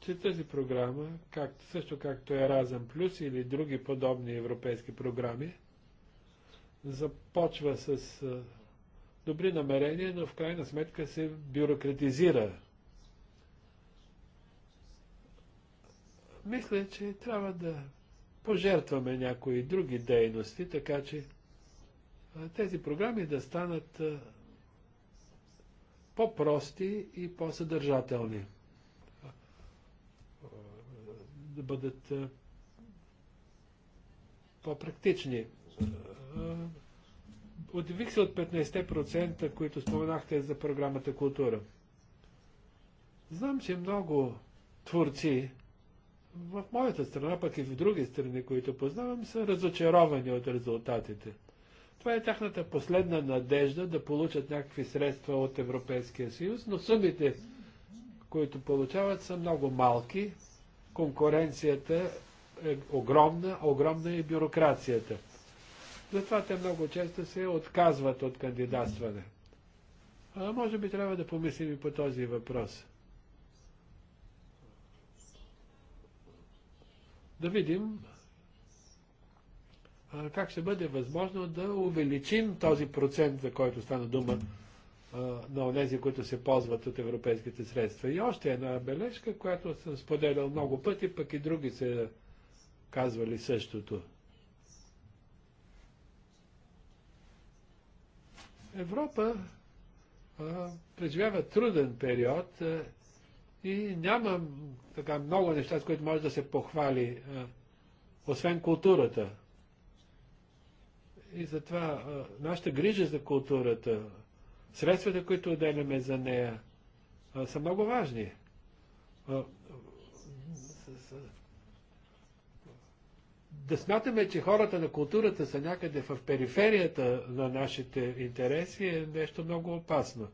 че тази програма, как, също както е Разъм Плюс или други подобни европейски програми, започва с добри намерения, но в крайна сметка се бюрократизира. Мисля, че трябва да пожертваме някои други дейности, така че тези програми да станат по-прости и по-съдържателни. Да бъдат по-практични. Удивих се от 15%, които споменахте за програмата Култура. Знам, че много творци в моята страна, пък и в други страни, които познавам, са разочаровани от резултатите. Това е тяхната последна надежда да получат някакви средства от Европейския съюз, но сумите, които получават, са много малки. Конкуренцията е огромна, огромна е бюрокрацията. Затова те много често се отказват от кандидатстване. А може би трябва да помислим и по този въпрос. да видим а, как ще бъде възможно да увеличим този процент, за който стана дума а, на онези, които се ползват от европейските средства. И още една бележка, която съм споделял много пъти, пък и други се казвали същото. Европа а, преживява труден период а, и няма така много неща, с които може да се похвали, а, освен културата. И затова а, нашата грижа за културата, средствата, които отделяме за нея, а, са много важни. Да смятаме, че хората на културата са някъде в периферията на нашите интереси е нещо много опасно.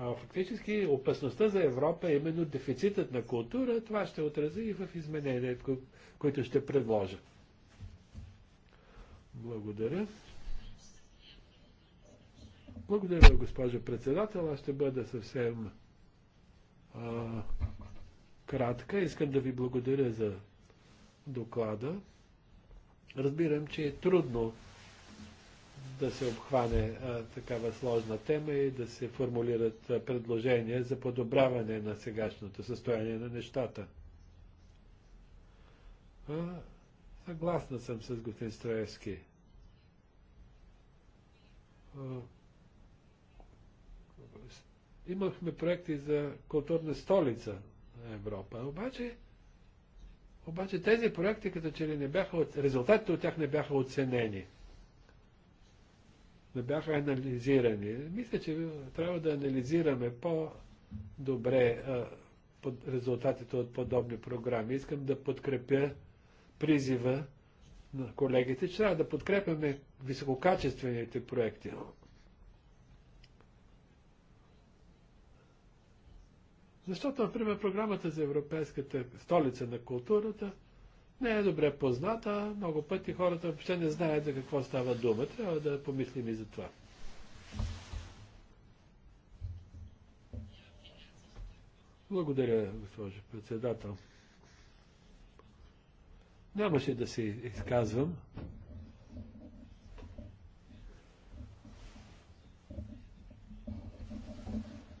а фактически опасността за Европа е именно дефицитът на култура. Това ще отрази и в изменения, които ще предложа. Благодаря. Благодаря, госпожо председател. Аз ще бъда съвсем а, кратка. Искам да ви благодаря за доклада. Разбирам, че е трудно да се обхване а, такава сложна тема и да се формулират а, предложения за подобряване на сегашното състояние на нещата. А, съгласна съм с господин Строевски. Имахме проекти за културна столица на Европа, обаче обаче тези проекти като че ли не бяха, резултатите от тях не бяха оценени не бяха анализирани. Мисля, че трябва да анализираме по-добре под резултатите от подобни програми. Искам да подкрепя призива на колегите, че трябва да подкрепяме висококачествените проекти. Защото, например, програмата за Европейската столица на културата – не е добре позната. Много пъти хората въобще не знаят за какво става дума. Трябва да помислим и за това. Благодаря, госпожо председател. Нямаше да се изказвам.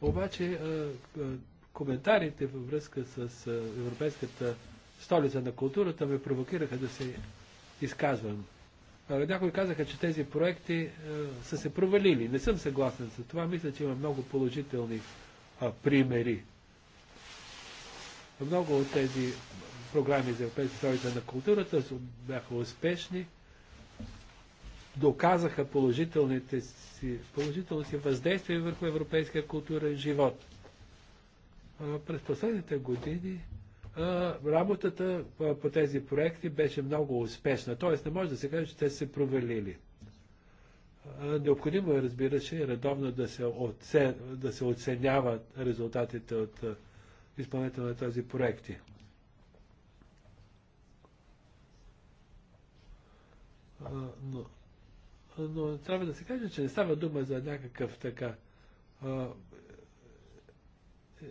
Обаче коментарите във връзка с Европейската столица на културата, ме провокираха да се изказвам. Някои казаха, че тези проекти са се провалили. Не съм съгласен с това. Мисля, че има много положителни примери. Много от тези програми за Европейска столица на културата бяха успешни, доказаха положителните си, положително си въздействия върху европейския културен живот. през последните години работата по, по тези проекти беше много успешна, т.е. не може да се каже, че те са се провалили. Необходимо е, разбира се, редовно да се, оце, да се оценяват резултатите от изпълнението на тези проекти. Но, но трябва да се каже, че не става дума за някакъв така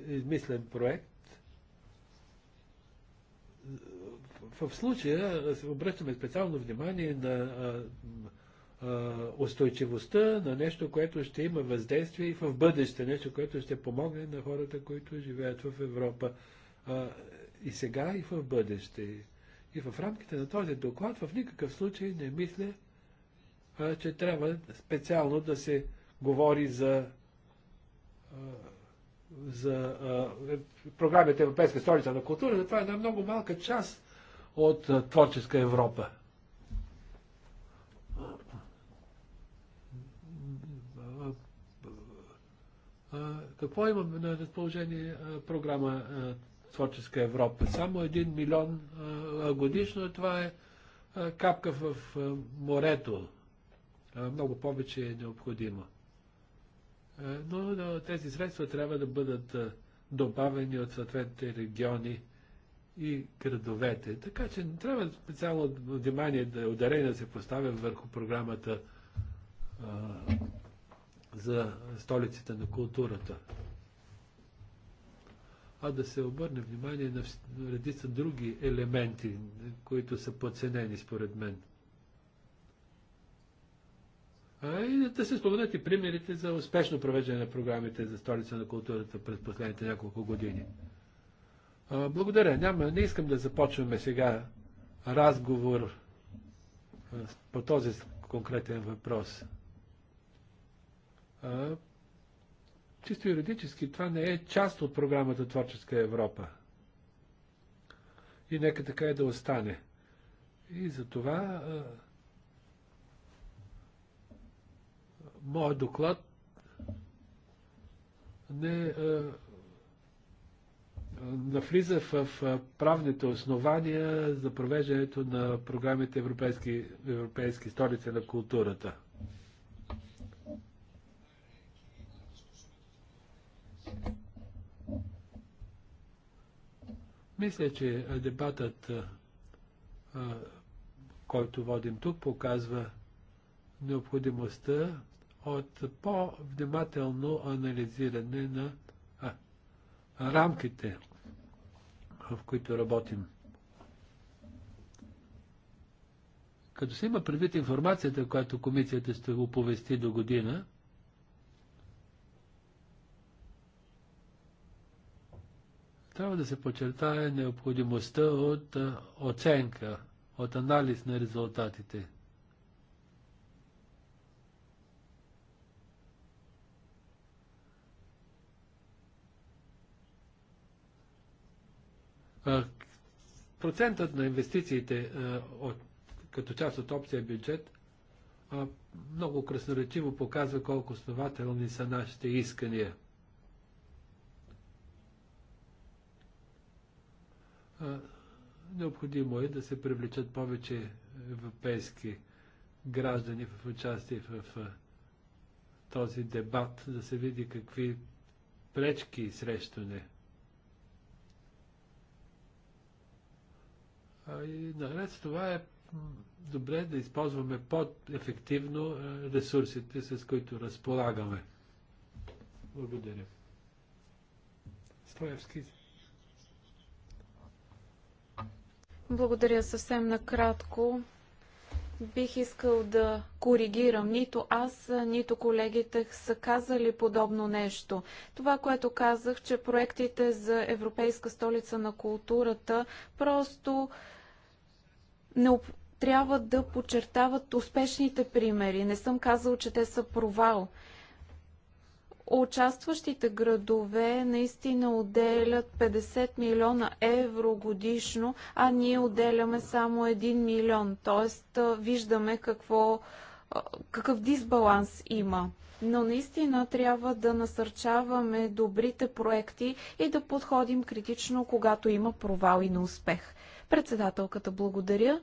измислен проект, в случая обръщаме специално внимание на а, а, устойчивостта, на нещо, което ще има въздействие и в бъдеще, нещо, което ще помогне на хората, които живеят в Европа а, и сега, и в бъдеще. И в рамките на този доклад в никакъв случай не мисля, че трябва специално да се говори за за а, е, програмите Европейска столица на културата, това е една много малка част от а, творческа Европа. Какво имаме на разположение програма Творческа Европа? Само 1 милион годишно, е това е капка в морето. Много повече е необходимо. Е, но, тези средства трябва да бъдат е, добавени от съответните региони и градовете. Така че не трябва специално внимание да е ударение да се поставя върху програмата а, е, за столиците на културата, а да се обърне внимание на редица други елементи, които са подценени според мен. И да се споменат и примерите за успешно провеждане на програмите за столица на културата през последните няколко години. Благодаря. Няма, не искам да започваме сега разговор по този конкретен въпрос. Чисто юридически това не е част от програмата Творческа Европа. И нека така и да остане. И за това моят доклад не навлиза в правните основания за провеждането на програмите Европейски, Европейски столици на културата. Мисля, че дебатът, който водим тук, показва необходимостта от по-внимателно анализиране на а, рамките, в които работим. Като се има предвид информацията, която комисията ще го повести до година, трябва да се подчертае необходимостта от оценка, от анализ на резултатите – Процентът на инвестициите от, като част от общия бюджет много красноречиво показва колко основателни са нашите искания. Необходимо е да се привлечат повече европейски граждани в участие в този дебат, да се види какви пречки срещу не. И наред с това е добре да използваме по-ефективно ресурсите, с които разполагаме. Благодаря. Стоевски. Благодаря съвсем накратко. Бих искал да коригирам. Нито аз, нито колегите са казали подобно нещо. Това, което казах, че проектите за Европейска столица на културата просто не трябва да подчертават успешните примери. Не съм казал, че те са провал. Участващите градове наистина отделят 50 милиона евро годишно, а ние отделяме само 1 милион. Тоест виждаме какво, какъв дисбаланс има. Но наистина трябва да насърчаваме добрите проекти и да подходим критично, когато има провал и на успех. Председателката благодаря.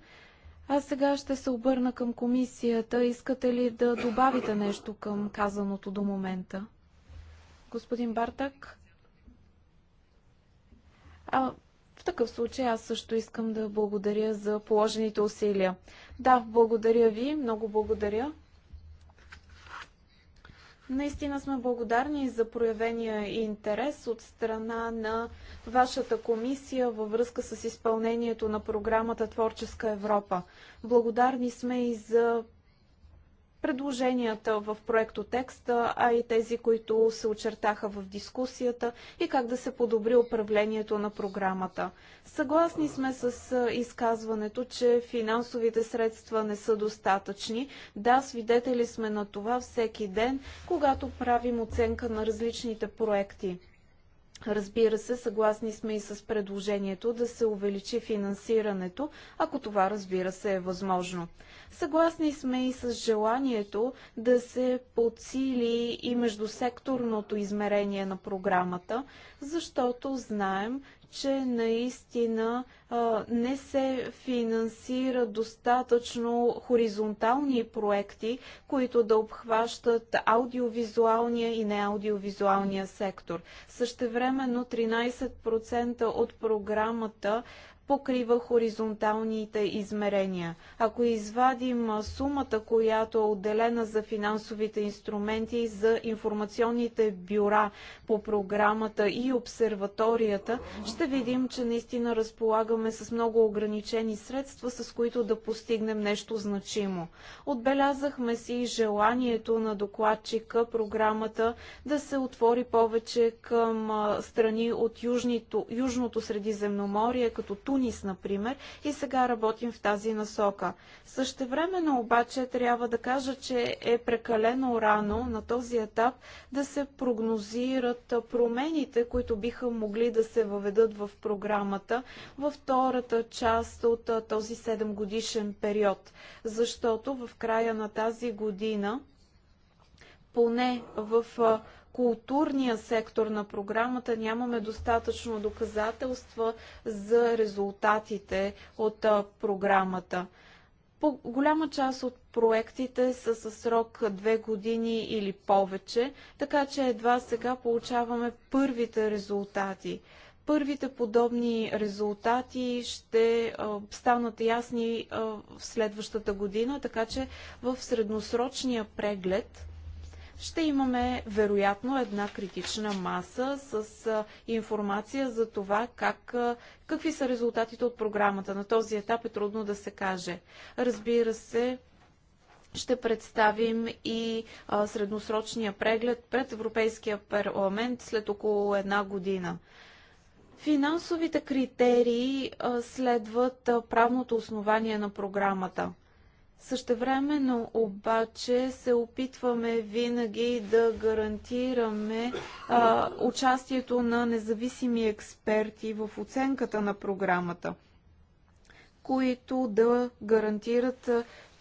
А сега ще се обърна към комисията. Искате ли да добавите нещо към казаното до момента? Господин Бартак? А, в такъв случай аз също искам да благодаря за положените усилия. Да, благодаря ви, много благодаря. Наистина сме благодарни за проявения и интерес от страна на вашата комисия във връзка с изпълнението на програмата Творческа Европа. Благодарни сме и за предложенията в проектотекста, а и тези, които се очертаха в дискусията и как да се подобри управлението на програмата. Съгласни сме с изказването, че финансовите средства не са достатъчни. Да, свидетели сме на това всеки ден, когато правим оценка на различните проекти. Разбира се, съгласни сме и с предложението да се увеличи финансирането, ако това разбира се е възможно. Съгласни сме и с желанието да се подсили и междусекторното измерение на програмата, защото знаем, че наистина а, не се финансира достатъчно хоризонтални проекти, които да обхващат аудиовизуалния и неаудиовизуалния сектор. Същевременно 13% от програмата покрива хоризонталните измерения. Ако извадим сумата, която е отделена за финансовите инструменти, за информационните бюра по програмата и обсерваторията, ще видим, че наистина разполагаме с много ограничени средства, с които да постигнем нещо значимо. Отбелязахме си желанието на докладчика програмата да се отвори повече към страни от южното, южното Средиземноморие, като Турция, Тунис, например, и сега работим в тази насока. Същевременно обаче трябва да кажа, че е прекалено рано на този етап да се прогнозират промените, които биха могли да се въведат в програмата във втората част от този 7 годишен период, защото в края на тази година поне в културния сектор на програмата нямаме достатъчно доказателства за резултатите от програмата. По голяма част от проектите са с срок две години или повече, така че едва сега получаваме първите резултати. Първите подобни резултати ще а, станат ясни а, в следващата година, така че в средносрочния преглед ще имаме вероятно една критична маса с а, информация за това как, а, какви са резултатите от програмата. На този етап е трудно да се каже. Разбира се, ще представим и а, средносрочния преглед пред Европейския парламент след около една година. Финансовите критерии а, следват а, правното основание на програмата. Същевременно обаче се опитваме винаги да гарантираме а, участието на независими експерти в оценката на програмата, които да гарантират,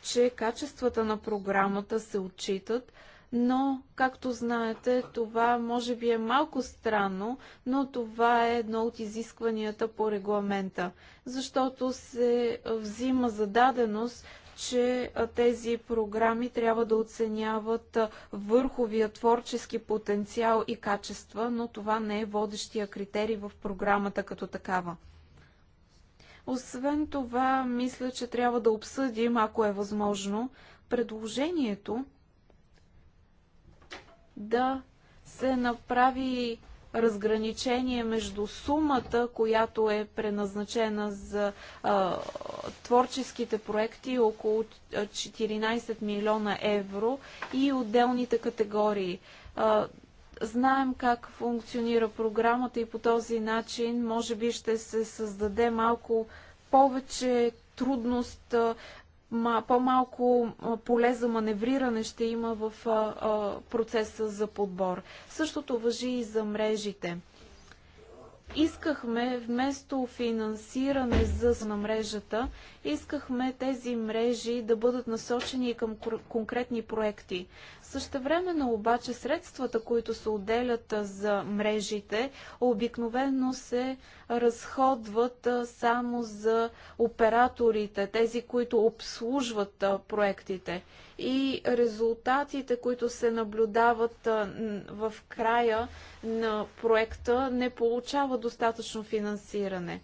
че качествата на програмата се отчитат, но, както знаете, това може би е малко странно, но това е едно от изискванията по регламента, защото се взима за даденост че тези програми трябва да оценяват върховия творчески потенциал и качества, но това не е водещия критерий в програмата като такава. Освен това, мисля, че трябва да обсъдим, ако е възможно, предложението да се направи разграничение между сумата, която е предназначена за а, творческите проекти, около 14 милиона евро и отделните категории. А, знаем как функционира програмата и по този начин може би ще се създаде малко повече трудност по-малко поле за маневриране ще има в процеса за подбор. Същото въжи и за мрежите. Искахме вместо финансиране за на мрежата, искахме тези мрежи да бъдат насочени към конкретни проекти. Същевременно обаче средствата, които се отделят за мрежите, обикновено се разходват само за операторите, тези, които обслужват проектите. И резултатите, които се наблюдават в края на проекта, не получават достатъчно финансиране.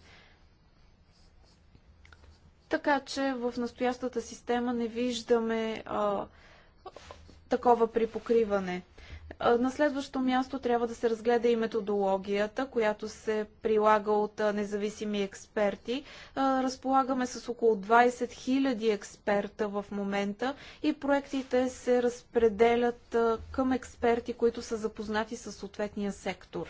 Така че в настоящата система не виждаме а, такова припокриване. На следващо място трябва да се разгледа и методологията, която се прилага от независими експерти. Разполагаме с около 20 000 експерта в момента и проектите се разпределят към експерти, които са запознати с съответния сектор.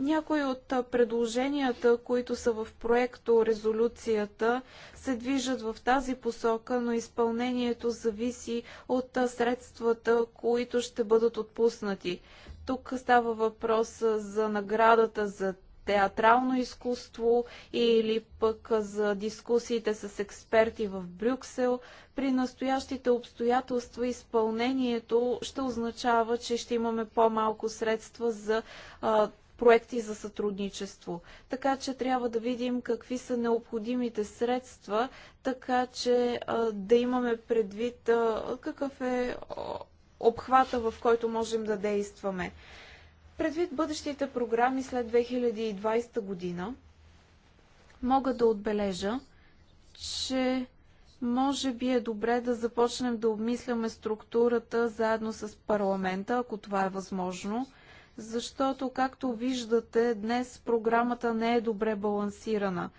Някои от предложенията, които са в проекто резолюцията, се движат в тази посока, но изпълнението зависи от средствата, които ще бъдат отпуснати. Тук става въпрос за наградата за театрално изкуство или пък за дискусиите с експерти в Брюксел. При настоящите обстоятелства изпълнението ще означава, че ще имаме по-малко средства за а, проекти за сътрудничество. Така че трябва да видим какви са необходимите средства, така че да имаме предвид какъв е обхвата, в който можем да действаме. Предвид бъдещите програми след 2020 година, мога да отбележа, че може би е добре да започнем да обмисляме структурата заедно с парламента, ако това е възможно – защото, както виждате, днес програмата не е добре балансирана.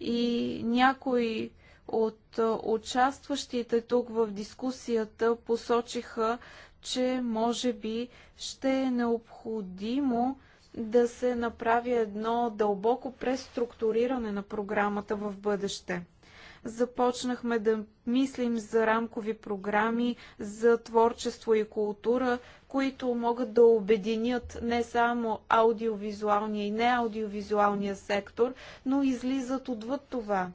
И някои от участващите тук в дискусията посочиха, че може би ще е необходимо да се направи едно дълбоко преструктуриране на програмата в бъдеще започнахме да мислим за рамкови програми за творчество и култура, които могат да обединят не само аудиовизуалния и неаудиовизуалния сектор, но излизат отвъд това.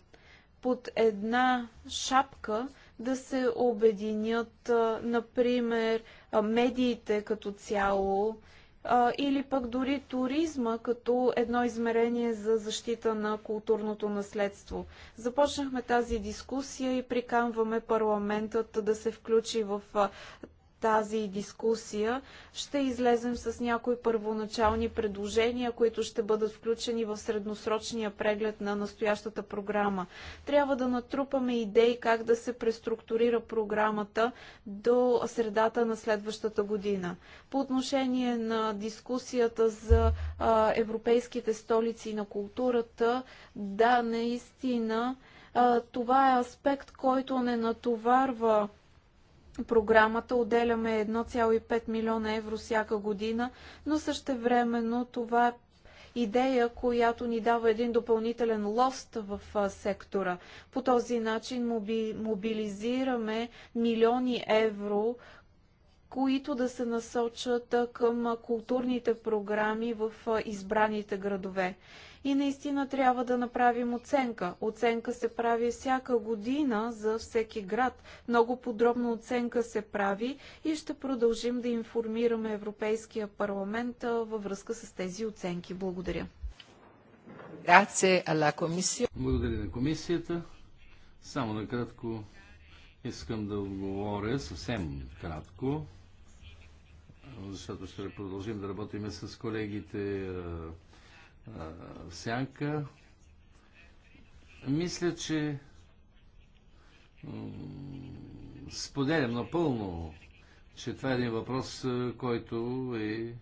Под една шапка да се обединят, например, медиите като цяло или пък дори туризма като едно измерение за защита на културното наследство. Започнахме тази дискусия и приканваме парламентът да се включи в тази дискусия ще излезем с някои първоначални предложения, които ще бъдат включени в средносрочния преглед на настоящата програма. Трябва да натрупаме идеи как да се преструктурира програмата до средата на следващата година. По отношение на дискусията за а, европейските столици на културата, да, наистина, а, това е аспект, който не натоварва програмата отделяме 1,5 милиона евро всяка година, но същевременно това е идея, която ни дава един допълнителен лост в а, сектора. По този начин моби, мобилизираме милиони евро, които да се насочат а, към а, културните програми в избраните градове и наистина трябва да направим оценка. Оценка се прави всяка година за всеки град. Много подробна оценка се прави и ще продължим да информираме Европейския парламент във връзка с тези оценки. Благодаря. Благодаря на комисията. Само накратко искам да отговоря съвсем кратко, защото ще продължим да работим с колегите сянка. Мисля, че споделям напълно, че това е един въпрос, който е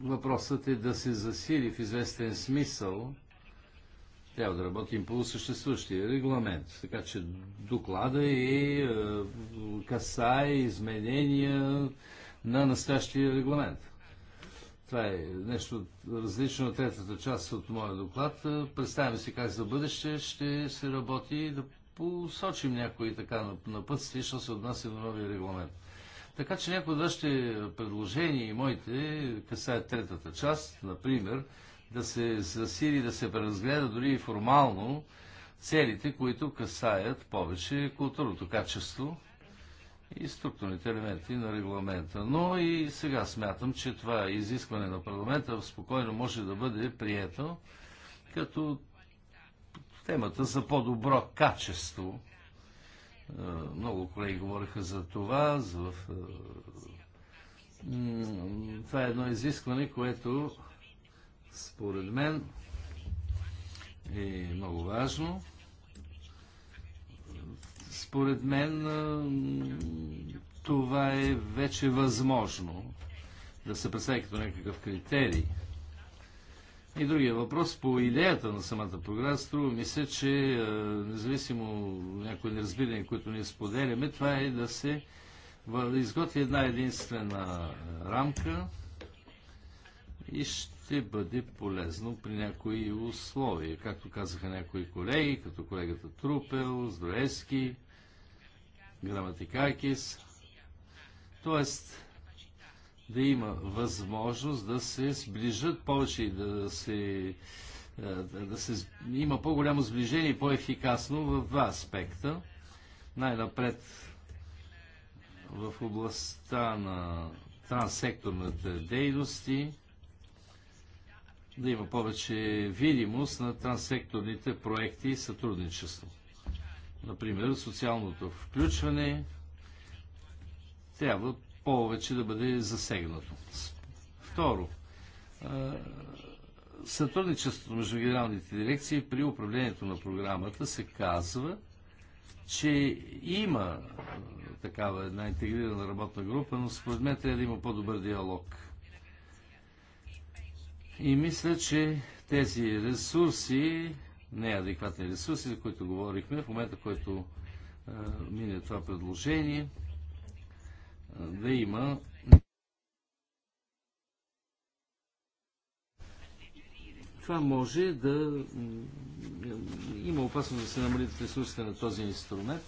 въпросът е да се засили в известен смисъл. Трябва да работим по съществуващия регламент. Така че доклада е, е касае изменения на настоящия регламент. Това е нещо различно от третата част от моя доклад. Представяме си как за бъдеще ще се работи и да посочим някои така на пътствие, що се отнася до новия регламент. Така че някои от вашите предложения и моите касаят третата част, например, да се засили, да се преразгледа дори и формално целите, които касаят повече културното качество и структурните елементи на регламента. Но и сега смятам, че това изискване на парламента спокойно може да бъде прието като темата за по-добро качество. Е, много колеги говориха за това. За... Е, това е едно изискване, което според мен е много важно според мен това е вече възможно да се представи като някакъв критерий. И другия въпрос по идеята на самата програма, струва ми се, че независимо някои неразбирания, които ние споделяме, това е да се изготви една единствена рамка и ще ще бъде полезно при някои условия. Както казаха някои колеги, като колегата Трупел, Здоевски, Граматикакис. Тоест, да има възможност да се сближат повече и да се, е, да се има по-голямо сближение и по-ефикасно в два аспекта. Най-напред в областта на транссекторната дейности, да има повече видимост на транссекторните проекти и сътрудничество. Например, социалното включване трябва повече да бъде засегнато. Второ, сътрудничеството между генералните дирекции при управлението на програмата се казва, че има такава една интегрирана работна група, но според мен трябва да има по-добър диалог и мисля, че тези ресурси, неадекватни ресурси, за които говорихме, в момента, в който а, мине това предложение, а, да има това може да има опасност да се намалят ресурсите на този инструмент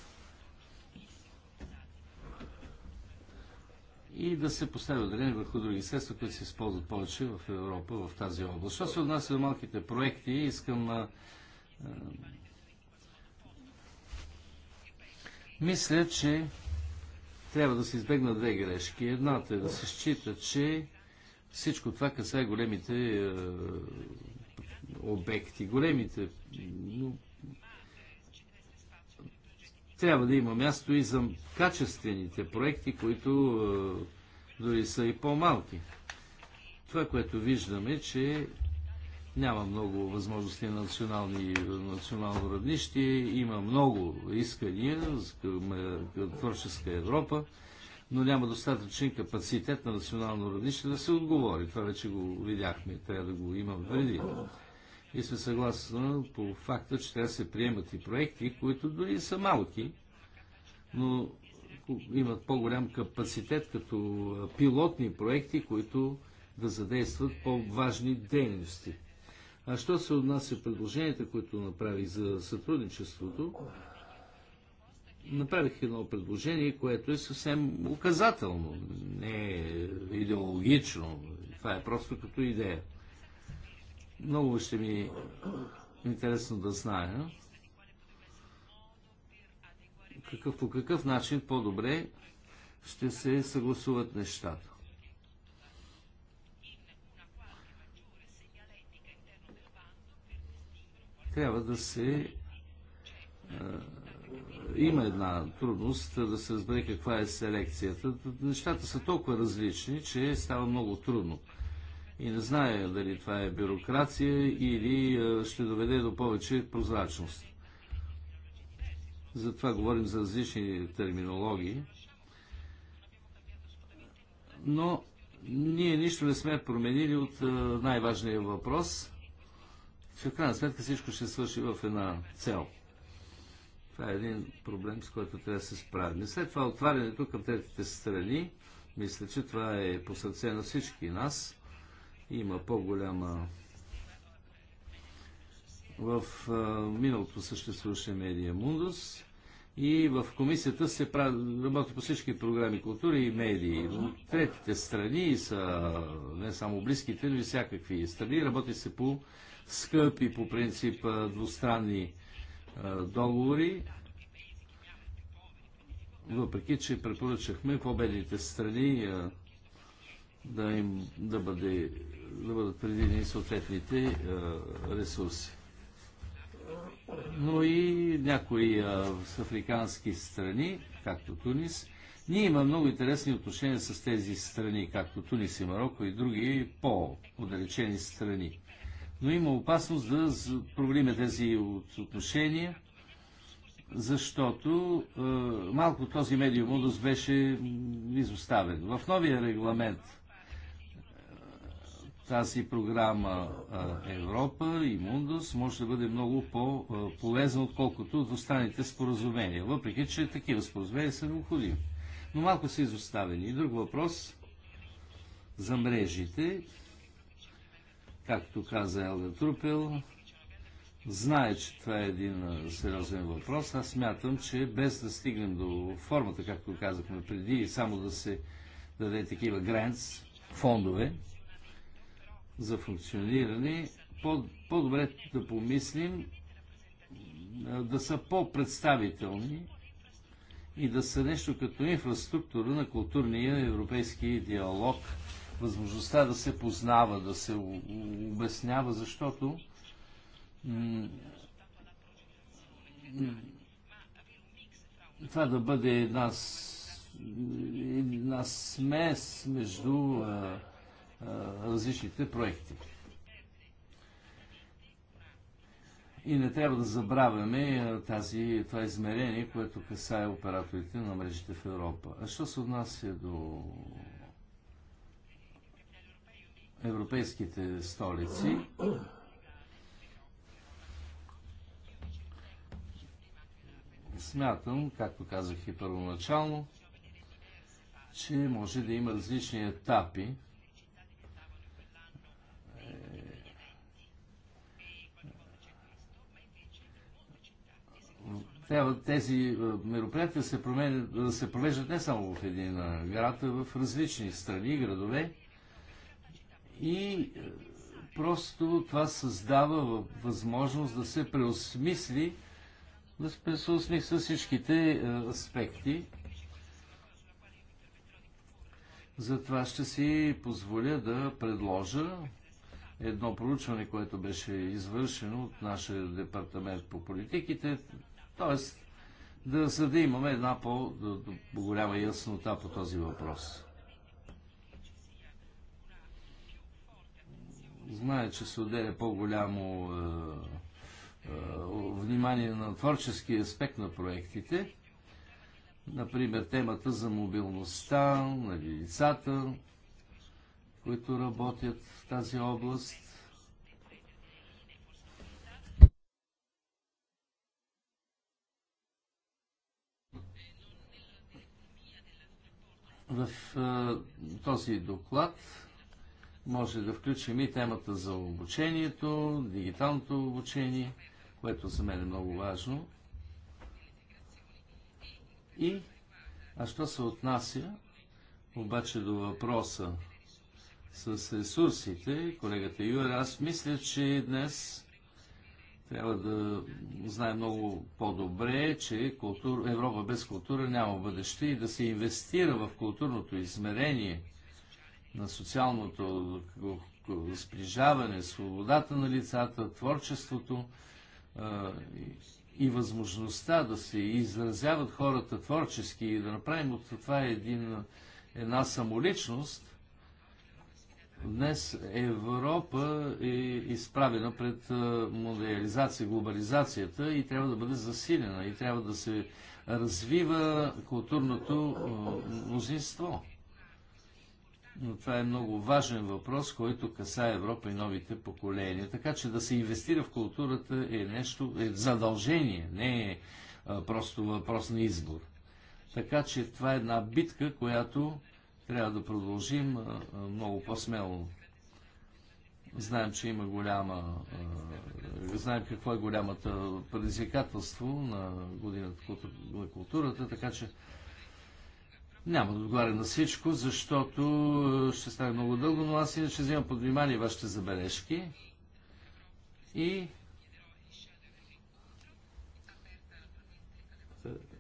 и да се поставят ударение върху други средства, които се използват повече в Европа в тази област. Що се отнася до малките проекти, искам а, а, мисля, че трябва да се избегнат две грешки. Едната е да се счита, че всичко това касае големите а, обекти, големите, трябва да има място и за качествените проекти, които е, дори са и по-малки. Това, което виждаме, е, че няма много възможности на национални, национално равнище, има много искания към, е, към творческа Европа, но няма достатъчен капацитет на национално равнище да се отговори. Това вече го видяхме, трябва да го имам преди и сме съгласни по факта, че трябва да се приемат и проекти, които дори са малки, но имат по-голям капацитет като пилотни проекти, които да задействат по-важни дейности. А що се отнася предложенията, които направих за сътрудничеството, направих едно предложение, което е съвсем указателно, не е идеологично. Това е просто като идея. Много ще ми е интересно да зная какъв, по какъв начин по-добре ще се съгласуват нещата. Трябва да се е, има една трудност да се разбере каква е селекцията. Нещата са толкова различни, че става много трудно и не знае дали това е бюрокрация или е, ще доведе до повече прозрачност. Затова говорим за различни терминологии. Но ние нищо не сме променили от е, най-важния въпрос. В крайна сметка всичко ще свърши в една цел. Това е един проблем, с който трябва да се справим. След това отварянето към третите страни, мисля, че това е по сърце на всички нас има по-голяма в миналото съществуваше медия Мундус и в комисията се прави, работи по всички програми култури и медии. третите страни са не само близките, но и всякакви страни. Работи се по скъпи, по принцип, двустранни а, договори. Въпреки, че препоръчахме по-бедните страни а, да им да бъде да бъдат предвидени съответните е, ресурси. Но и някои е, с африкански страни, както Тунис, ние имаме много интересни отношения с тези страни, както Тунис и Марокко и други по-отдалечени страни. Но има опасност да провалиме тези отношения, защото е, малко този медиумодус беше изоставен. В новия регламент тази програма Европа и Мундус може да бъде много по-полезна, отколкото от останалите споразумения, въпреки че такива споразумения са необходими. Но малко са изоставени. И друг въпрос за мрежите, както каза Елда Трупел, знае, че това е един сериозен въпрос. Аз смятам, че без да стигнем до формата, както казахме преди, само да се даде такива грантс, фондове, за функциониране, по-добре по да помислим да са по-представителни и да са нещо като инфраструктура на културния европейски диалог, възможността да се познава, да се обяснява, защото това да бъде една, една смес между а, различните проекти. И не трябва да забравяме тази, това измерение, което касае операторите на мрежите в Европа. А що се отнася до европейските столици, смятам, както казах и първоначално, че може да има различни етапи трябва тези е, мероприятия се да се провеждат не само в един град, а в различни страни, градове. И е, просто това създава възможност да се преосмисли, да се преосмисли всичките е, аспекти. Затова ще си позволя да предложа едно проучване, което беше извършено от нашия департамент по политиките. Тоест, да, за да имаме една по-голяма яснота по този въпрос. Знае, че се отделя по-голямо е, е, внимание на творческия аспект на проектите. Например, темата за мобилността на нали, лицата, които работят в тази област. В този доклад може да включим и темата за обучението, дигиталното обучение, което за мен е много важно. И, а що се отнася обаче до въпроса с ресурсите, колегата Юра, аз мисля, че днес трябва да знае много по-добре, че култур... Европа без култура няма бъдеще и да се инвестира в културното измерение на социалното сприжаване, свободата на лицата, творчеството а, и, и възможността да се изразяват хората творчески и да направим от това един, една самоличност, Днес Европа е изправена пред е, модернизация, глобализацията и трябва да бъде засилена и трябва да се развива културното е, мнозинство. Но това е много важен въпрос, който касае Европа и новите поколения. Така че да се инвестира в културата е нещо, е задължение, не е, е просто въпрос на избор. Така че това е една битка, която трябва да продължим много по-смело. Знаем, че има голяма... Знаем какво е голямата предизвикателство на годината на културата, така че няма да отговаря на всичко, защото ще стане много дълго, но аз иначе взимам под внимание вашите забележки и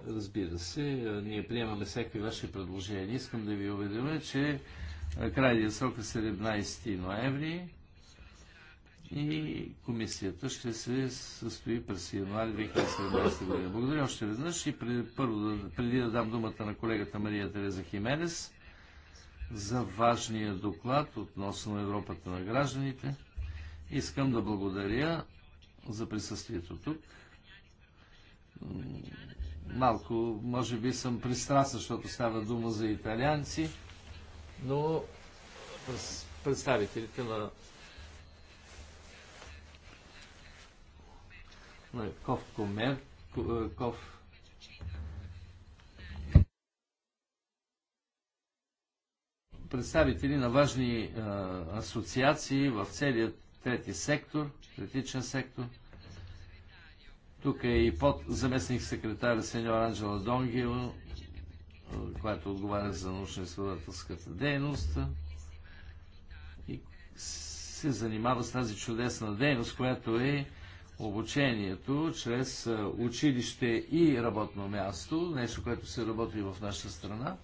Разбира се, ние приемаме всеки ваши предложения. Искам да ви уведомя, че крайният срок е 17 ноември и комисията ще се състои през януари 2017 година. Благодаря още веднъж и преди, първо, преди да дам думата на колегата Мария Тереза Хименес за важния доклад относно Европата на гражданите, искам да благодаря за присъствието тук малко, може би съм пристрастен, защото става дума за италианци, но представителите на на Ков Комер, е, Ков представители на важни а, е, асоциации в целият трети сектор, третичен сектор – тук е и под заместник секретар сеньор Анджела Донгио, която отговаря за научно-изследователската дейност и се занимава с тази чудесна дейност, която е обучението чрез училище и работно място, нещо, което се работи в нашата страна.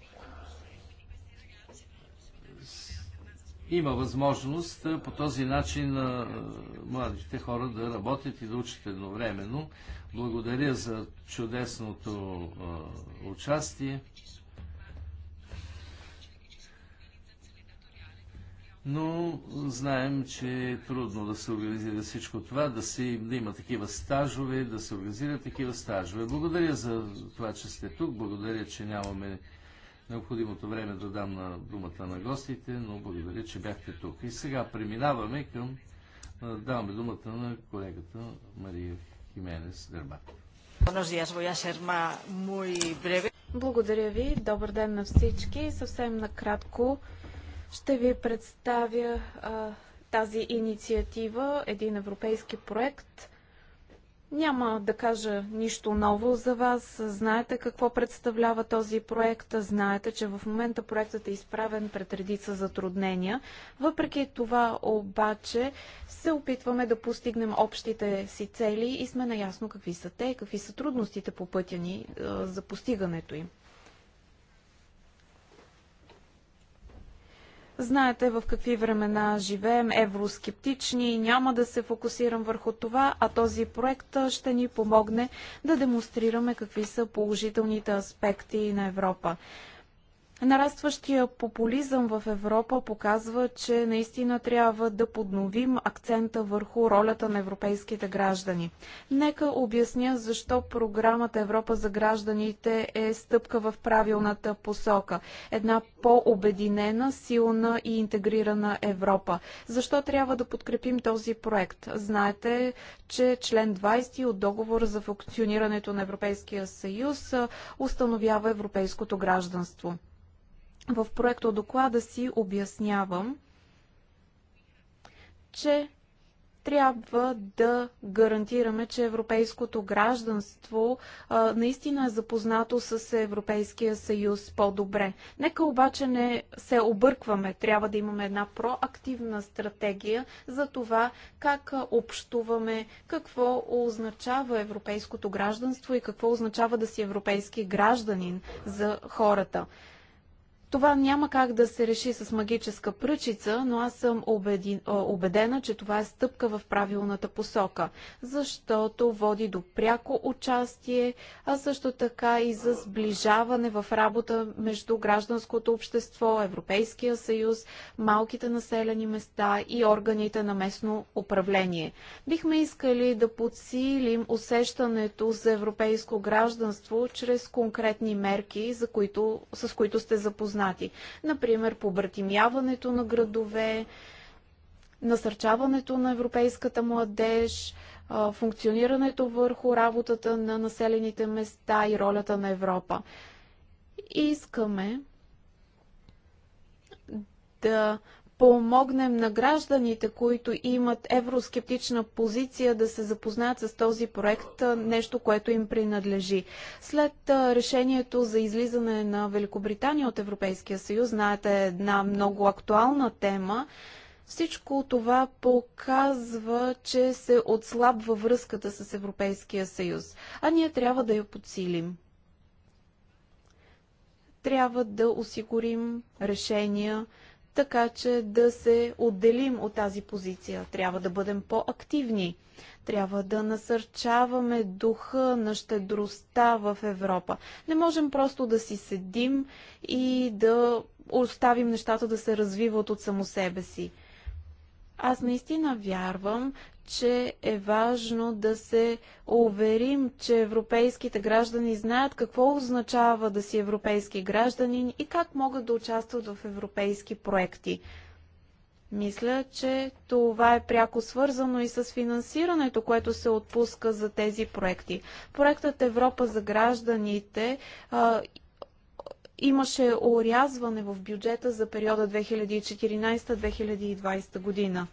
има възможност по този начин младите хора да работят и да учат едновременно. Благодаря за чудесното участие. но знаем, че е трудно да се организира всичко това, да, си, да има такива стажове, да се организират такива стажове. Благодаря за това, че сте тук, благодаря, че нямаме необходимото време да дам на думата на гостите, но благодаря, че бяхте тук. И сега преминаваме към даваме думата на колегата Мария Хименес Дърба. Благодаря ви. Добър ден на всички. Съвсем накратко ще ви представя а, тази инициатива, един европейски проект, няма да кажа нищо ново за вас. Знаете какво представлява този проект. Знаете, че в момента проектът е изправен пред редица затруднения. Въпреки това обаче се опитваме да постигнем общите си цели и сме наясно какви са те и какви са трудностите по пътя ни за постигането им. Знаете в какви времена живеем, евроскептични, няма да се фокусирам върху това, а този проект ще ни помогне да демонстрираме какви са положителните аспекти на Европа. Нарастващия популизъм в Европа показва, че наистина трябва да подновим акцента върху ролята на европейските граждани. Нека обясня защо програмата Европа за гражданите е стъпка в правилната посока. Една по-обединена, силна и интегрирана Европа. Защо трябва да подкрепим този проект? Знаете, че член 20 от договора за функционирането на Европейския съюз установява европейското гражданство в проекта доклада си обяснявам, че трябва да гарантираме, че европейското гражданство а, наистина е запознато с Европейския съюз по-добре. Нека обаче не се объркваме. Трябва да имаме една проактивна стратегия за това как общуваме, какво означава европейското гражданство и какво означава да си европейски гражданин за хората. Това няма как да се реши с магическа пръчица, но аз съм убедена, че това е стъпка в правилната посока, защото води до пряко участие, а също така и за сближаване в работа между гражданското общество, Европейския съюз, малките населени места и органите на местно управление. Бихме искали да подсилим усещането за европейско гражданство чрез конкретни мерки, за които, с които сте запознати познати. Например, побратимяването на градове, насърчаването на европейската младеж, функционирането върху работата на населените места и ролята на Европа. И искаме да помогнем на гражданите, които имат евроскептична позиция да се запознаят с този проект, нещо, което им принадлежи. След решението за излизане на Великобритания от Европейския съюз, знаете, е една много актуална тема. Всичко това показва, че се отслабва връзката с Европейския съюз, а ние трябва да я подсилим. Трябва да осигурим решения, така че да се отделим от тази позиция. Трябва да бъдем по-активни. Трябва да насърчаваме духа на щедростта в Европа. Не можем просто да си седим и да оставим нещата да се развиват от само себе си. Аз наистина вярвам, че е важно да се уверим, че европейските граждани знаят какво означава да си европейски гражданин и как могат да участват в европейски проекти. Мисля, че това е пряко свързано и с финансирането, което се отпуска за тези проекти. Проектът Европа за гражданите а, имаше орязване в бюджета за периода 2014-2020 година.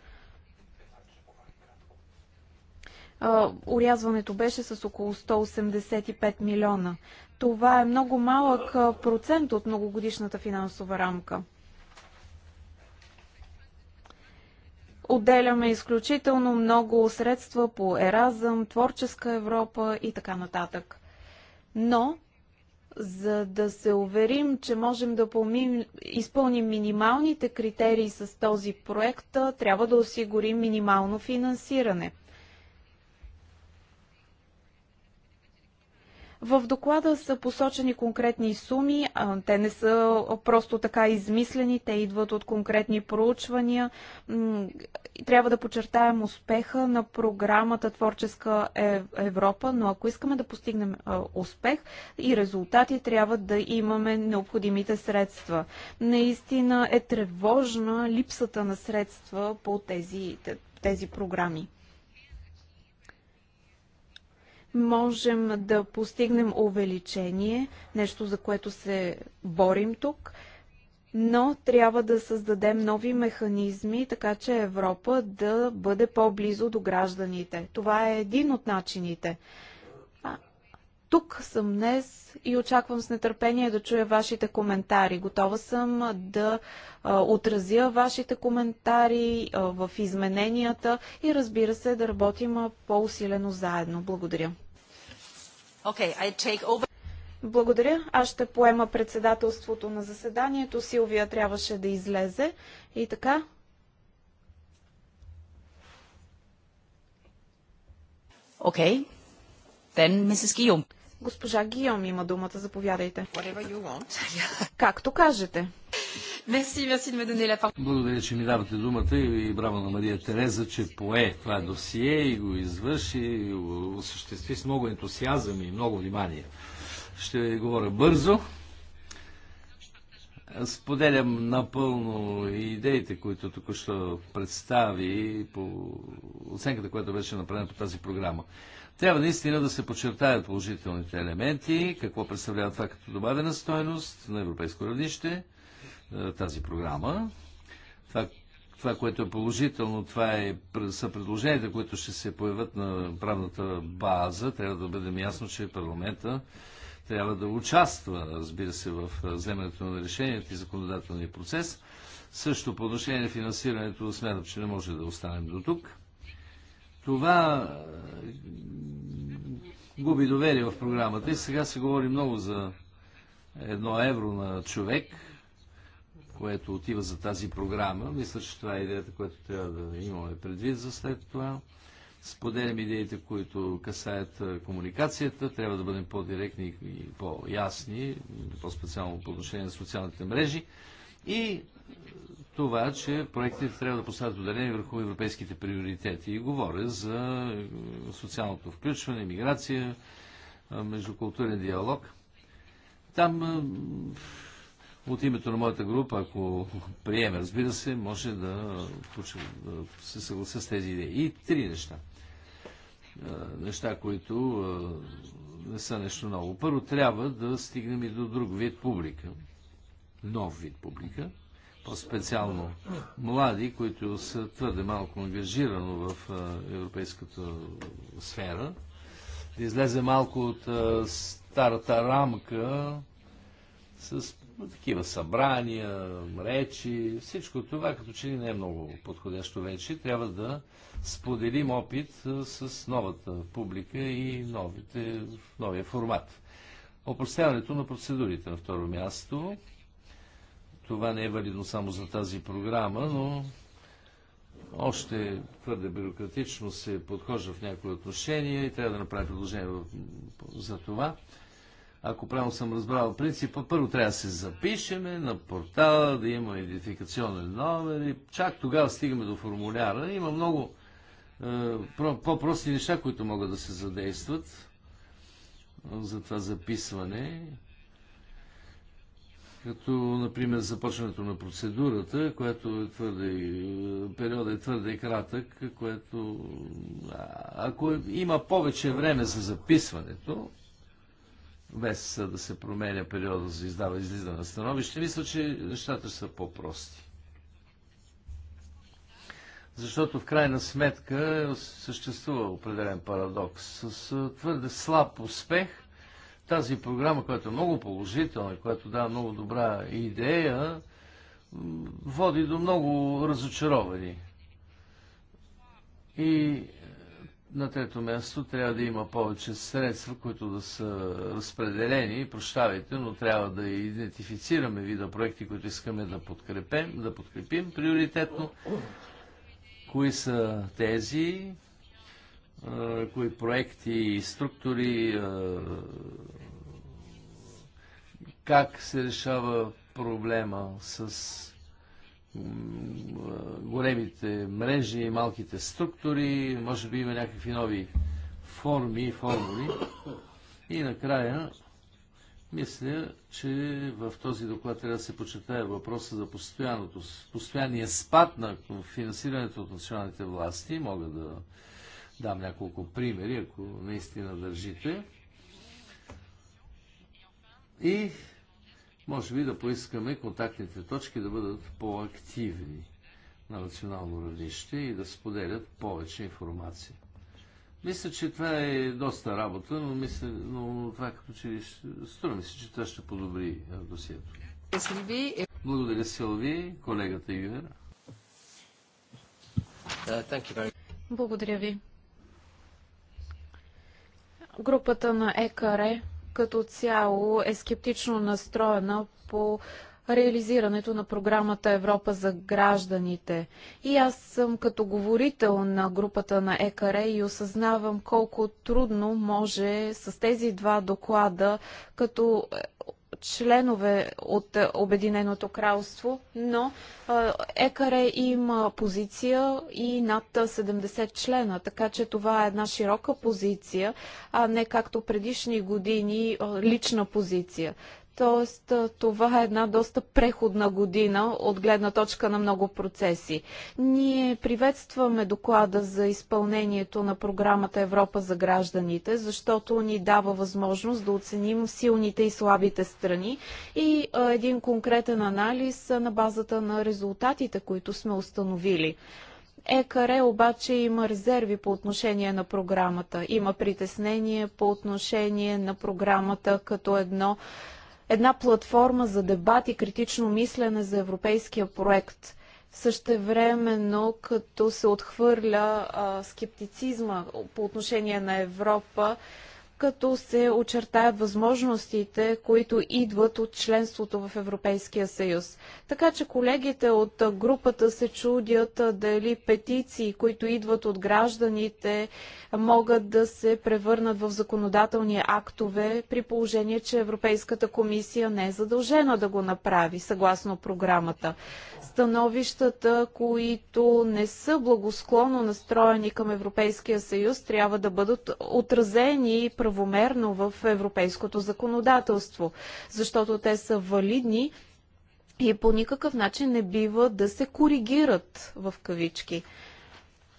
урязването беше с около 185 милиона. Това е много малък процент от многогодишната финансова рамка. Отделяме изключително много средства по Еразъм, Творческа Европа и така нататък. Но, за да се уверим, че можем да помим, изпълним минималните критерии с този проект, трябва да осигурим минимално финансиране – В доклада са посочени конкретни суми, те не са просто така измислени, те идват от конкретни проучвания. Трябва да подчертаем успеха на програмата Творческа е, Европа, но ако искаме да постигнем успех и резултати, трябва да имаме необходимите средства. Наистина е тревожна липсата на средства по тези, тези програми можем да постигнем увеличение, нещо за което се борим тук, но трябва да създадем нови механизми, така че Европа да бъде по-близо до гражданите. Това е един от начините. Тук съм днес и очаквам с нетърпение да чуя вашите коментари. Готова съм да отразя вашите коментари в измененията и разбира се да работим по-усилено заедно. Благодаря. Okay, I take over. Благодаря. Аз ще поема председателството на заседанието. Силвия трябваше да излезе. И така. Окей. Okay. Then Mrs. Guillaume. Госпожа Гиом има думата, заповядайте. Както кажете. Благодаря, че ми давате думата и браво на Мария Тереза, че пое това досие и го извърши, и го осъществи с много ентусиазъм и много внимание. Ще говоря бързо. Споделям напълно и идеите, които току-що представи по оценката, която беше направена по тази програма. Трябва наистина да се подчертаят положителните елементи, какво представлява това като добавена стоеност на европейско равнище, е, тази програма. Това, това което е положително, това е, са предложенията, които ще се появят на правната база. Трябва да бъдем ясно, че парламента трябва да участва, разбира се, в е, вземането на решението и законодателния процес. Също по отношение на финансирането смятам, че не може да останем до тук. Това е, губи доверие в програмата и сега се говори много за едно евро на човек, което отива за тази програма. Мисля, че това е идеята, която трябва да имаме предвид за след това. Споделям идеите, които касаят е, комуникацията. Трябва да бъдем по-директни и по-ясни, по-специално по отношение на социалните мрежи. И това, че проектите трябва да поставят ударение върху европейските приоритети. И говоря за е, социалното включване, миграция, е, междукултурен диалог. Там е, от името на моята група, ако приеме, разбира се, може да, да се съглася с тези идеи. И три неща. Неща, които не са нещо ново. Първо, трябва да стигнем и до друг вид публика. Нов вид публика по-специално млади, които са твърде малко ангажирано в европейската сфера, да излезе малко от старата рамка с такива събрания, речи, всичко това като че ли не е много подходящо вече. Трябва да споделим опит с новата публика и новите, новия формат. Опростяването на процедурите на второ място това не е валидно само за тази програма, но още твърде бюрократично се подхожда в някои отношения и трябва да направи предложение за това. Ако правилно съм разбрал принципа, първо трябва да се запишеме на портала, да има идентификационен номер и чак тогава стигаме до формуляра. Има много е, по-прости неща, които могат да се задействат за това записване като, например, започването на процедурата, която е твърде, е, периода е твърде кратък, което, ако е, има повече време за записването, без да се променя периода за издава и излизане на становище, мисля, че нещата са по-прости. Защото в крайна сметка е, съществува определен парадокс. С твърде слаб успех – тази програма, която е много положителна, която дава много добра идея, води до много разочаровани. И е, на трето място трябва да има повече средства, които да са разпределени, прощавайте, но трябва да идентифицираме вида проекти, които искаме да подкрепем, да подкрепим приоритетно. Кои са тези, кои проекти и структури, как се решава проблема с големите мрежи и малките структури, може би има някакви нови форми и формули. И накрая, мисля, че в този доклад трябва да се почетае въпроса за постоянното, постоянния спад на финансирането от националните власти. Мога да дам няколко примери, ако наистина държите. И може би да поискаме контактните точки да бъдат по-активни на национално равнище и да споделят повече информация. Мисля, че това е доста работа, но, мисля, но това е като че струва ми се, че това ще подобри досието. Благодаря, Силви, колегата Юер. Uh, Благодаря ви. Групата на ЕКАРЕ като цяло е скептично настроена по реализирането на програмата Европа за гражданите. И аз съм като говорител на групата на ЕКАРЕ и осъзнавам колко трудно може с тези два доклада, като членове от е, Обединеното кралство, но е, ЕКАРЕ има позиция и над 70 члена, така че това е една широка позиция, а не както предишни години е, лична позиция. Тоест, това е една доста преходна година от гледна точка на много процеси. Ние приветстваме доклада за изпълнението на програмата Европа за гражданите, защото ни дава възможност да оценим силните и слабите страни и един конкретен анализ на базата на резултатите, които сме установили. ЕКАРЕ обаче има резерви по отношение на програмата. Има притеснение по отношение на програмата като едно една платформа за дебат и критично мислене за европейския проект. също но като се отхвърля а, скептицизма по отношение на Европа, като се очертаят възможностите, които идват от членството в Европейския съюз. Така че колегите от групата се чудят дали петиции, които идват от гражданите, могат да се превърнат в законодателни актове, при положение, че Европейската комисия не е задължена да го направи, съгласно програмата. Становищата, които не са благосклонно настроени към Европейския съюз, трябва да бъдат отразени и правомерно в европейското законодателство, защото те са валидни и по никакъв начин не бива да се коригират в кавички.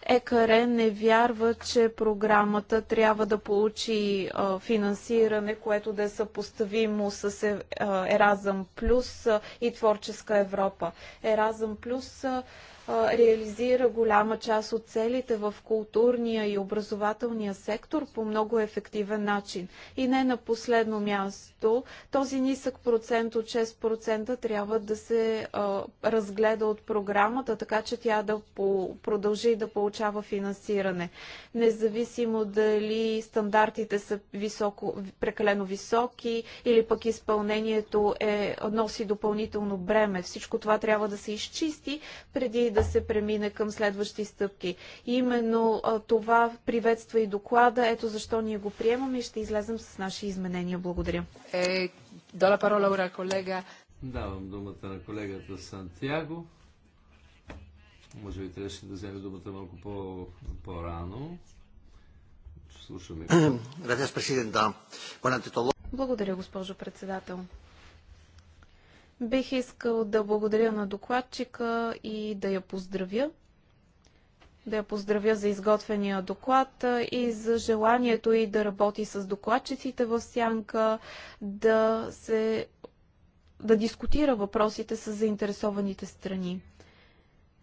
ЕКР не вярва, че програмата трябва да получи а, финансиране, което да е съпоставимо с е, Еразъм Плюс и Творческа Европа. Еразъм Плюс реализира голяма част от целите в културния и образователния сектор по много ефективен начин. И не на последно място, този нисък процент от 6% трябва да се разгледа от програмата, така че тя да продължи да получава финансиране. Независимо дали стандартите са високо, прекалено високи или пък изпълнението е, носи допълнително бреме. Всичко това трябва да се изчисти преди да да се премине към следващи стъпки. И именно това приветства и доклада. Ето защо ние го приемаме и ще излезем с наши изменения. Благодаря. Е, дала парола, ура, колега. Давам думата на колегата Сантьяго. Може би трябваше да вземе думата малко по, по-рано. Слушаме. Благодаря, госпожо председател. Бих искал да благодаря на докладчика и да я поздравя. Да я поздравя за изготвения доклад и за желанието и да работи с докладчиците в сянка, да се да дискутира въпросите с заинтересованите страни.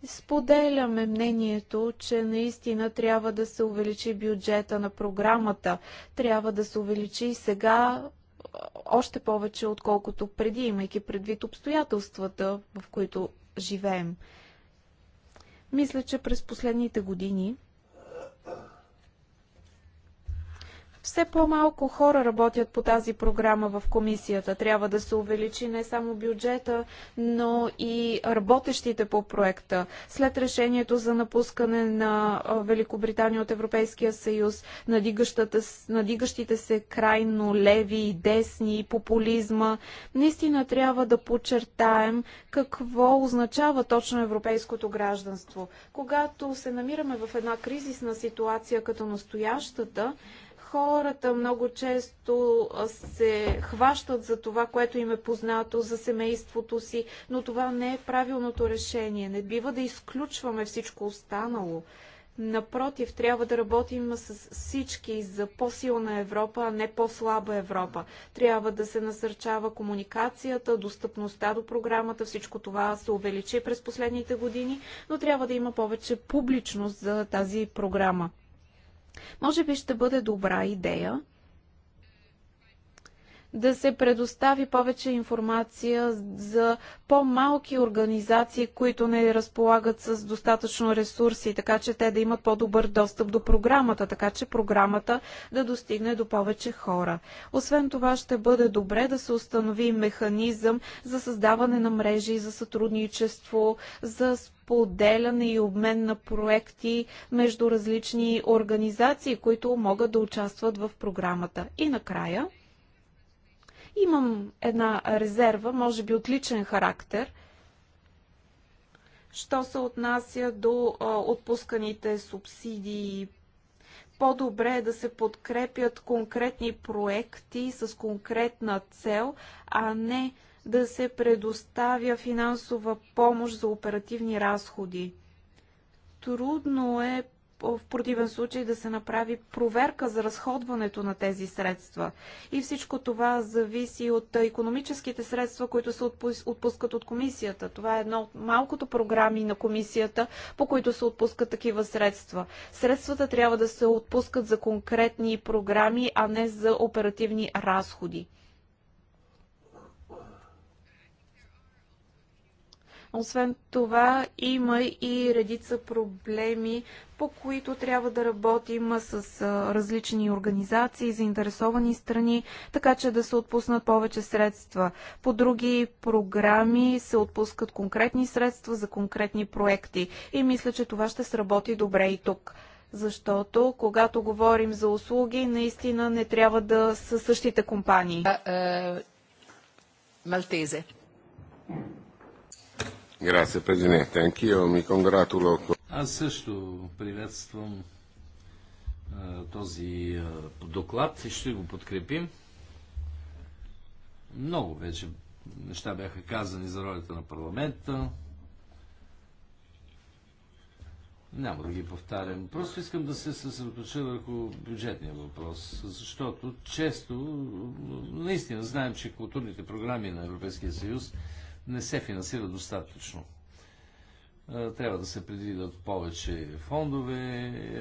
Споделяме мнението, че наистина трябва да се увеличи бюджета на програмата. Трябва да се увеличи сега още повече, отколкото преди, имайки предвид обстоятелствата, в които живеем. Мисля, че през последните години Все по-малко хора работят по тази програма в комисията. Трябва да се увеличи не само бюджета, но и работещите по проекта. След решението за напускане на Великобритания от Европейския съюз, надигащите се крайно леви и десни и популизма, наистина трябва да подчертаем какво означава точно европейското гражданство. Когато се намираме в една кризисна ситуация като настоящата, Хората много често се хващат за това, което им е познато, за семейството си, но това не е правилното решение. Не бива да изключваме всичко останало. Напротив, трябва да работим с всички за по-силна Европа, а не по-слаба Европа. Трябва да се насърчава комуникацията, достъпността до програмата. Всичко това се увеличи през последните години, но трябва да има повече публичност за тази програма. Може би ще бъде добра идея да се предостави повече информация за по-малки организации, които не разполагат с достатъчно ресурси, така че те да имат по-добър достъп до програмата, така че програмата да достигне до повече хора. Освен това ще бъде добре да се установи механизъм за създаване на мрежи, за сътрудничество, за споделяне и обмен на проекти между различни организации, които могат да участват в програмата. И накрая, Имам една резерва, може би отличен характер, що се отнася до отпусканите субсидии. По-добре е да се подкрепят конкретни проекти с конкретна цел, а не да се предоставя финансова помощ за оперативни разходи. Трудно е в противен случай да се направи проверка за разходването на тези средства. И всичко това зависи от економическите средства, които се отпускат от комисията. Това е едно от малкото програми на комисията, по които се отпускат такива средства. Средствата трябва да се отпускат за конкретни програми, а не за оперативни разходи. Освен това, има и редица проблеми, по които трябва да работим с различни организации, заинтересовани страни, така че да се отпуснат повече средства. По други програми се отпускат конкретни средства за конкретни проекти и мисля, че това ще сработи добре и тук защото когато говорим за услуги, наистина не трябва да са същите компании. Е, е, Малтезе. Grazie Presidente, anch'io mi congratulo. Аз също приветствам а, този а, доклад и ще го подкрепим. Много вече неща бяха казани за ролята на парламента. Няма да ги повтарям. Просто искам да се съсредоточа върху бюджетния въпрос, защото често наистина знаем, че културните програми на Европейския съюз не се финансира достатъчно. Е, трябва да се предвидят повече фондове, е,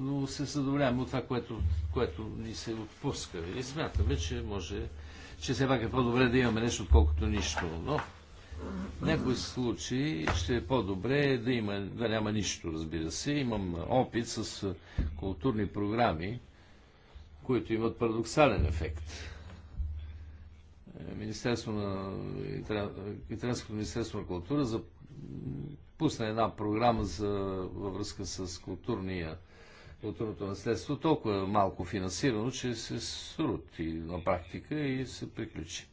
но се задоволяваме от това, което, което ни се отпуска. И смятаме, че може, че все пак е по-добре да имаме нещо, отколкото нищо. Но в някои случаи ще е по-добре да, има, да няма нищо, разбира се. Имам опит с е, културни програми, които имат парадоксален ефект Министерство на Италианското Министерство на култура за пусна една програма за, във връзка с културния, културното наследство, толкова е малко финансирано, че се срути на практика и се приключи.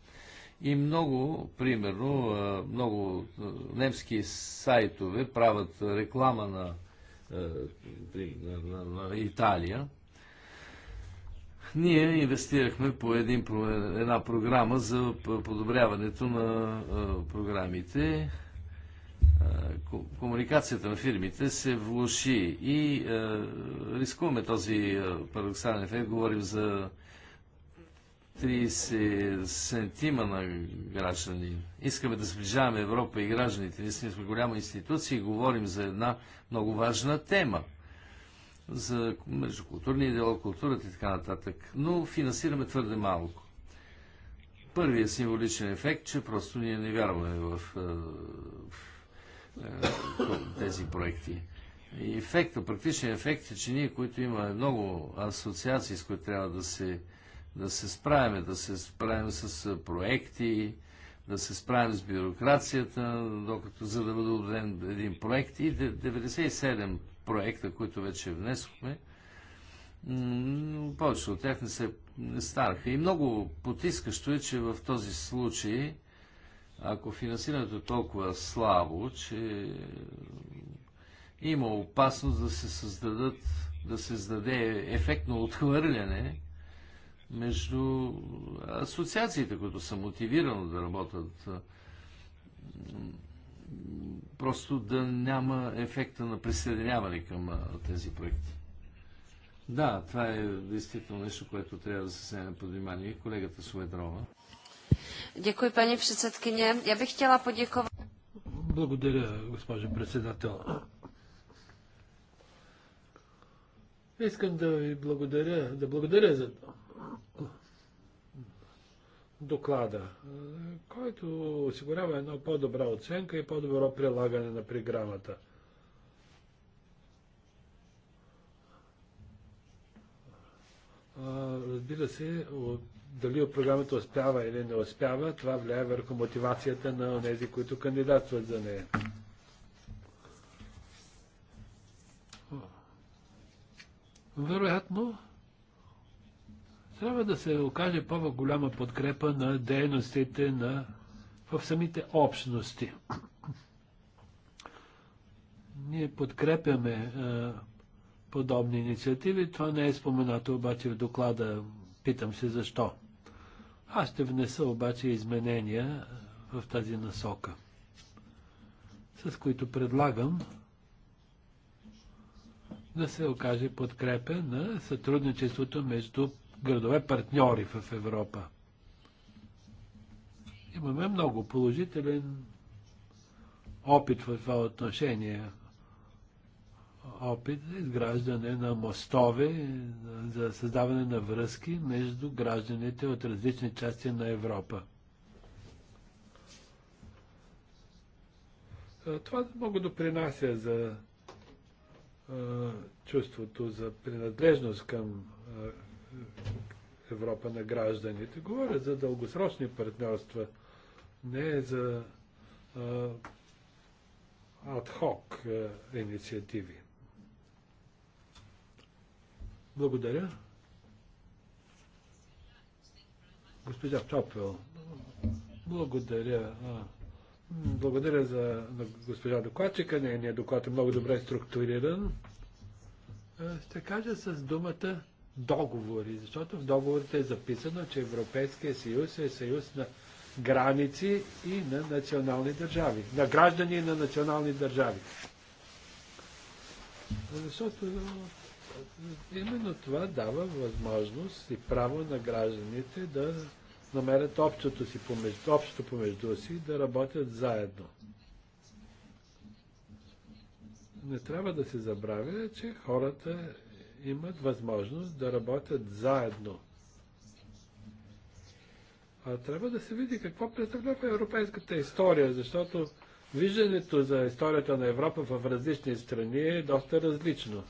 И много, примерно, много немски сайтове правят реклама на, на, на, на Италия, ние инвестирахме по един, една програма за подобряването на програмите. Комуникацията на фирмите се влуши и рискуваме този парадоксален ефект. Говорим за 30 сантима на граждани. Искаме да сближаваме Европа и гражданите. Ние сме голяма институция и говорим за една много важна тема за междукултурния дел, културата и така нататък. Но финансираме твърде малко. Първият символичен ефект, че просто ние не вярваме в, е, в, е, в тези проекти. И ефекта, практичният ефект е, че ние, които имаме много асоциации, с които трябва да се, да се справяме, да се справим с е, проекти, да се справим с бюрокрацията, докато за да бъде одобрен един проект. И 97 проекта, които вече внесохме, повече от тях не се станаха. И много потискащо е, че в този случай, ако финансирането е толкова слабо, че има опасност да се създадат, да се създаде ефектно отхвърляне между асоциациите, които са мотивирани да работят просто да няма ефекта на присъединяване към тези проекти. Да, това е действително нещо, което трябва да се вземе под внимание. Колегата Суедрова. Дякую, пани председкиня. Я бих хотела подякова... Благодаря, госпожо председател. Искам да ви благодаря, да благодаря за това доклада, който осигурява една по-добра оценка и по-добро прилагане на програмата. Разбира се, дали от програмата успява или не успява, това влияе върху мотивацията на тези, които кандидатстват за нея. Вероятно, трябва да се окаже по-голяма подкрепа на дейностите на, в самите общности. Ние подкрепяме а, е, подобни инициативи. Това не е споменато обаче в доклада. Питам се защо. Аз ще внеса обаче изменения е, в тази насока, с които предлагам да се окаже подкрепа на сътрудничеството между градове партньори в Европа. Имаме много положителен опит в това отношение. Опит за изграждане на мостове, за създаване на връзки между гражданите от различни части на Европа. Това много допринася за чувството за принадлежност към Европа на гражданите. Говоря за дългосрочни партньорства, не за адхок инициативи. Благодаря. Госпожа Топел, благодаря. Благодаря за госпожа докладчика. Нейният доклад е много добре структуриран. Ще кажа с думата договори, защото в договорите е записано, че Европейския съюз е съюз на граници и на национални държави, на граждани и на национални държави. Защото е, именно това дава възможност и право на гражданите да намерят общото, си помежду, общото помежду си да работят заедно. Не трябва да се забравя, че хората имат възможност да работят заедно. А трябва да се види какво представлява европейската история, защото виждането за историята на Европа в различни страни е доста различно.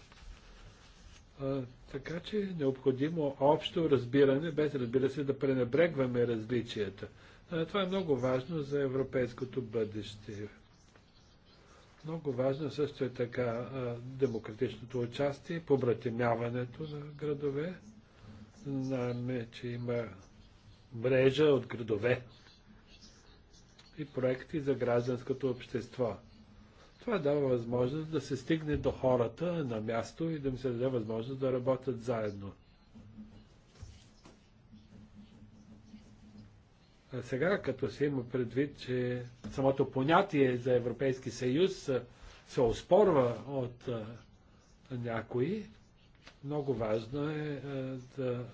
А, така че е необходимо общо разбиране, без разбира се да пренебрегваме различията. А, това е много важно за европейското бъдеще. Много важно също е така демократичното участие, побратимяването на градове. Знаем, че има мрежа от градове и проекти за гражданското общество. Това дава възможност да се стигне до хората на място и да им се даде възможност да работят заедно. Сега, като се има предвид, че самото понятие за Европейски съюз се оспорва от някои, много важно е да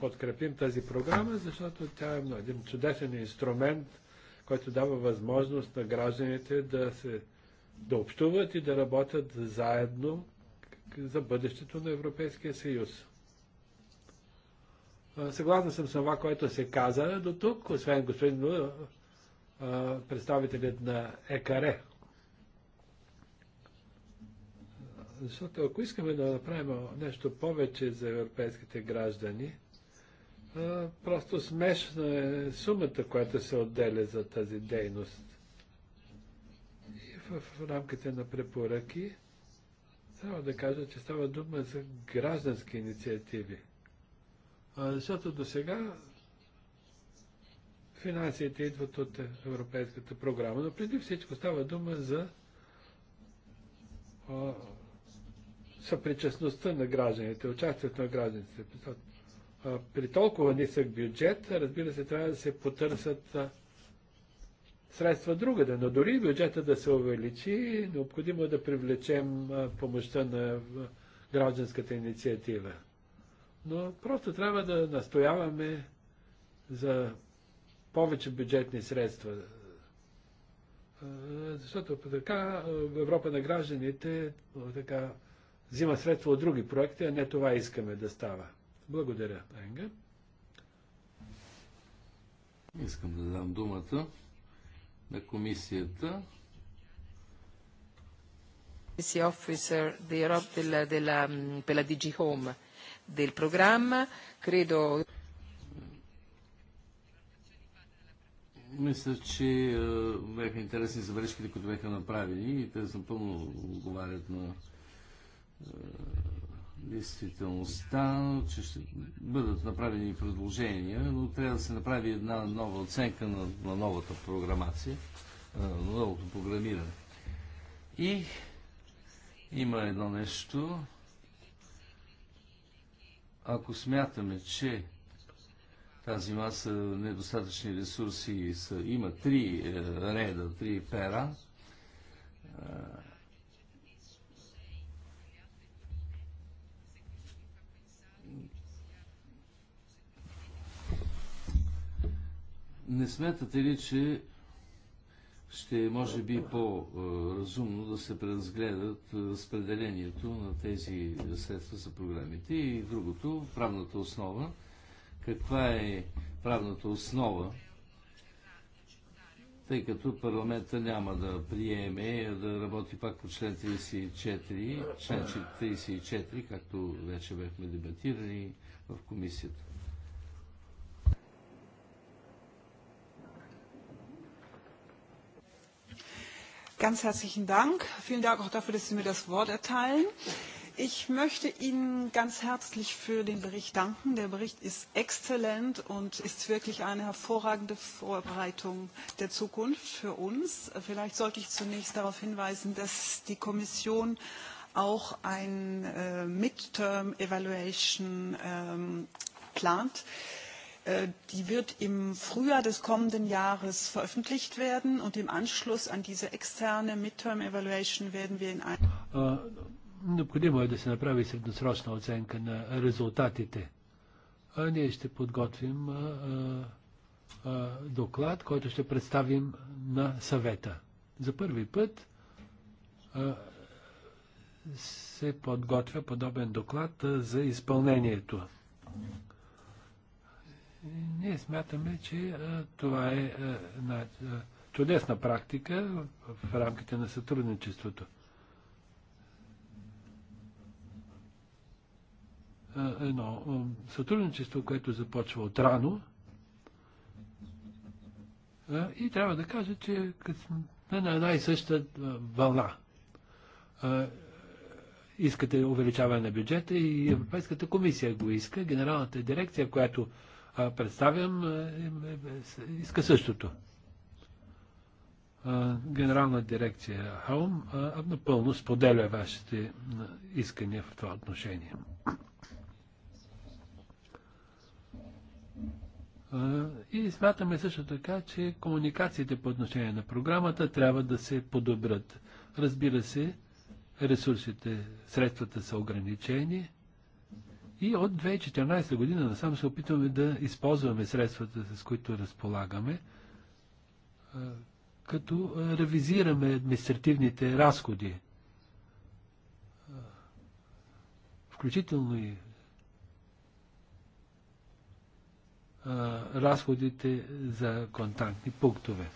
подкрепим тази програма, защото тя е един чудесен инструмент, който дава възможност на гражданите да се да общуват и да работят заедно за бъдещето на Европейския съюз. Съгласна съм с това, което се каза до тук, освен господин представителят на ЕКАРЕ. Защото ако искаме да направим нещо повече за европейските граждани, просто смешна е сумата, която се отделя за тази дейност. И в рамките на препоръки трябва да кажа, че става дума за граждански инициативи. Защото до сега финансите идват от Европейската програма, но преди всичко става дума за съпричастността на гражданите, участието на гражданите. при толкова нисък бюджет, разбира се, трябва да се потърсят средства другаде, но дори бюджета да се увеличи, необходимо е да привлечем помощта на гражданската инициатива. Но просто трябва да настояваме за повече бюджетни средства. Е, защото така в е, Европа на гражданите е, така, взима средства от други проекти, а не това искаме да става. Благодаря, Енга. Искам да дам думата на комисията. Офисър, the Europe de la, de la, del programma. Credo. Мисля, че е, бяха интересни забележките, които бяха направени и те напълно отговарят на е, действителността, че ще бъдат направени предложения, но трябва да се направи една нова оценка на, на новата програмация, е, на новото програмиране. И има едно нещо, ако смятаме, че тази маса недостатъчни ресурси са, има три е, реда, три пера, е, не смятате ли, че ще е, може би по-разумно да се преразгледат е, разпределението на тези средства за програмите. И другото, правната основа. Каква е правната основа, тъй като парламента няма да приеме да работи пак по член 34, член 34, както вече бяхме дебатирали в комисията. Ganz herzlichen Dank. Vielen Dank auch dafür, dass Sie mir das Wort erteilen. Ich möchte Ihnen ganz herzlich für den Bericht danken. Der Bericht ist exzellent und ist wirklich eine hervorragende Vorbereitung der Zukunft für uns. Vielleicht sollte ich zunächst darauf hinweisen, dass die Kommission auch ein äh, Midterm Evaluation ähm, plant. Äh, Äh, die wird im Frühjahr des kommenden Jahres veröffentlicht werden und im Anschluss an diese externe Midterm Evaluation werden wir in einem. Äh, необходимо е да се направи средносрочна оценка на резултатите. А ние ще подготвим а, а, доклад, който ще представим на съвета. За първи път а, се подготвя подобен доклад а, за изпълнението. Ние смятаме, че е, това е, е, е чудесна практика в, в рамките на сътрудничеството. Едно сътрудничество, което започва от рано. И трябва да кажа, че сме на една и съща вълна. Искате увеличаване на бюджета и Европейската комисия го иска. Генералната дирекция, която представям, е, е, иска същото. Генерална дирекция Хаум напълно споделя вашите искания в това отношение. И смятаме също така, че комуникациите по отношение на програмата трябва да се подобрят. Разбира се, ресурсите, средствата са ограничени и от 2014 година насам се опитваме да използваме средствата, с които разполагаме, като ревизираме административните разходи, включително и разходите за контактни пунктове.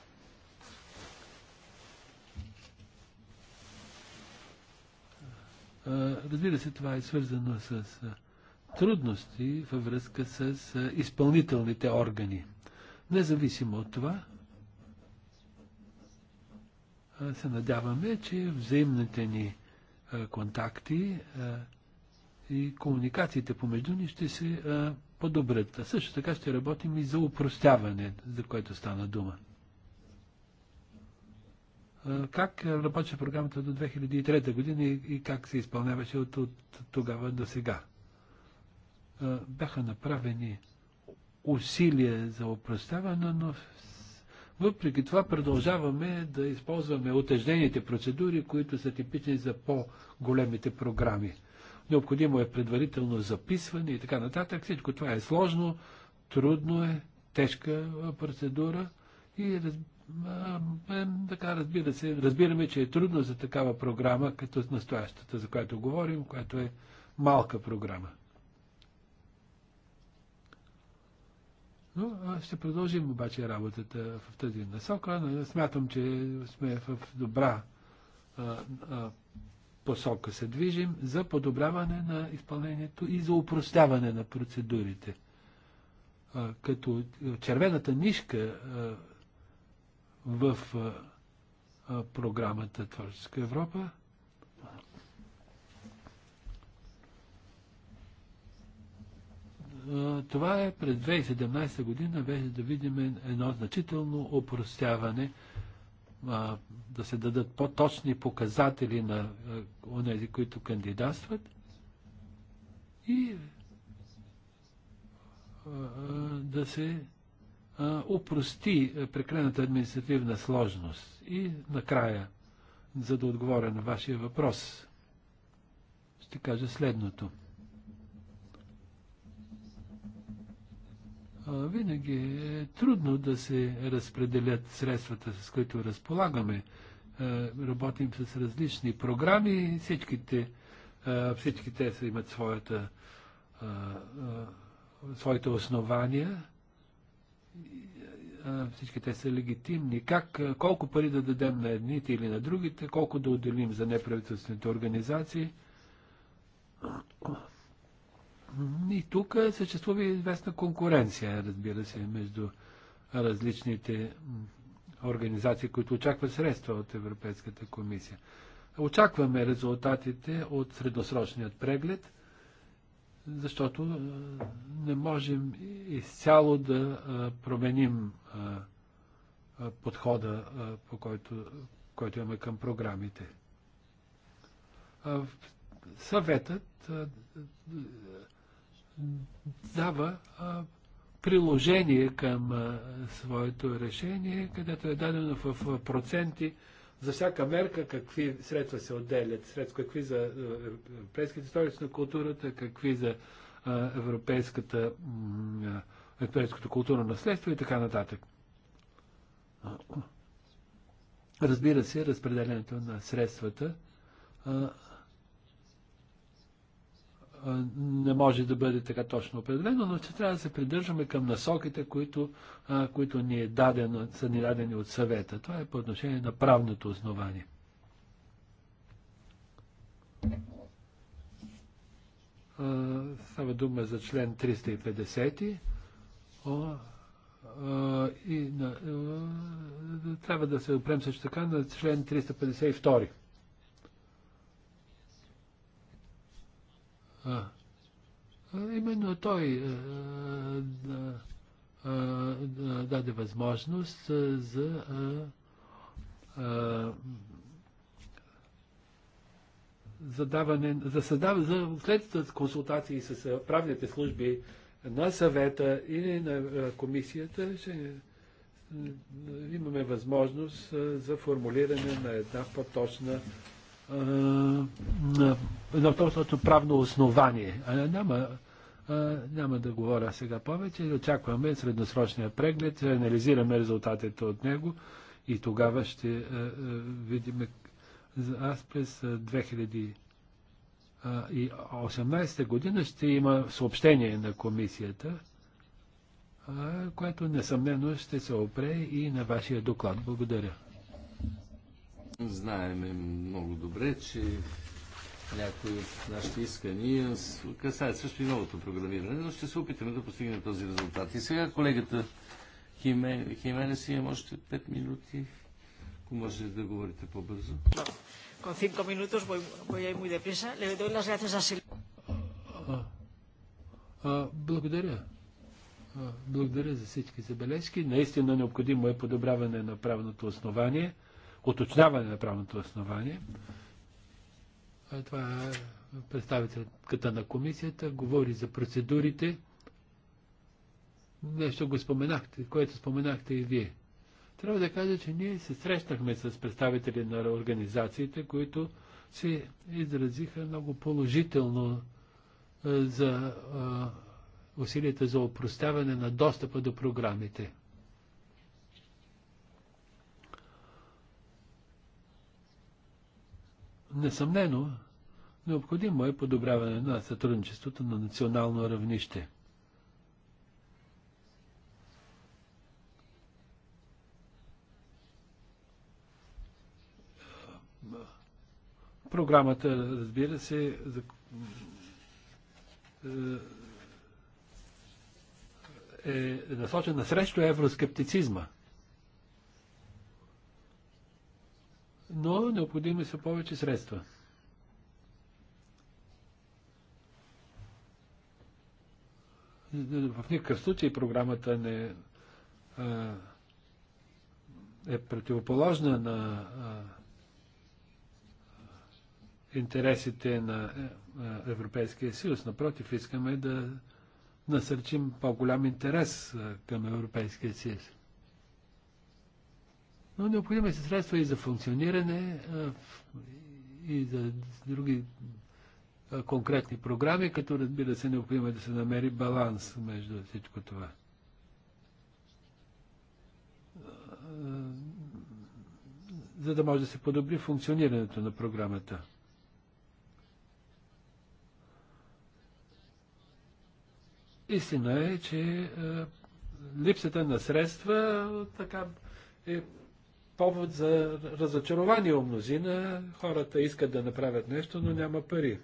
Разбира се, това е свързано с трудности във връзка с изпълнителните органи. Независимо от това, се надяваме, че взаимните ни контакти и комуникациите помежду ни ще се подобрят. А също така ще работим и за упростяване, за което стана дума. Как работеше програмата до 2003 година и как се изпълняваше от, от тогава до сега? бяха направени усилия за опростяване, но въпреки това продължаваме да използваме отеждените процедури, които са типични за по-големите програми. Необходимо е предварително записване и така нататък. Всичко това е сложно, трудно е, тежка процедура и е, така разбира се, разбираме, че е трудно за такава програма, като настоящата, за която говорим, която е малка програма. Но ще продължим обаче работата в тази насока. Смятам, че сме в добра посока се движим за подобряване на изпълнението и за упростяване на процедурите. като червената нишка в програмата Творческа Европа това е през 2017 година вече да видим едно значително опростяване, да се дадат по-точни показатели на тези, които кандидатстват и да се опрости прекрената административна сложност. И накрая, за да отговоря на вашия въпрос, ще кажа следното – Винаги е трудно да се разпределят средствата, с които разполагаме. Работим с различни програми, всичките, всички те имат своята, своите основания всички те са легитимни. Как, колко пари да дадем на едните или на другите, колко да отделим за неправителствените организации. И тук съществува известна конкуренция, разбира се, между различните организации, които очакват средства от Европейската комисия. Очакваме резултатите от средносрочният преглед, защото не можем изцяло да променим подхода, по който, който имаме към програмите. Съветът дава а, приложение към а, своето решение, където е дадено в, в проценти за всяка мерка какви средства се отделят, средства какви за е, е, европейската столица на културата, какви за а, е, европейската, европейското културно наследство и така нататък. Разбира се, разпределението на средствата не може да бъде така точно определено, но че трябва да се придържаме към насоките, които, а, които ни е дадено, са ни дадени от съвета. Това е по отношение на правното основание. става дума за член 350 о, а, и на, трябва да се опрем също така на член 352. Именно той даде възможност за задаване, за, създав, за след консултации с правните служби на съвета или на комисията ще имаме възможност за формулиране на една по-точна на точното правно основание. А, няма, а, няма да говоря сега повече. Очакваме средносрочния преглед, анализираме резултатите от него и тогава ще а, видим. Аз през 2018 година ще има съобщение на комисията, което несъмнено ще се опре и на вашия доклад. Благодаря. Знаеме много добре, че някои от нашите искания касаят също и новото програмиране, но ще се опитаме да постигнем този резултат. И сега колегата Химене си има още 5 минути. Ако може да говорите по-бързо. Con minutos voy, voy a ir muy deprisa. Le doy las gracias a Silvia. Благодаря. Благодаря за всички забележки. Наистина необходимо е подобряване на правното основание уточняване на правното основание. Това е представителката на комисията, говори за процедурите. Нещо го споменахте, което споменахте и вие. Трябва да кажа, че ние се срещнахме с представители на организациите, които се изразиха много положително за усилията за опростяване на достъпа до програмите. Несъмнено, необходимо е подобряване на сътрудничеството на национално равнище. Програмата, разбира се, за, е насочена срещу евроскептицизма. но необходими са повече средства. В никакъв случай програмата не е противоположна на интересите на е, Европейския съюз. Напротив, искаме да насърчим по-голям интерес към Европейския съюз. Но необходими са средства и за функциониране, и за други конкретни програми, като разбира се, необходимо е да се намери баланс между всичко това. За да може да се подобри функционирането на програмата. Истина е, че липсата на средства така е повод за разочарование у мнозина. Хората искат да направят нещо, но няма пари.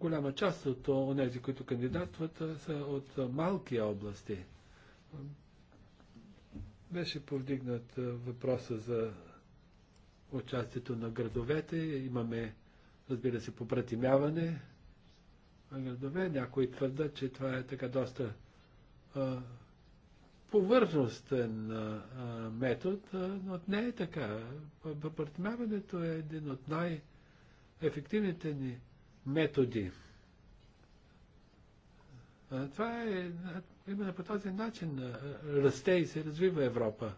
Голяма част от тези, които кандидатстват, са от малки области. Беше повдигнат въпроса за участието на градовете. Имаме разбира се, попратимяване на градове. Някои твърдат, че това е така доста а, повърхностен а, метод, а, но не е така. Попратимяването е един от най-ефективните ни методи. А, това е, именно по този начин а, расте и се развива Европа.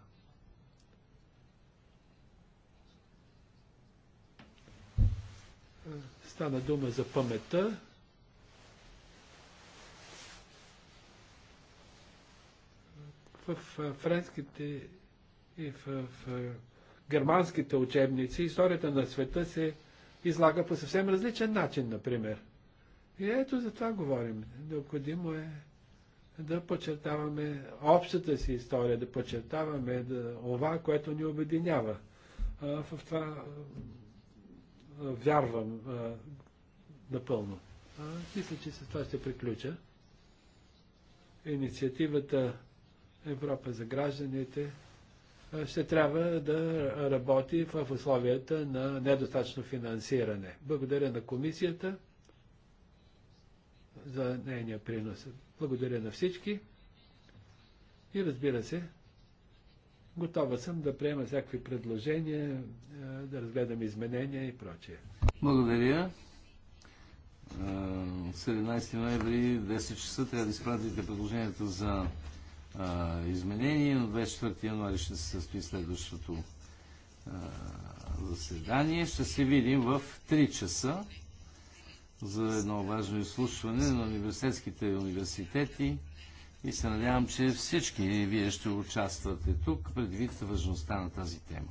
Стана дума за паметта. В френските и в германските учебници историята на света се излага по съвсем различен начин, например. И ето за това говорим. Необходимо е да подчертаваме общата си история, да подчертаваме да, това, което ни обединява. А, в това вярвам а, напълно. А, мисля, че с това ще приключа. Инициативата Европа за гражданите ще трябва да работи в условията на недостатъчно финансиране. Благодаря на комисията за нейния принос. Благодаря на всички и разбира се, Готова съм да приема всякакви предложения, е, да разгледам изменения и прочее. Благодаря. 17 е, ноември 10 часа трябва да изпратите предложенията за е, изменение. На 24 януари ще се състои следващото заседание. Ще се видим в 3 часа за едно важно изслушване на университетските университети и се надявам, че всички вие ще участвате тук предвид важността на тази тема.